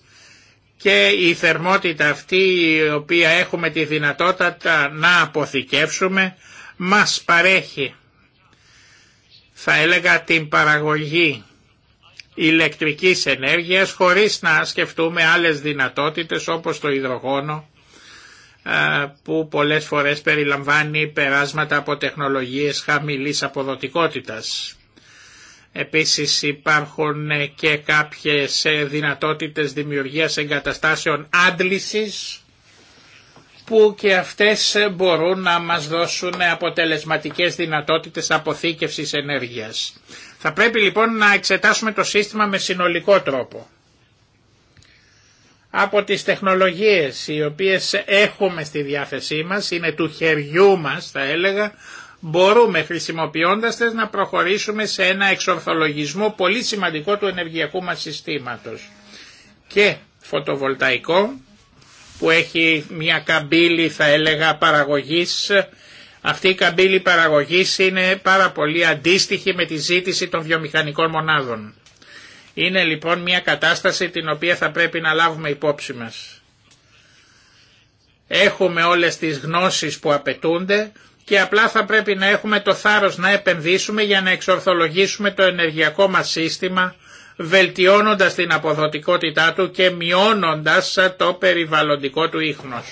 και η θερμότητα αυτή η οποία έχουμε τη δυνατότητα να αποθηκεύσουμε μας παρέχει θα έλεγα την παραγωγή ηλεκτρικής ενέργειας χωρίς να σκεφτούμε άλλες δυνατότητες όπως το υδρογόνο που πολλές φορές περιλαμβάνει περάσματα από τεχνολογίες χαμηλής αποδοτικότητας. Επίσης υπάρχουν ε, και κάποιες ε, δυνατότητες δημιουργίας εγκαταστάσεων άντλησης που και αυτές ε, μπορούν να μας δώσουν αποτελεσματικές δυνατότητες αποθήκευσης ενέργειας. Θα πρέπει λοιπόν να εξετάσουμε το σύστημα με συνολικό τρόπο από τις τεχνολογίες οι οποίες έχουμε στη διάθεσή μας, είναι του χεριού μας θα έλεγα, μπορούμε χρησιμοποιώντας τες να προχωρήσουμε σε ένα εξορθολογισμό πολύ σημαντικό του ενεργειακού μας συστήματος. Και φωτοβολταϊκό που έχει μια καμπύλη θα έλεγα παραγωγής. Αυτή η καμπύλη παραγωγής είναι πάρα πολύ αντίστοιχη με τη ζήτηση των βιομηχανικών μονάδων. Είναι λοιπόν μια κατάσταση την οποία θα πρέπει να λάβουμε υπόψη μας. Έχουμε όλες τις γνώσεις που απαιτούνται και απλά θα πρέπει να έχουμε το θάρρος να επενδύσουμε για να εξορθολογήσουμε το ενεργειακό μας σύστημα βελτιώνοντας την αποδοτικότητά του και μειώνοντας το περιβαλλοντικό του ίχνος.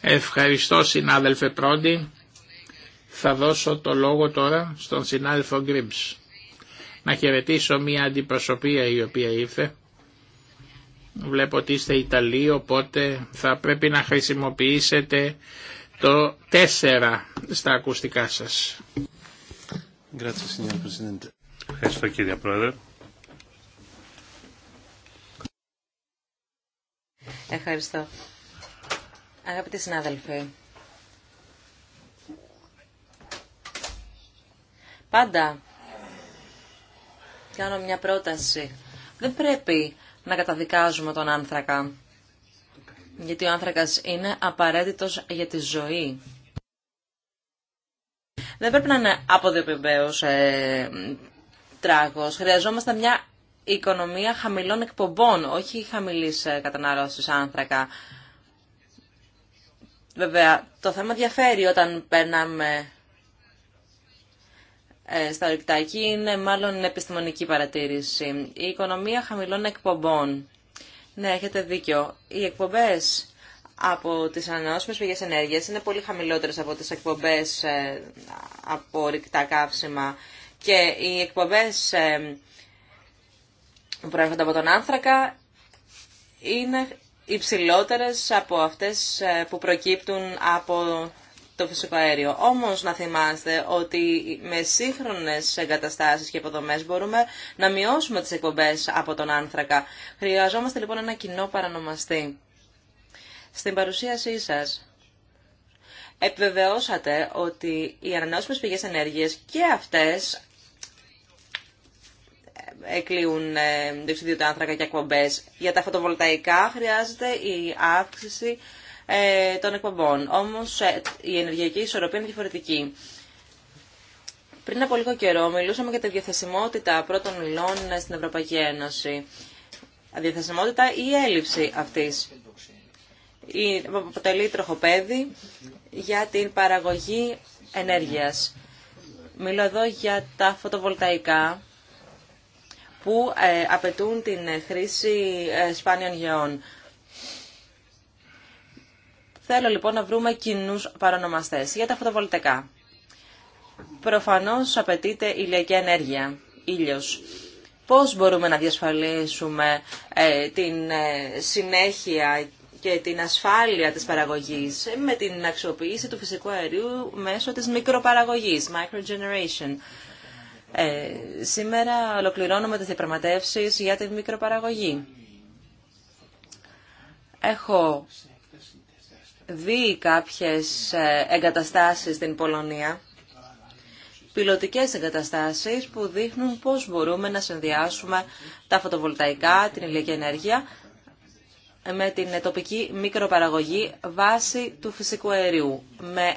Ευχαριστώ συνάδελφε Πρόντι. Θα δώσω το λόγο τώρα στον συνάδελφο Γκριμς. Να χαιρετήσω μια αντιπροσωπεία η οποία ήρθε. Βλέπω ότι είστε Ιταλοί, οπότε θα πρέπει να χρησιμοποιήσετε το 4 στα ακουστικά σας. Ευχαριστώ κύριε Πρόεδρε. Ευχαριστώ. Αγαπητοί συνάδελφοι, Πάντα κάνω μια πρόταση. Δεν πρέπει να καταδικάζουμε τον άνθρακα. Γιατί ο άνθρακας είναι απαραίτητος για τη ζωή. Δεν πρέπει να είναι αποδιοπεμπαίος ε, τράγος. Χρειαζόμαστε μια οικονομία χαμηλών εκπομπών, όχι χαμηλής ε, κατανάλωσης άνθρακα. Βέβαια, το θέμα διαφέρει όταν περνάμε ε, στα ορυκτά. είναι μάλλον επιστημονική παρατήρηση. Η οικονομία χαμηλών εκπομπών. Ναι, έχετε δίκιο. Οι εκπομπές από τις ανανεώσιμες πηγές ενέργειας είναι πολύ χαμηλότερες από τις εκπομπές ε, από ρηκτά καύσιμα και οι εκπομπές ε, που προέρχονται από τον άνθρακα είναι υψηλότερες από αυτές που προκύπτουν από το φυσικό αέριο. Όμως να θυμάστε ότι με σύγχρονες εγκαταστάσεις και υποδομέ μπορούμε να μειώσουμε τις εκπομπές από τον άνθρακα. Χρειαζόμαστε λοιπόν ένα κοινό παρανομαστή. Στην παρουσίασή σας επιβεβαιώσατε ότι οι ανανεώσιμες πηγές ενέργειας και αυτές εκλείουν ε, διοξιδίου του άνθρακα και εκπομπέ. Για τα φωτοβολταϊκά χρειάζεται η αύξηση ε, των εκπομπών. Όμως ε, η ενεργειακή ισορροπία είναι διαφορετική. Πριν από λίγο καιρό μιλούσαμε για τη διαθεσιμότητα πρώτων υλών ε, στην Ευρωπαϊκή Ένωση. Διαθεσιμότητα ή έλλειψη αυτής. Η, αποτελεί τροχοπέδι για την παραγωγή ενέργειας. Μιλώ εδώ για τα φωτοβολταϊκά που απαιτούν την χρήση σπάνιων γεών. Θέλω λοιπόν να βρούμε κοινού παρονομαστέ για τα φωτοβολτικά. Προφανώ απαιτείται ηλιακή ενέργεια, ήλιο. Πώ μπορούμε να διασφαλίσουμε ε, την ε, συνέχεια και την ασφάλεια της παραγωγής με την αξιοποίηση του φυσικού αερίου μέσω της μικροπαραγωγής, Micro generation. Ε, σήμερα ολοκληρώνουμε τις διαπραγματεύσεις για τη μικροπαραγωγή. Έχω δει κάποιες ε, εγκαταστάσεις στην Πολωνία, πιλωτικές εγκαταστάσεις που δείχνουν πώς μπορούμε να συνδυάσουμε τα φωτοβολταϊκά, την ηλιακή ενέργεια με την τοπική μικροπαραγωγή βάση του φυσικού αερίου. Με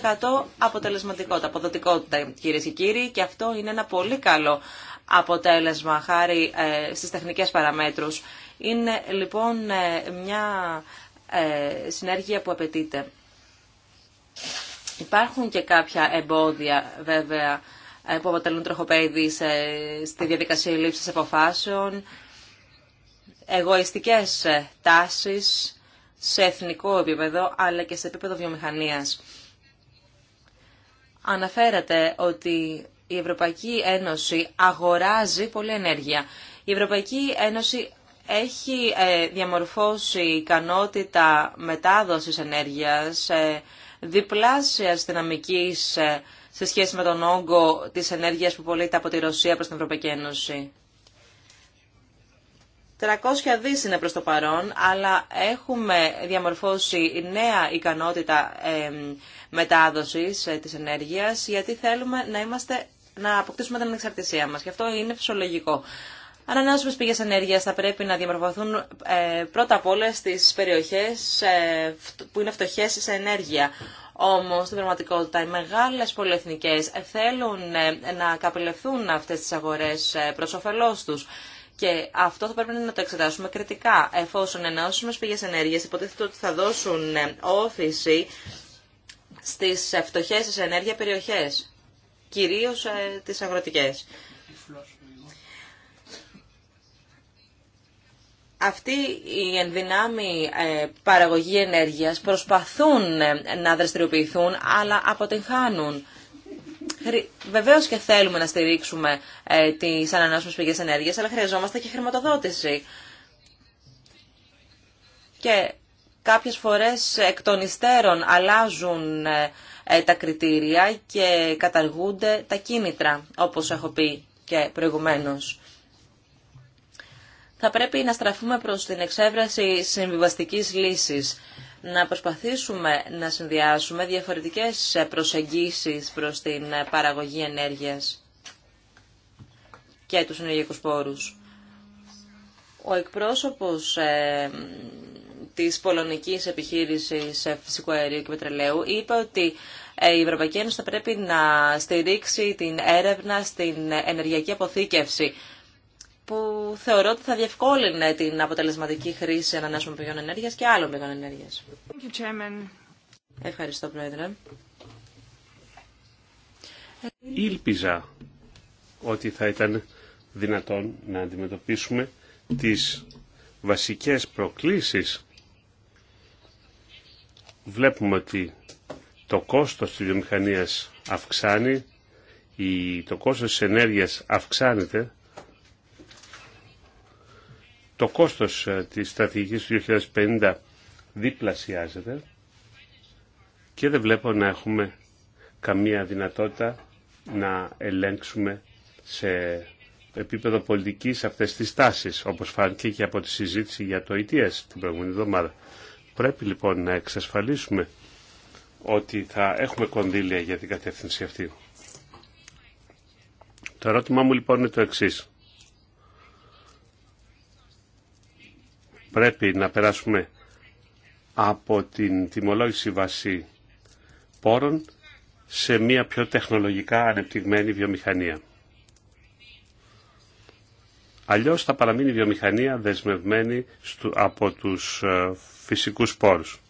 90% αποτελεσματικότητα, αποδοτικότητα κυρίε και κύριοι και αυτό είναι ένα πολύ καλό αποτέλεσμα χάρη ε, στις τεχνικές παραμέτρους. Είναι λοιπόν ε, μια ε, συνέργεια που απαιτείται. Υπάρχουν και κάποια εμπόδια βέβαια ε, που αποτελούν τροχοπέδι στη διαδικασία λήψης αποφάσεων, εγωιστικές ε, τάσεις σε εθνικό επίπεδο αλλά και σε επίπεδο βιομηχανίας. Αναφέρατε ότι η Ευρωπαϊκή Ένωση αγοράζει πολλή ενέργεια. Η Ευρωπαϊκή Ένωση έχει ε, διαμορφώσει ικανότητα μετάδοσης ενέργειας ε, διπλάσιας δυναμικής ε, σε σχέση με τον όγκο της ενέργειας που πωλείται από τη Ρωσία προς την Ευρωπαϊκή Ένωση. 300 δις είναι προς το παρόν, αλλά έχουμε διαμορφώσει νέα ικανότητα μετάδοσης της ενέργειας, γιατί θέλουμε να, είμαστε, να αποκτήσουμε την ανεξαρτησία μας. Και αυτό είναι φυσιολογικό. Ανανεώσιμε πηγές ενέργειας θα πρέπει να διαμορφωθούν ε, πρώτα απ' όλα στις περιοχές ε, που είναι φτωχέ σε ενέργεια. Όμως, στην πραγματικότητα, οι μεγάλε πολυεθνικέ ε, θέλουν να καπηλευθούν αυτές τις αγορές προς όφελό τους. Και αυτό θα πρέπει να το εξετάσουμε κριτικά. Εφόσον ενώσιμες πηγές ενέργεια, υποτίθεται ότι θα δώσουν όθηση στις φτωχέ σε ενέργεια περιοχές, κυρίως τι αγροτικέ. αυτή η ενδυνάμοι ε, παραγωγή ενέργειας προσπαθούν ε, να δραστηριοποιηθούν, αλλά αποτυγχάνουν. Βεβαίω και θέλουμε να στηρίξουμε ε, τι ανανεώσιμε πηγές ενέργειας, αλλά χρειαζόμαστε και χρηματοδότηση. Και κάποιες φορές εκ των υστέρων αλλάζουν τα κριτήρια και καταργούνται τα κίνητρα, όπως έχω πει και προηγουμένως θα πρέπει να στραφούμε προς την εξέβραση συμβιβαστικής λύσης. Να προσπαθήσουμε να συνδυάσουμε διαφορετικές προσεγγίσεις προς την παραγωγή ενέργειας και τους ενεργειακούς πόρους. Ο εκπρόσωπος ε, της πολωνικής επιχείρησης ε, φυσικού αερίου και πετρελαίου είπε ότι ε, η Ευρωπαϊκή Ένωση θα πρέπει να στηρίξει την έρευνα στην ενεργειακή αποθήκευση που θεωρώ ότι θα διευκόλυνε την αποτελεσματική χρήση ανανεώσιμων πηγών ενέργειας και άλλων πηγών ενέργειας. Ευχαριστώ, Πρόεδρε. Ήλπιζα ότι θα ήταν δυνατόν να αντιμετωπίσουμε τις βασικές προκλήσεις. Βλέπουμε ότι το κόστος της βιομηχανίας αυξάνει, το κόστος της ενέργειας αυξάνεται, το κόστος ε, της στρατηγικής του 2050 διπλασιάζεται και δεν βλέπω να έχουμε καμία δυνατότητα να ελέγξουμε σε επίπεδο πολιτικής αυτές τις τάσεις, όπως φάνηκε και από τη συζήτηση για το ETS την προηγούμενη εβδομάδα. Πρέπει λοιπόν να εξασφαλίσουμε ότι θα έχουμε κονδύλια για την κατεύθυνση αυτή. Το ερώτημά μου λοιπόν είναι το εξής. πρέπει να περάσουμε από την τιμολόγηση βασί πόρων σε μια πιο τεχνολογικά ανεπτυγμένη βιομηχανία. Αλλιώς θα παραμείνει η βιομηχανία δεσμευμένη από τους ε, φυσικούς πόρους.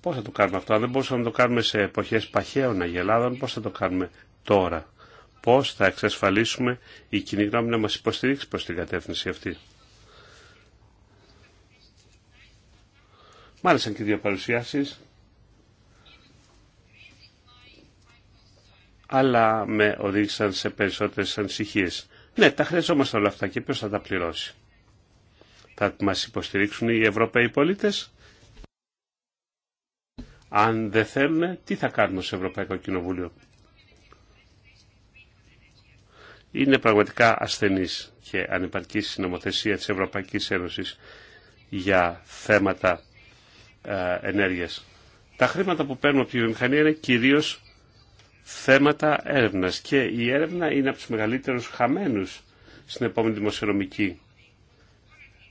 Πώς θα το κάνουμε αυτό, αν δεν μπορούσαμε να το κάνουμε σε εποχές παχαίων αγελάδων, πώς θα το κάνουμε τώρα. Πώς θα εξασφαλίσουμε η κοινή γνώμη να μας υποστηρίξει προς την κατεύθυνση αυτή. Μ' άρεσαν και δύο παρουσιάσεις. Αλλά με οδήγησαν σε περισσότερες ανησυχίες. Ναι, τα χρειαζόμαστε όλα αυτά και ποιος θα τα πληρώσει. Θα μας υποστηρίξουν οι Ευρωπαίοι πολίτες. Αν δεν θέλουν, τι θα κάνουμε στο Ευρωπαϊκό Κοινοβούλιο. Είναι πραγματικά ασθενής και ανεπαρκής η νομοθεσία της Ευρωπαϊκής Ένωσης για θέματα ε, Τα χρήματα που παίρνουμε από τη βιομηχανία είναι κυρίως θέματα έρευνας και η έρευνα είναι από τους μεγαλύτερους χαμένους στην επόμενη δημοσιονομική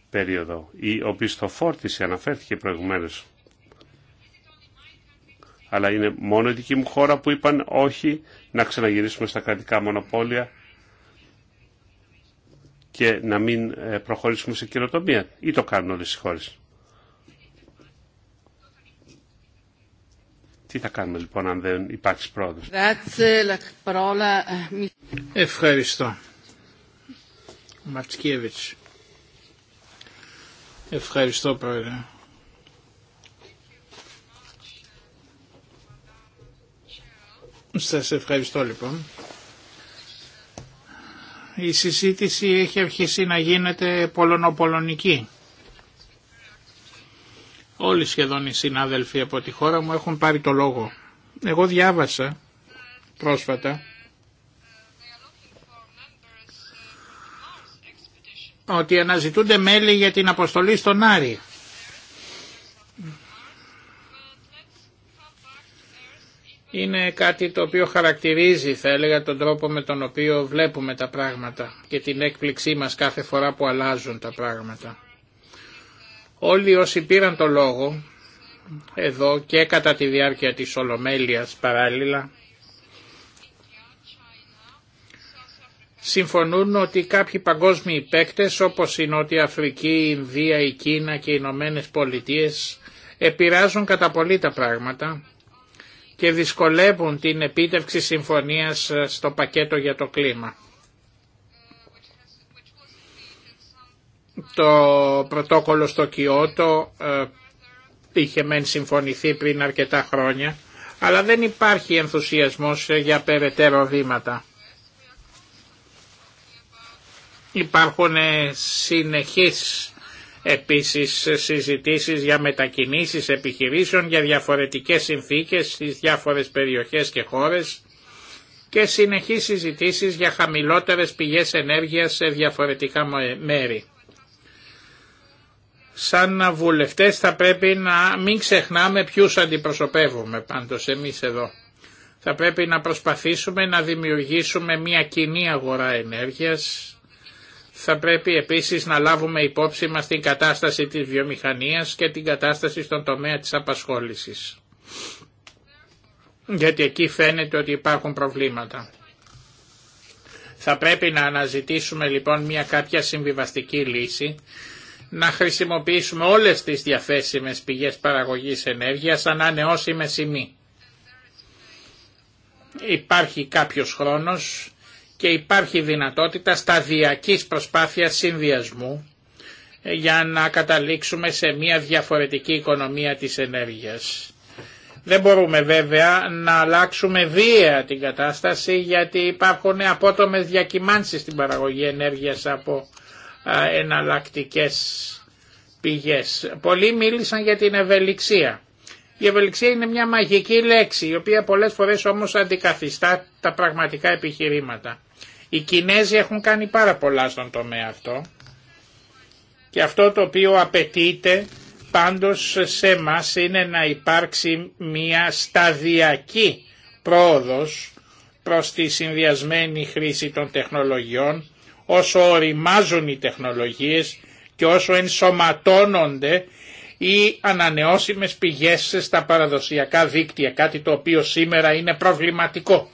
περίοδο. Η οπισθοφόρτηση αναφέρθηκε προηγουμένως. Αλλά είναι μόνο η δική μου χώρα που είπαν όχι να ξαναγυρίσουμε στα κρατικά μονοπόλια και να μην ε, προχωρήσουμε σε κοινοτομία Ή το κάνουν όλες οι χώρες. Τι θα κάνουμε λοιπόν αν δεν υπάρξει πρόοδος. Ε, ευχαριστώ. Ματσκίεβιτς. Ευχαριστώ πρόεδρε. Σας ευχαριστώ λοιπόν. Η συζήτηση έχει αρχίσει να γίνεται πολωνοπολωνική. Όλοι σχεδόν οι συνάδελφοι από τη χώρα μου έχουν πάρει το λόγο. Εγώ διάβασα πρόσφατα ότι αναζητούνται μέλη για την αποστολή στον Άρη. Είναι κάτι το οποίο χαρακτηρίζει, θα έλεγα, τον τρόπο με τον οποίο βλέπουμε τα πράγματα και την έκπληξή μας κάθε φορά που αλλάζουν τα πράγματα. Όλοι όσοι πήραν το λόγο εδώ και κατά τη διάρκεια της Ολομέλειας παράλληλα συμφωνούν ότι κάποιοι παγκόσμιοι παίκτες όπως η Νότια Αφρική, η Ινδία, η Κίνα και οι Ηνωμένε Πολιτείες επηρεάζουν κατά πολύ τα πράγματα και δυσκολεύουν την επίτευξη συμφωνίας στο πακέτο για το κλίμα. Το πρωτόκολλο στο Κιώτο ε, είχε μεν συμφωνηθεί πριν αρκετά χρόνια, αλλά δεν υπάρχει ενθουσιασμός ε, για περαιτέρω βήματα. Υπάρχουν ε, συνεχείς επίσης συζητήσεις για μετακινήσεις επιχειρήσεων, για διαφορετικές συνθήκες στις διάφορες περιοχές και χώρες και συνεχείς συζητήσεις για χαμηλότερες πηγές ενέργειας σε διαφορετικά μέρη σαν βουλευτές θα πρέπει να μην ξεχνάμε ποιους αντιπροσωπεύουμε πάντως εμείς εδώ. Θα πρέπει να προσπαθήσουμε να δημιουργήσουμε μια κοινή αγορά ενέργειας. Θα πρέπει επίσης να λάβουμε υπόψη μας την κατάσταση της βιομηχανίας και την κατάσταση στον τομέα της απασχόλησης. Γιατί εκεί φαίνεται ότι υπάρχουν προβλήματα. Θα πρέπει να αναζητήσουμε λοιπόν μια κάποια συμβιβαστική λύση να χρησιμοποιήσουμε όλες τις διαθέσιμες πηγές παραγωγής ενέργειας ανανεώσιμες ή Υπάρχει κάποιος χρόνος και υπάρχει δυνατότητα σταδιακής προσπάθειας συνδυασμού ε, για να καταλήξουμε σε μια διαφορετική οικονομία της ενέργειας. Δεν μπορούμε βέβαια να αλλάξουμε βία την κατάσταση γιατί υπάρχουν απότομες διακυμάνσεις στην παραγωγή ενέργειας από Εναλλακτικέ πηγές. Πολλοί μίλησαν για την ευελιξία. Η ευελιξία είναι μια μαγική λέξη, η οποία πολλές φορές όμως αντικαθιστά τα πραγματικά επιχειρήματα. Οι Κινέζοι έχουν κάνει πάρα πολλά στον τομέα αυτό και αυτό το οποίο απαιτείται πάντως σε μας είναι να υπάρξει μια σταδιακή πρόοδος προς τη συνδυασμένη χρήση των τεχνολογιών όσο οριμάζουν οι τεχνολογίες και όσο ενσωματώνονται οι ανανεώσιμες πηγές στα παραδοσιακά δίκτυα, κάτι το οποίο σήμερα είναι προβληματικό.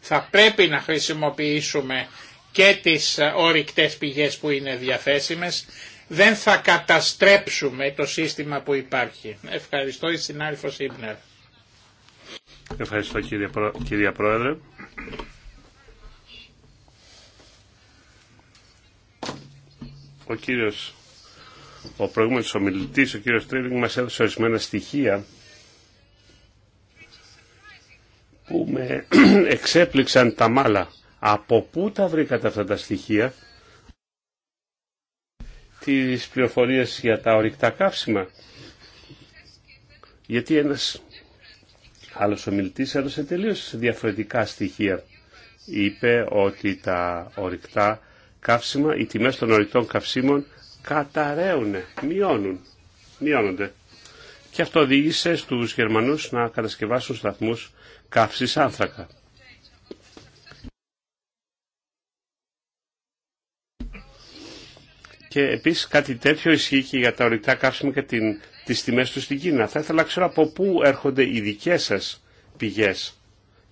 Θα πρέπει να χρησιμοποιήσουμε και τις ορυκτές πηγές που είναι διαθέσιμες, δεν θα καταστρέψουμε το σύστημα που υπάρχει. Ευχαριστώ η συνάδελφος Ήμπνερ. Ευχαριστώ κύριε, Πρόεδρε. ο κύριος, ο προηγούμενος ομιλητής, ο κύριος Τρίλινγκ μας έδωσε ορισμένα στοιχεία που με εξέπληξαν τα μάλα. Από πού τα βρήκατε αυτά τα στοιχεία, τις πληροφορίες για τα ορυκτά καύσιμα. Γιατί ένας άλλος ομιλητής έδωσε τελείως διαφορετικά στοιχεία. Είπε ότι τα ορυκτά καύσιμα, οι τιμές των ορεικτών καυσίμων καταραίουν, μειώνουν, μειώνονται. Και αυτό οδήγησε στους Γερμανούς να κατασκευάσουν σταθμούς καύσης άνθρακα. Και επίσης κάτι τέτοιο ισχύει και για τα ορυκτά καύσιμα και την, τις τιμές του στην Κίνα. Θα ήθελα να ξέρω από πού έρχονται οι δικές σας πηγές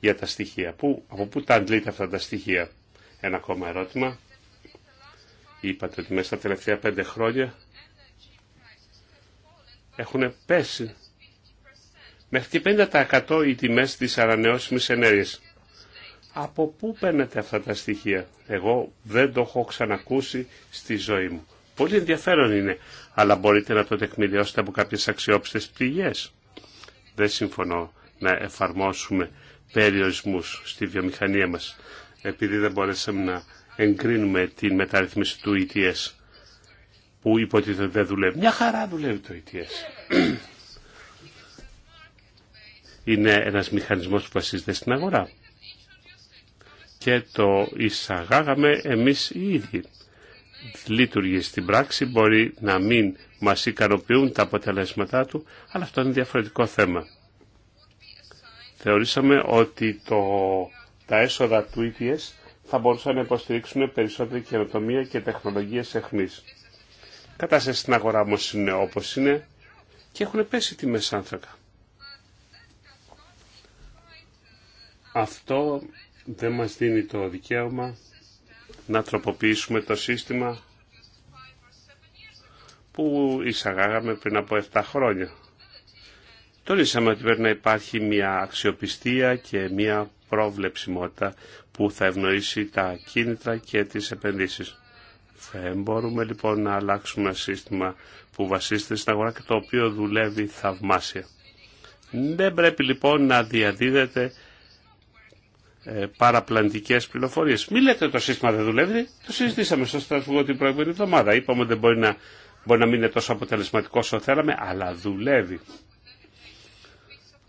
για τα στοιχεία. Πού, από πού τα αντλείτε αυτά τα στοιχεία. Ένα ακόμα ερώτημα. Είπατε ότι μέσα στα τελευταία πέντε χρόνια έχουν πέσει μέχρι και 50% οι τιμές της ανανεώσιμης ενέργειας. Από πού παίρνετε αυτά τα στοιχεία. Εγώ δεν το έχω ξανακούσει στη ζωή μου. Πολύ ενδιαφέρον είναι, αλλά μπορείτε να το τεκμηριώσετε από κάποιες αξιόπιστες πηγές. Δεν συμφωνώ να εφαρμόσουμε περιορισμούς στη βιομηχανία μας, επειδή δεν μπορέσαμε να εγκρίνουμε την μεταρρύθμιση του ETS που υποτίθεται δεν δουλεύει. Μια χαρά δουλεύει το ETS. Είναι ένας μηχανισμός που βασίζεται στην αγορά. Και το εισαγάγαμε εμείς οι ίδιοι. Λειτουργεί στην πράξη, μπορεί να μην μας ικανοποιούν τα αποτελέσματά του, αλλά αυτό είναι διαφορετικό θέμα. Θεωρήσαμε ότι το, τα έσοδα του ETS θα μπορούσαν να υποστηρίξουν περισσότερη καινοτομία και τεχνολογίες εχμή. Κατάσταση στην αγορά όμω είναι όπως είναι και έχουν πέσει τιμέ άνθρακα. Αυτό δεν μας δίνει το δικαίωμα να τροποποιήσουμε το σύστημα που εισαγάγαμε πριν από 7 χρόνια. Τονίσαμε ότι πρέπει να υπάρχει μια αξιοπιστία και μια προβλεψιμότητα που θα ευνοήσει τα κίνητρα και τις επενδύσεις. Θα ε, μπορούμε λοιπόν να αλλάξουμε ένα σύστημα που βασίζεται στην αγορά και το οποίο δουλεύει θαυμάσια. Δεν πρέπει λοιπόν να διαδίδεται ε, παραπλανητικές πληροφορίες. Μην λέτε το σύστημα δεν δουλεύει, το συζητήσαμε στο Στρασβούργο την προηγούμενη εβδομάδα. Είπαμε ότι μπορεί να, μπορεί να μην είναι τόσο αποτελεσματικό όσο θέλαμε, αλλά δουλεύει.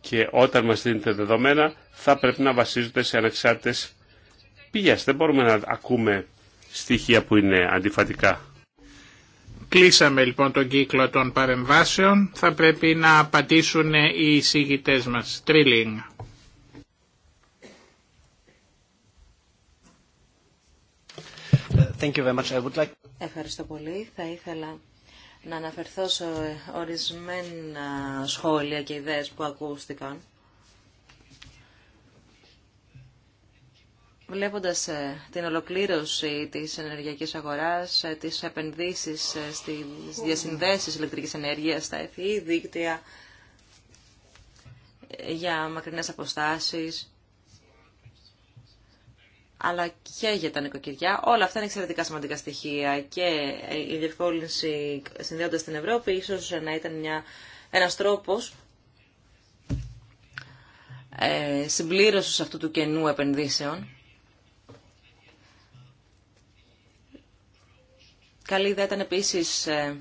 Και όταν μας δίνετε δεδομένα θα πρέπει να βασίζονται σε ανεξάρτητες πηγές. Δεν μπορούμε να ακούμε στοιχεία που είναι αντιφατικά. Κλείσαμε λοιπόν τον κύκλο των παρεμβάσεων. Θα πρέπει να απαντήσουν οι εισηγητές μας. Τρίλινγκ. Thank you very much. I Ευχαριστώ πολύ. Θα ήθελα να αναφερθώ σε ορισμένα σχόλια και ιδέες που ακούστηκαν. Βλέποντας ε, την ολοκλήρωση της ενεργειακής αγοράς, ε, τις επενδύσεις ε, στις διασυνδέσεις ηλεκτρικής ενέργειας, στα ΕΦΗ, e, δίκτυα για μακρινές αποστάσεις, αλλά και για τα νοικοκυριά. Όλα αυτά είναι εξαιρετικά σημαντικά στοιχεία και η διευκόλυνση συνδέοντας την Ευρώπη ίσως να ήταν μια, ένας τρόπος ε, συμπλήρωσης αυτού του κενού επενδύσεων. Καλή ιδέα ήταν επίσης ε,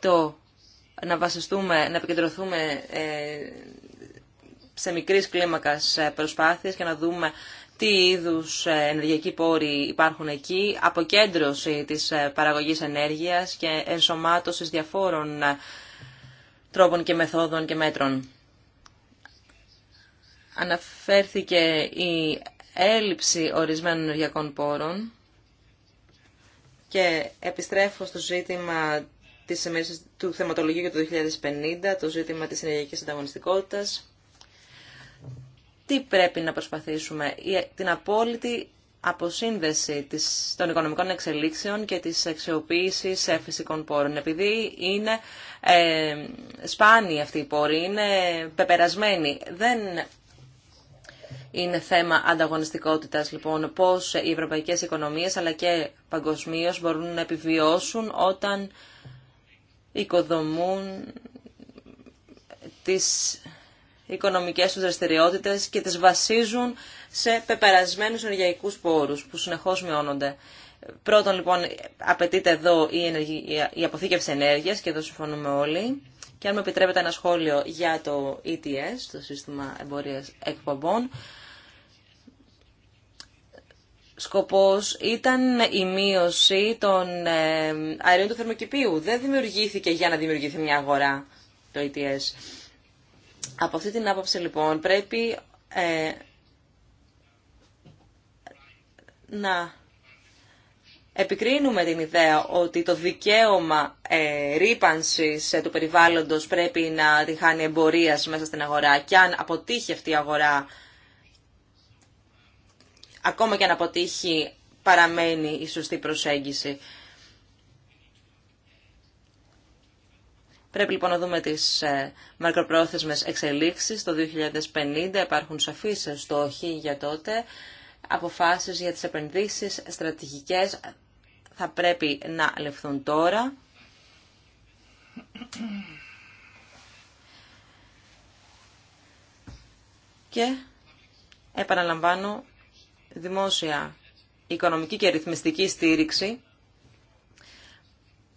το να βασιστούμε, να επικεντρωθούμε ε, σε μικρής κλίμακας ε, προσπάθειες και να δούμε τι είδους ενεργειακοί πόροι υπάρχουν εκεί, αποκέντρωση της παραγωγής ενέργειας και ενσωμάτωση διαφόρων τρόπων και μεθόδων και μέτρων. Αναφέρθηκε η έλλειψη ορισμένων ενεργειακών πόρων και επιστρέφω στο ζήτημα της, του θεματολογίου για το 2050, το ζήτημα της ενεργειακής ανταγωνιστικότητας. Τι πρέπει να προσπαθήσουμε, την απόλυτη αποσύνδεση της, των οικονομικών εξελίξεων και της αξιοποίηση ε, φυσικών πόρων. Επειδή είναι ε, σπάνιοι αυτοί οι πόροι, είναι πεπερασμένοι, δεν είναι θέμα ανταγωνιστικότητας λοιπόν πώς οι ευρωπαϊκές οικονομίες αλλά και παγκοσμίως μπορούν να επιβιώσουν όταν οικοδομούν τις οικονομικές τους δραστηριότητες και τις βασίζουν σε πεπερασμένους ενεργειακούς πόρους που συνεχώς μειώνονται. Πρώτον λοιπόν απαιτείται εδώ η, η αποθήκευση ενέργειας και εδώ συμφωνούμε όλοι. Και αν μου επιτρέπετε ένα σχόλιο για το ETS, το σύστημα εμπορίας εκπομπών, σκοπός ήταν η μείωση των ε, αερίων του θερμοκηπίου. Δεν δημιουργήθηκε για να δημιουργηθεί μια αγορά το ETS. Από αυτή την άποψη λοιπόν πρέπει ε, να επικρίνουμε την ιδέα ότι το δικαίωμα ε, ρήπανσης ε, του περιβάλλοντος πρέπει να τη χάνει εμπορίας μέσα στην αγορά και αν αποτύχει αυτή η αγορά ακόμα και αν αποτύχει, παραμένει η σωστή προσέγγιση. Πρέπει λοιπόν να δούμε τις ε, μακροπρόθεσμες εξελίξεις. Το 2050 υπάρχουν σαφείς στόχοι για τότε. Αποφάσεις για τις επενδύσεις στρατηγικές θα πρέπει να λεφθούν τώρα. Και επαναλαμβάνω δημόσια οικονομική και ρυθμιστική στήριξη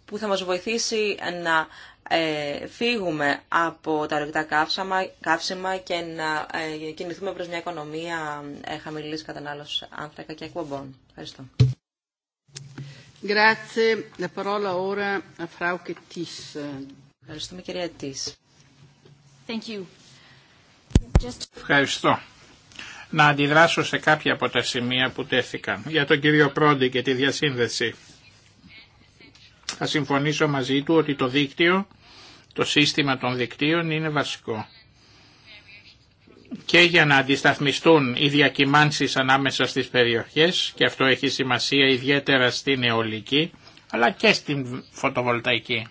που θα μας βοηθήσει να ε, φύγουμε από τα ρευστά καύσιμα και να ε, κινηθούμε προς μια οικονομία ε, χαμηλής κατανάλωσης άνθρακα και εκπομπών. Ευχαριστώ. Ευχαριστούμε κυρία Τίς. Ευχαριστώ να αντιδράσω σε κάποια από τα σημεία που τέθηκαν. Για τον κύριο Πρόντι και τη διασύνδεση. Θα συμφωνήσω μαζί του ότι το δίκτυο, το σύστημα των δικτύων είναι βασικό. Και για να αντισταθμιστούν οι διακυμάνσεις ανάμεσα στις περιοχές, και αυτό έχει σημασία ιδιαίτερα στην αιωλική, αλλά και στην φωτοβολταϊκή.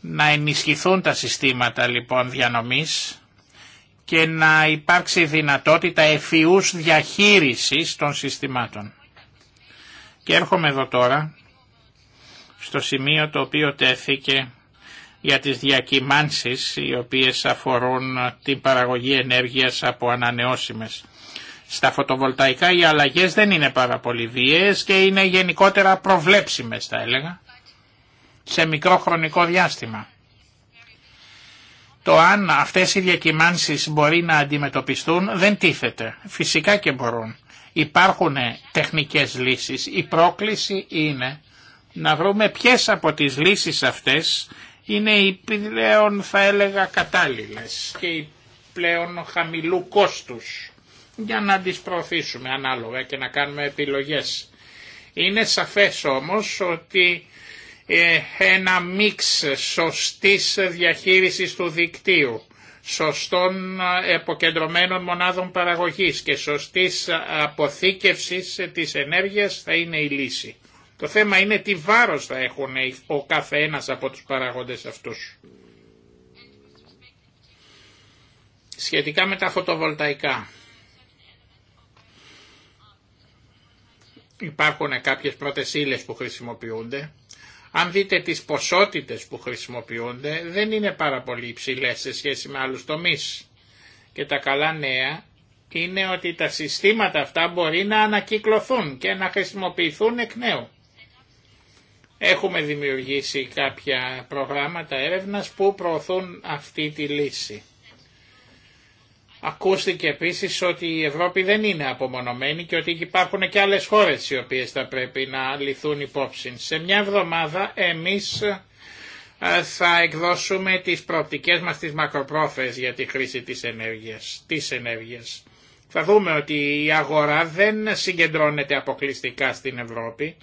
Να ενισχυθούν τα συστήματα λοιπόν διανομής, και να υπάρξει δυνατότητα εφιούς διαχείρισης των συστημάτων. Και έρχομαι εδώ τώρα στο σημείο το οποίο τέθηκε για τις διακυμάνσεις οι οποίες αφορούν την παραγωγή ενέργειας από ανανεώσιμες. Στα φωτοβολταϊκά οι αλλαγές δεν είναι πάρα πολύ βίαιες και είναι γενικότερα προβλέψιμες θα έλεγα σε μικρό χρονικό διάστημα. Το αν αυτές οι διακυμάνσεις μπορεί να αντιμετωπιστούν δεν τίθεται. Φυσικά και μπορούν. Υπάρχουν τεχνικές λύσεις. Η πρόκληση είναι να βρούμε ποιες από τις λύσεις αυτές είναι οι πλέον θα έλεγα κατάλληλες και οι πλέον χαμηλού κόστους για να τις προωθήσουμε ανάλογα και να κάνουμε επιλογές. Είναι σαφές όμως ότι ε, ένα μίξ σωστής διαχείρισης του δικτύου, σωστών αποκεντρωμένων μονάδων παραγωγής και σωστής αποθήκευσης της ενέργειας θα είναι η λύση. Το θέμα είναι τι βάρος θα έχουν ο κάθε ένας από τους παραγόντες αυτούς. Σχετικά με τα φωτοβολταϊκά. Υπάρχουν κάποιες πρώτες ύλες που χρησιμοποιούνται αν δείτε τις ποσότητες που χρησιμοποιούνται δεν είναι πάρα πολύ υψηλέ σε σχέση με άλλους τομείς. Και τα καλά νέα είναι ότι τα συστήματα αυτά μπορεί να ανακυκλωθούν και να χρησιμοποιηθούν εκ νέου. Έχουμε δημιουργήσει κάποια προγράμματα έρευνας που προωθούν αυτή τη λύση. Ακούστηκε επίσης ότι η Ευρώπη δεν είναι απομονωμένη και ότι υπάρχουν και άλλες χώρες οι οποίες θα πρέπει να λυθούν υπόψη. Σε μια εβδομάδα εμείς ε, θα εκδώσουμε τις προοπτικές μας τις μακροπρόθεσες για τη χρήση της ενέργειας. ενέργειας. Θα δούμε ότι η αγορά δεν συγκεντρώνεται αποκλειστικά στην Ευρώπη.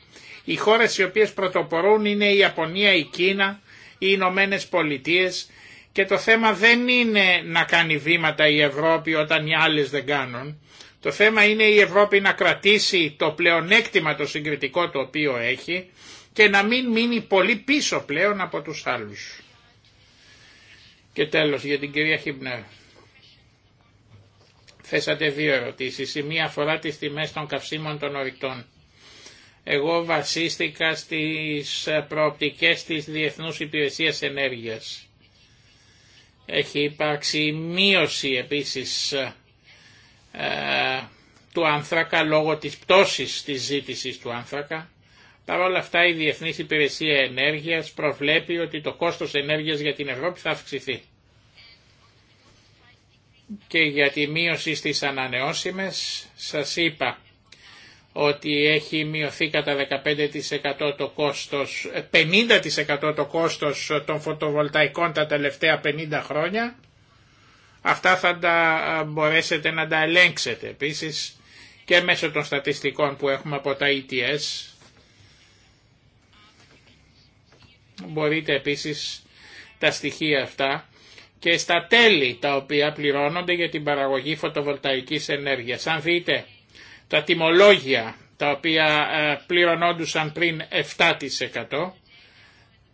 Οι χώρες οι οποίες πρωτοπορούν είναι η Ιαπωνία, η Κίνα, οι Ηνωμένε Πολιτείες, και το θέμα δεν είναι να κάνει βήματα η Ευρώπη όταν οι άλλες δεν κάνουν. Το θέμα είναι η Ευρώπη να κρατήσει το πλεονέκτημα το συγκριτικό το οποίο έχει και να μην μείνει πολύ πίσω πλέον από τους άλλους. Και τέλος για την κυρία Χιμπνερ. Θέσατε δύο ερωτήσεις. Η μία αφορά τις τιμές των καυσίμων των ορυκτών. Εγώ βασίστηκα στις προοπτικές της Διεθνούς Υπηρεσίας Ενέργειας έχει υπάρξει μείωση επίσης ε, του άνθρακα λόγω της πτώσης της ζήτησης του άνθρακα. Παρ' όλα αυτά η Διεθνής Υπηρεσία Ενέργειας προβλέπει ότι το κόστος ενέργειας για την Ευρώπη θα αυξηθεί. Και για τη μείωση στις ανανεώσιμες σας είπα ότι έχει μειωθεί κατά 15% το κόστος, 50% ε, το κόστος των φωτοβολταϊκών τα τελευταία 50 χρόνια. Αυτά θα ε, μπορέσετε να τα ελέγξετε επίσης και μέσω των στατιστικών που έχουμε από τα ETS. Μπορείτε επίσης τα στοιχεία αυτά και στα τέλη τα οποία πληρώνονται για την παραγωγή φωτοβολταϊκής ενέργειας. Αν δείτε τα τιμολόγια τα οποία ε, πληρωνόντουσαν πριν 7%,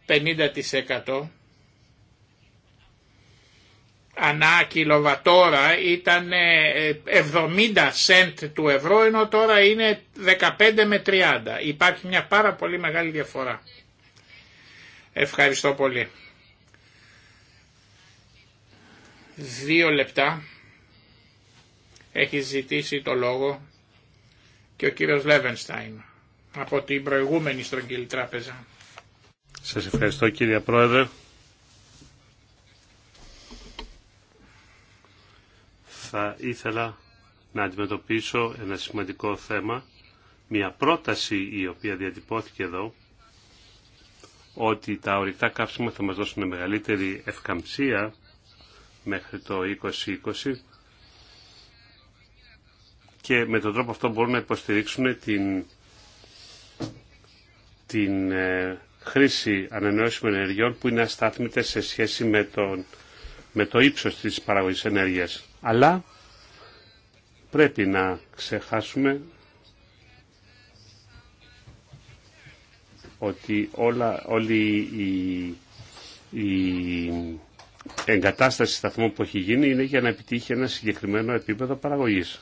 50%, ανά κιλοβατόρα ήταν 70 ε, σέντ του ευρώ ενώ τώρα είναι 15 με 30. Υπάρχει μια πάρα πολύ μεγάλη διαφορά. Ευχαριστώ πολύ. Δύο λεπτά έχει ζητήσει το λόγο και ο κύριος Λέβενστάιν από την προηγούμενη στρογγυλή τράπεζα. Σας ευχαριστώ κύριε Πρόεδρε. Θα ήθελα να αντιμετωπίσω ένα σημαντικό θέμα, μια πρόταση η οποία διατυπώθηκε εδώ, ότι τα ορυκτά καύσιμα θα μας δώσουν μεγαλύτερη ευκαμψία μέχρι το 2020 και με τον τρόπο αυτό μπορούν να υποστηρίξουν την, την ε, χρήση ανανεώσιμων ενεργειών που είναι αστάθμητες σε σχέση με, τον, με το ύψος της παραγωγής ενέργειας. Αλλά πρέπει να ξεχάσουμε ότι όλα, όλη η, η εγκατάσταση σταθμού που έχει γίνει είναι για να επιτύχει ένα συγκεκριμένο επίπεδο παραγωγής.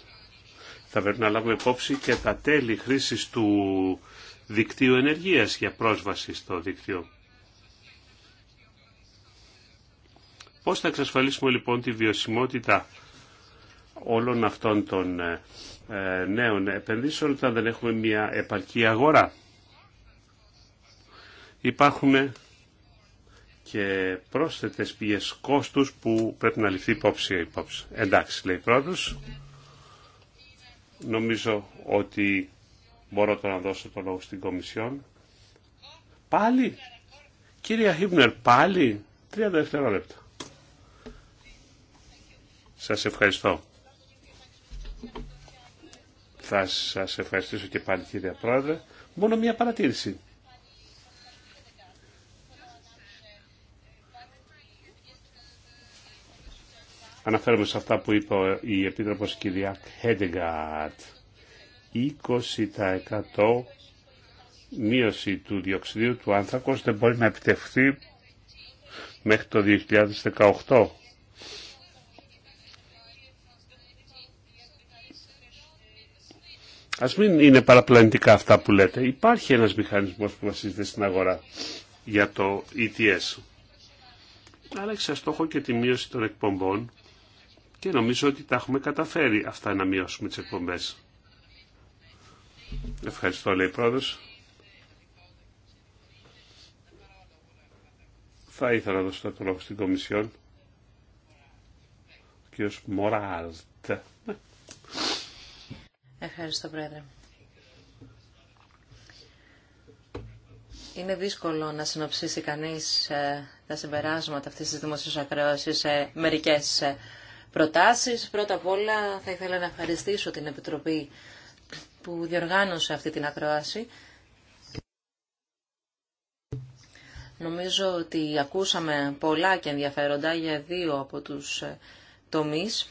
Θα πρέπει να λάβουμε υπόψη και τα τέλη χρήσης του δικτύου ενεργείας για πρόσβαση στο δίκτυο. Πώς θα εξασφαλίσουμε λοιπόν τη βιωσιμότητα όλων αυτών των ε, νέων επενδύσεων όταν δεν έχουμε μια επαρκή αγορά. Υπάρχουν και πρόσθετες πηγές κόστους που πρέπει να ληφθεί υπόψη. Εντάξει, λέει Νομίζω ότι μπορώ τώρα να δώσω το λόγο στην Κομισιόν. Πάλι, κύριε Χίμπνερ, πάλι, 30 δευτερόλεπτα. Σας ευχαριστώ. Θα σας ευχαριστήσω και πάλι κύριε Πρόεδρε. Μόνο μία παρατήρηση. Αναφέρομαι σε αυτά που είπε η Επίτροπος κυρία Χέντεγκαρτ. 20% μείωση του διοξιδίου του άνθρακος δεν μπορεί να επιτευχθεί μέχρι το 2018. Ας μην είναι παραπλανητικά αυτά που λέτε. Υπάρχει ένας μηχανισμός που βασίζεται στην αγορά για το ETS. Άλλαξε στόχο και τη μείωση των εκπομπών και νομίζω ότι τα έχουμε καταφέρει αυτά να μειώσουμε τις εκπομπές. Ευχαριστώ, λέει πρόεδρος. Θα ήθελα να δώσω το λόγο στην Κομισιόν. Ο κύριος Μοράλτ. Ναι. Ευχαριστώ, Πρόεδρε. Είναι δύσκολο να συνοψίσει κανείς ε, τα συμπεράσματα αυτής της δημοσίου ακρόασης σε μερικές ε, προτάσεις. Πρώτα απ' όλα θα ήθελα να ευχαριστήσω την Επιτροπή που διοργάνωσε αυτή την ακρόαση. Νομίζω ότι ακούσαμε πολλά και ενδιαφέροντα για δύο από τους ε, τομείς.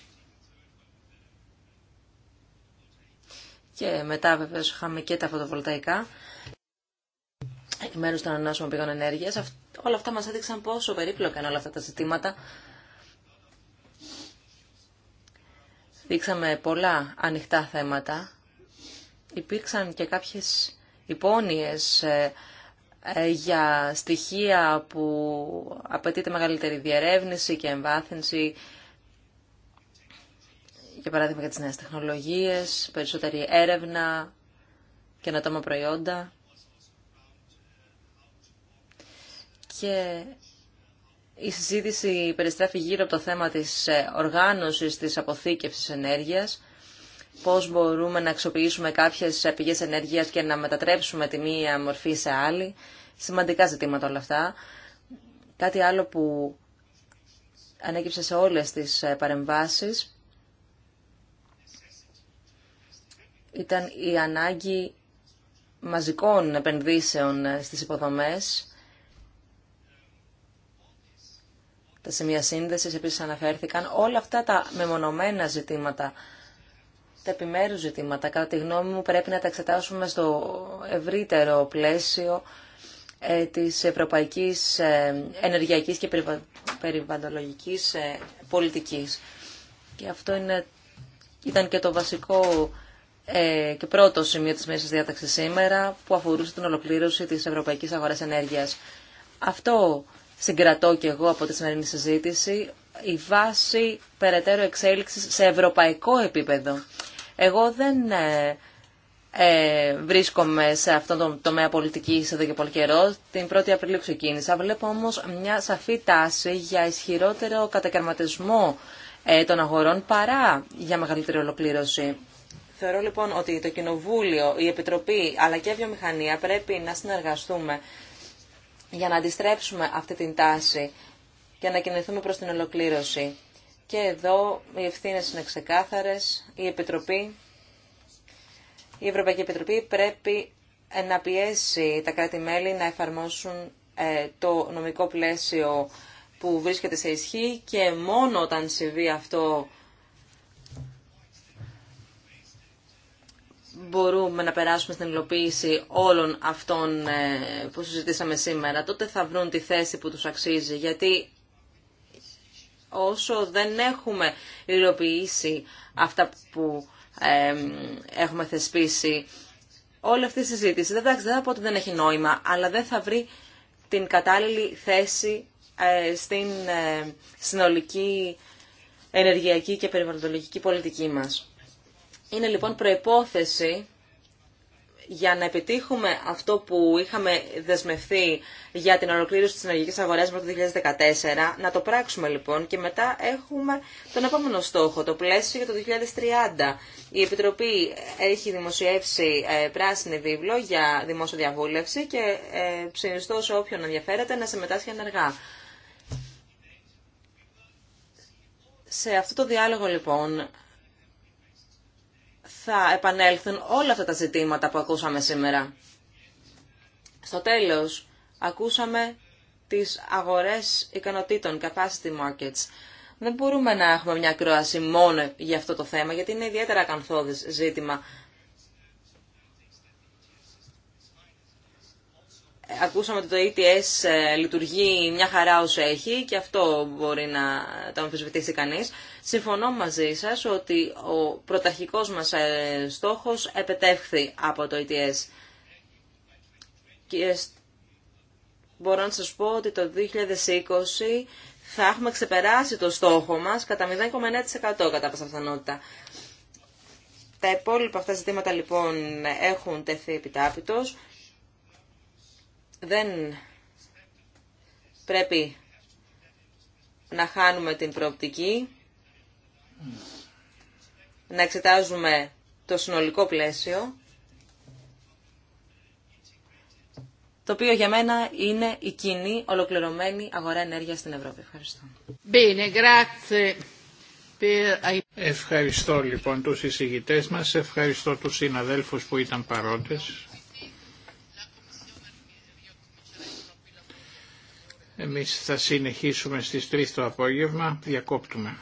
Και μετά βέβαια είχαμε και τα φωτοβολταϊκά εκ μέρους των ανάσωμα πηγών ενέργειας. Όλα αυτά μας έδειξαν πόσο περίπλοκαν όλα αυτά τα ζητήματα δείξαμε πολλά ανοιχτά θέματα. Υπήρξαν και κάποιες υπόνοιες ε, ε, για στοιχεία που απαιτείται μεγαλύτερη διερεύνηση και εμβάθυνση, για παράδειγμα για τις νέες τεχνολογίες, περισσότερη έρευνα, καινοτόμα προϊόντα. Και η συζήτηση περιστρέφει γύρω από το θέμα της ε, οργάνωσης της αποθήκευσης ενέργειας, πώς μπορούμε να αξιοποιήσουμε κάποιες ε, πηγές ενέργειας και να μετατρέψουμε τη μία μορφή σε άλλη. Σημαντικά ζητήματα όλα αυτά. Κάτι άλλο που ανέκυψε σε όλες τις ε, παρεμβάσεις ήταν η ανάγκη μαζικών επενδύσεων στις υποδομές τα σημεία σύνδεσης επίσης αναφέρθηκαν. Όλα αυτά τα μεμονωμένα ζητήματα, τα επιμέρους ζητήματα, κατά τη γνώμη μου πρέπει να τα εξετάσουμε στο ευρύτερο πλαίσιο ε, της ευρωπαϊκής ε, ενεργειακής και περιβαλλοντολογικής ε, πολιτικής. Και αυτό είναι, ήταν και το βασικό ε, και πρώτο σημείο της μέσης διάταξης σήμερα που αφορούσε την ολοκλήρωση της ευρωπαϊκής αγοράς ενέργειας. Αυτό συγκρατώ και εγώ από τη σημερινή συζήτηση, η βάση περαιτέρω εξέλιξης σε ευρωπαϊκό επίπεδο. Εγώ δεν ε, ε, βρίσκομαι σε αυτόν τον τομέα πολιτικής εδώ και πολύ καιρό. Την 1η Απριλίου ξεκίνησα. Βλέπω όμως μια σαφή τάση για ισχυρότερο κατακαιρματισμό ε, των αγορών παρά για μεγαλύτερη ολοκλήρωση. Θεωρώ λοιπόν ότι το Κοινοβούλιο, η Επιτροπή αλλά και η Βιομηχανία πρέπει να συνεργαστούμε για να αντιστρέψουμε αυτή την τάση και να κινηθούμε προς την ολοκλήρωση. Και εδώ οι ευθύνε είναι ξεκάθαρες. Η, Επιτροπή, η Ευρωπαϊκή Επιτροπή πρέπει να πιέσει τα κράτη-μέλη να εφαρμόσουν ε, το νομικό πλαίσιο που βρίσκεται σε ισχύ και μόνο όταν συμβεί αυτό μπορούμε να περάσουμε στην υλοποίηση όλων αυτών ε, που συζητήσαμε σήμερα, τότε θα βρουν τη θέση που τους αξίζει. Γιατί όσο δεν έχουμε υλοποιήσει αυτά που ε, έχουμε θεσπίσει, όλη αυτή η συζήτηση, δεν θα πω ότι δεν έχει νόημα, αλλά δεν θα βρει την κατάλληλη θέση ε, στην συνολική ενεργειακή και περιβαλλοντολογική πολιτική μας. Είναι λοιπόν προϋπόθεση για να επιτύχουμε αυτό που είχαμε δεσμευθεί για την ολοκλήρωση της ενεργικής αγοράς μέχρι το 2014, να το πράξουμε λοιπόν και μετά έχουμε τον επόμενο στόχο, το πλαίσιο για το 2030. Η Επιτροπή έχει δημοσιεύσει ε, πράσινη βίβλο για δημόσια διαβούλευση και συνιστώ ε, σε όποιον ενδιαφέρεται να συμμετάσχει ενεργά. Σε αυτό το διάλογο λοιπόν θα επανέλθουν όλα αυτά τα ζητήματα που ακούσαμε σήμερα. Στο τέλος, ακούσαμε τις αγορές ικανοτήτων, capacity markets. Δεν μπορούμε να έχουμε μια κρόαση μόνο για αυτό το θέμα, γιατί είναι ιδιαίτερα ακαθόδης ζήτημα. Ακούσαμε ότι το ETS ε, λειτουργεί μια χαρά όσο έχει και αυτό μπορεί να το αμφισβητήσει κανείς. Συμφωνώ μαζί σας ότι ο πρωταρχικός μας ε, στόχος επετεύχθη από το ETS. Και μπορώ να σας πω ότι το 2020 θα έχουμε ξεπεράσει το στόχο μας κατά 0,9% κατά πάσα πιθανότητα. Τα υπόλοιπα αυτά ζητήματα λοιπόν έχουν τεθεί επιτάπητος δεν πρέπει να χάνουμε την προοπτική, να εξετάζουμε το συνολικό πλαίσιο, το οποίο για μένα είναι η κοινή ολοκληρωμένη αγορά ενέργεια στην Ευρώπη. Ευχαριστώ. Ευχαριστώ λοιπόν τους εισηγητές μας, ευχαριστώ τους συναδέλφους που ήταν παρόντες. Εμείς θα συνεχίσουμε στις 3 το απόγευμα. Διακόπτουμε.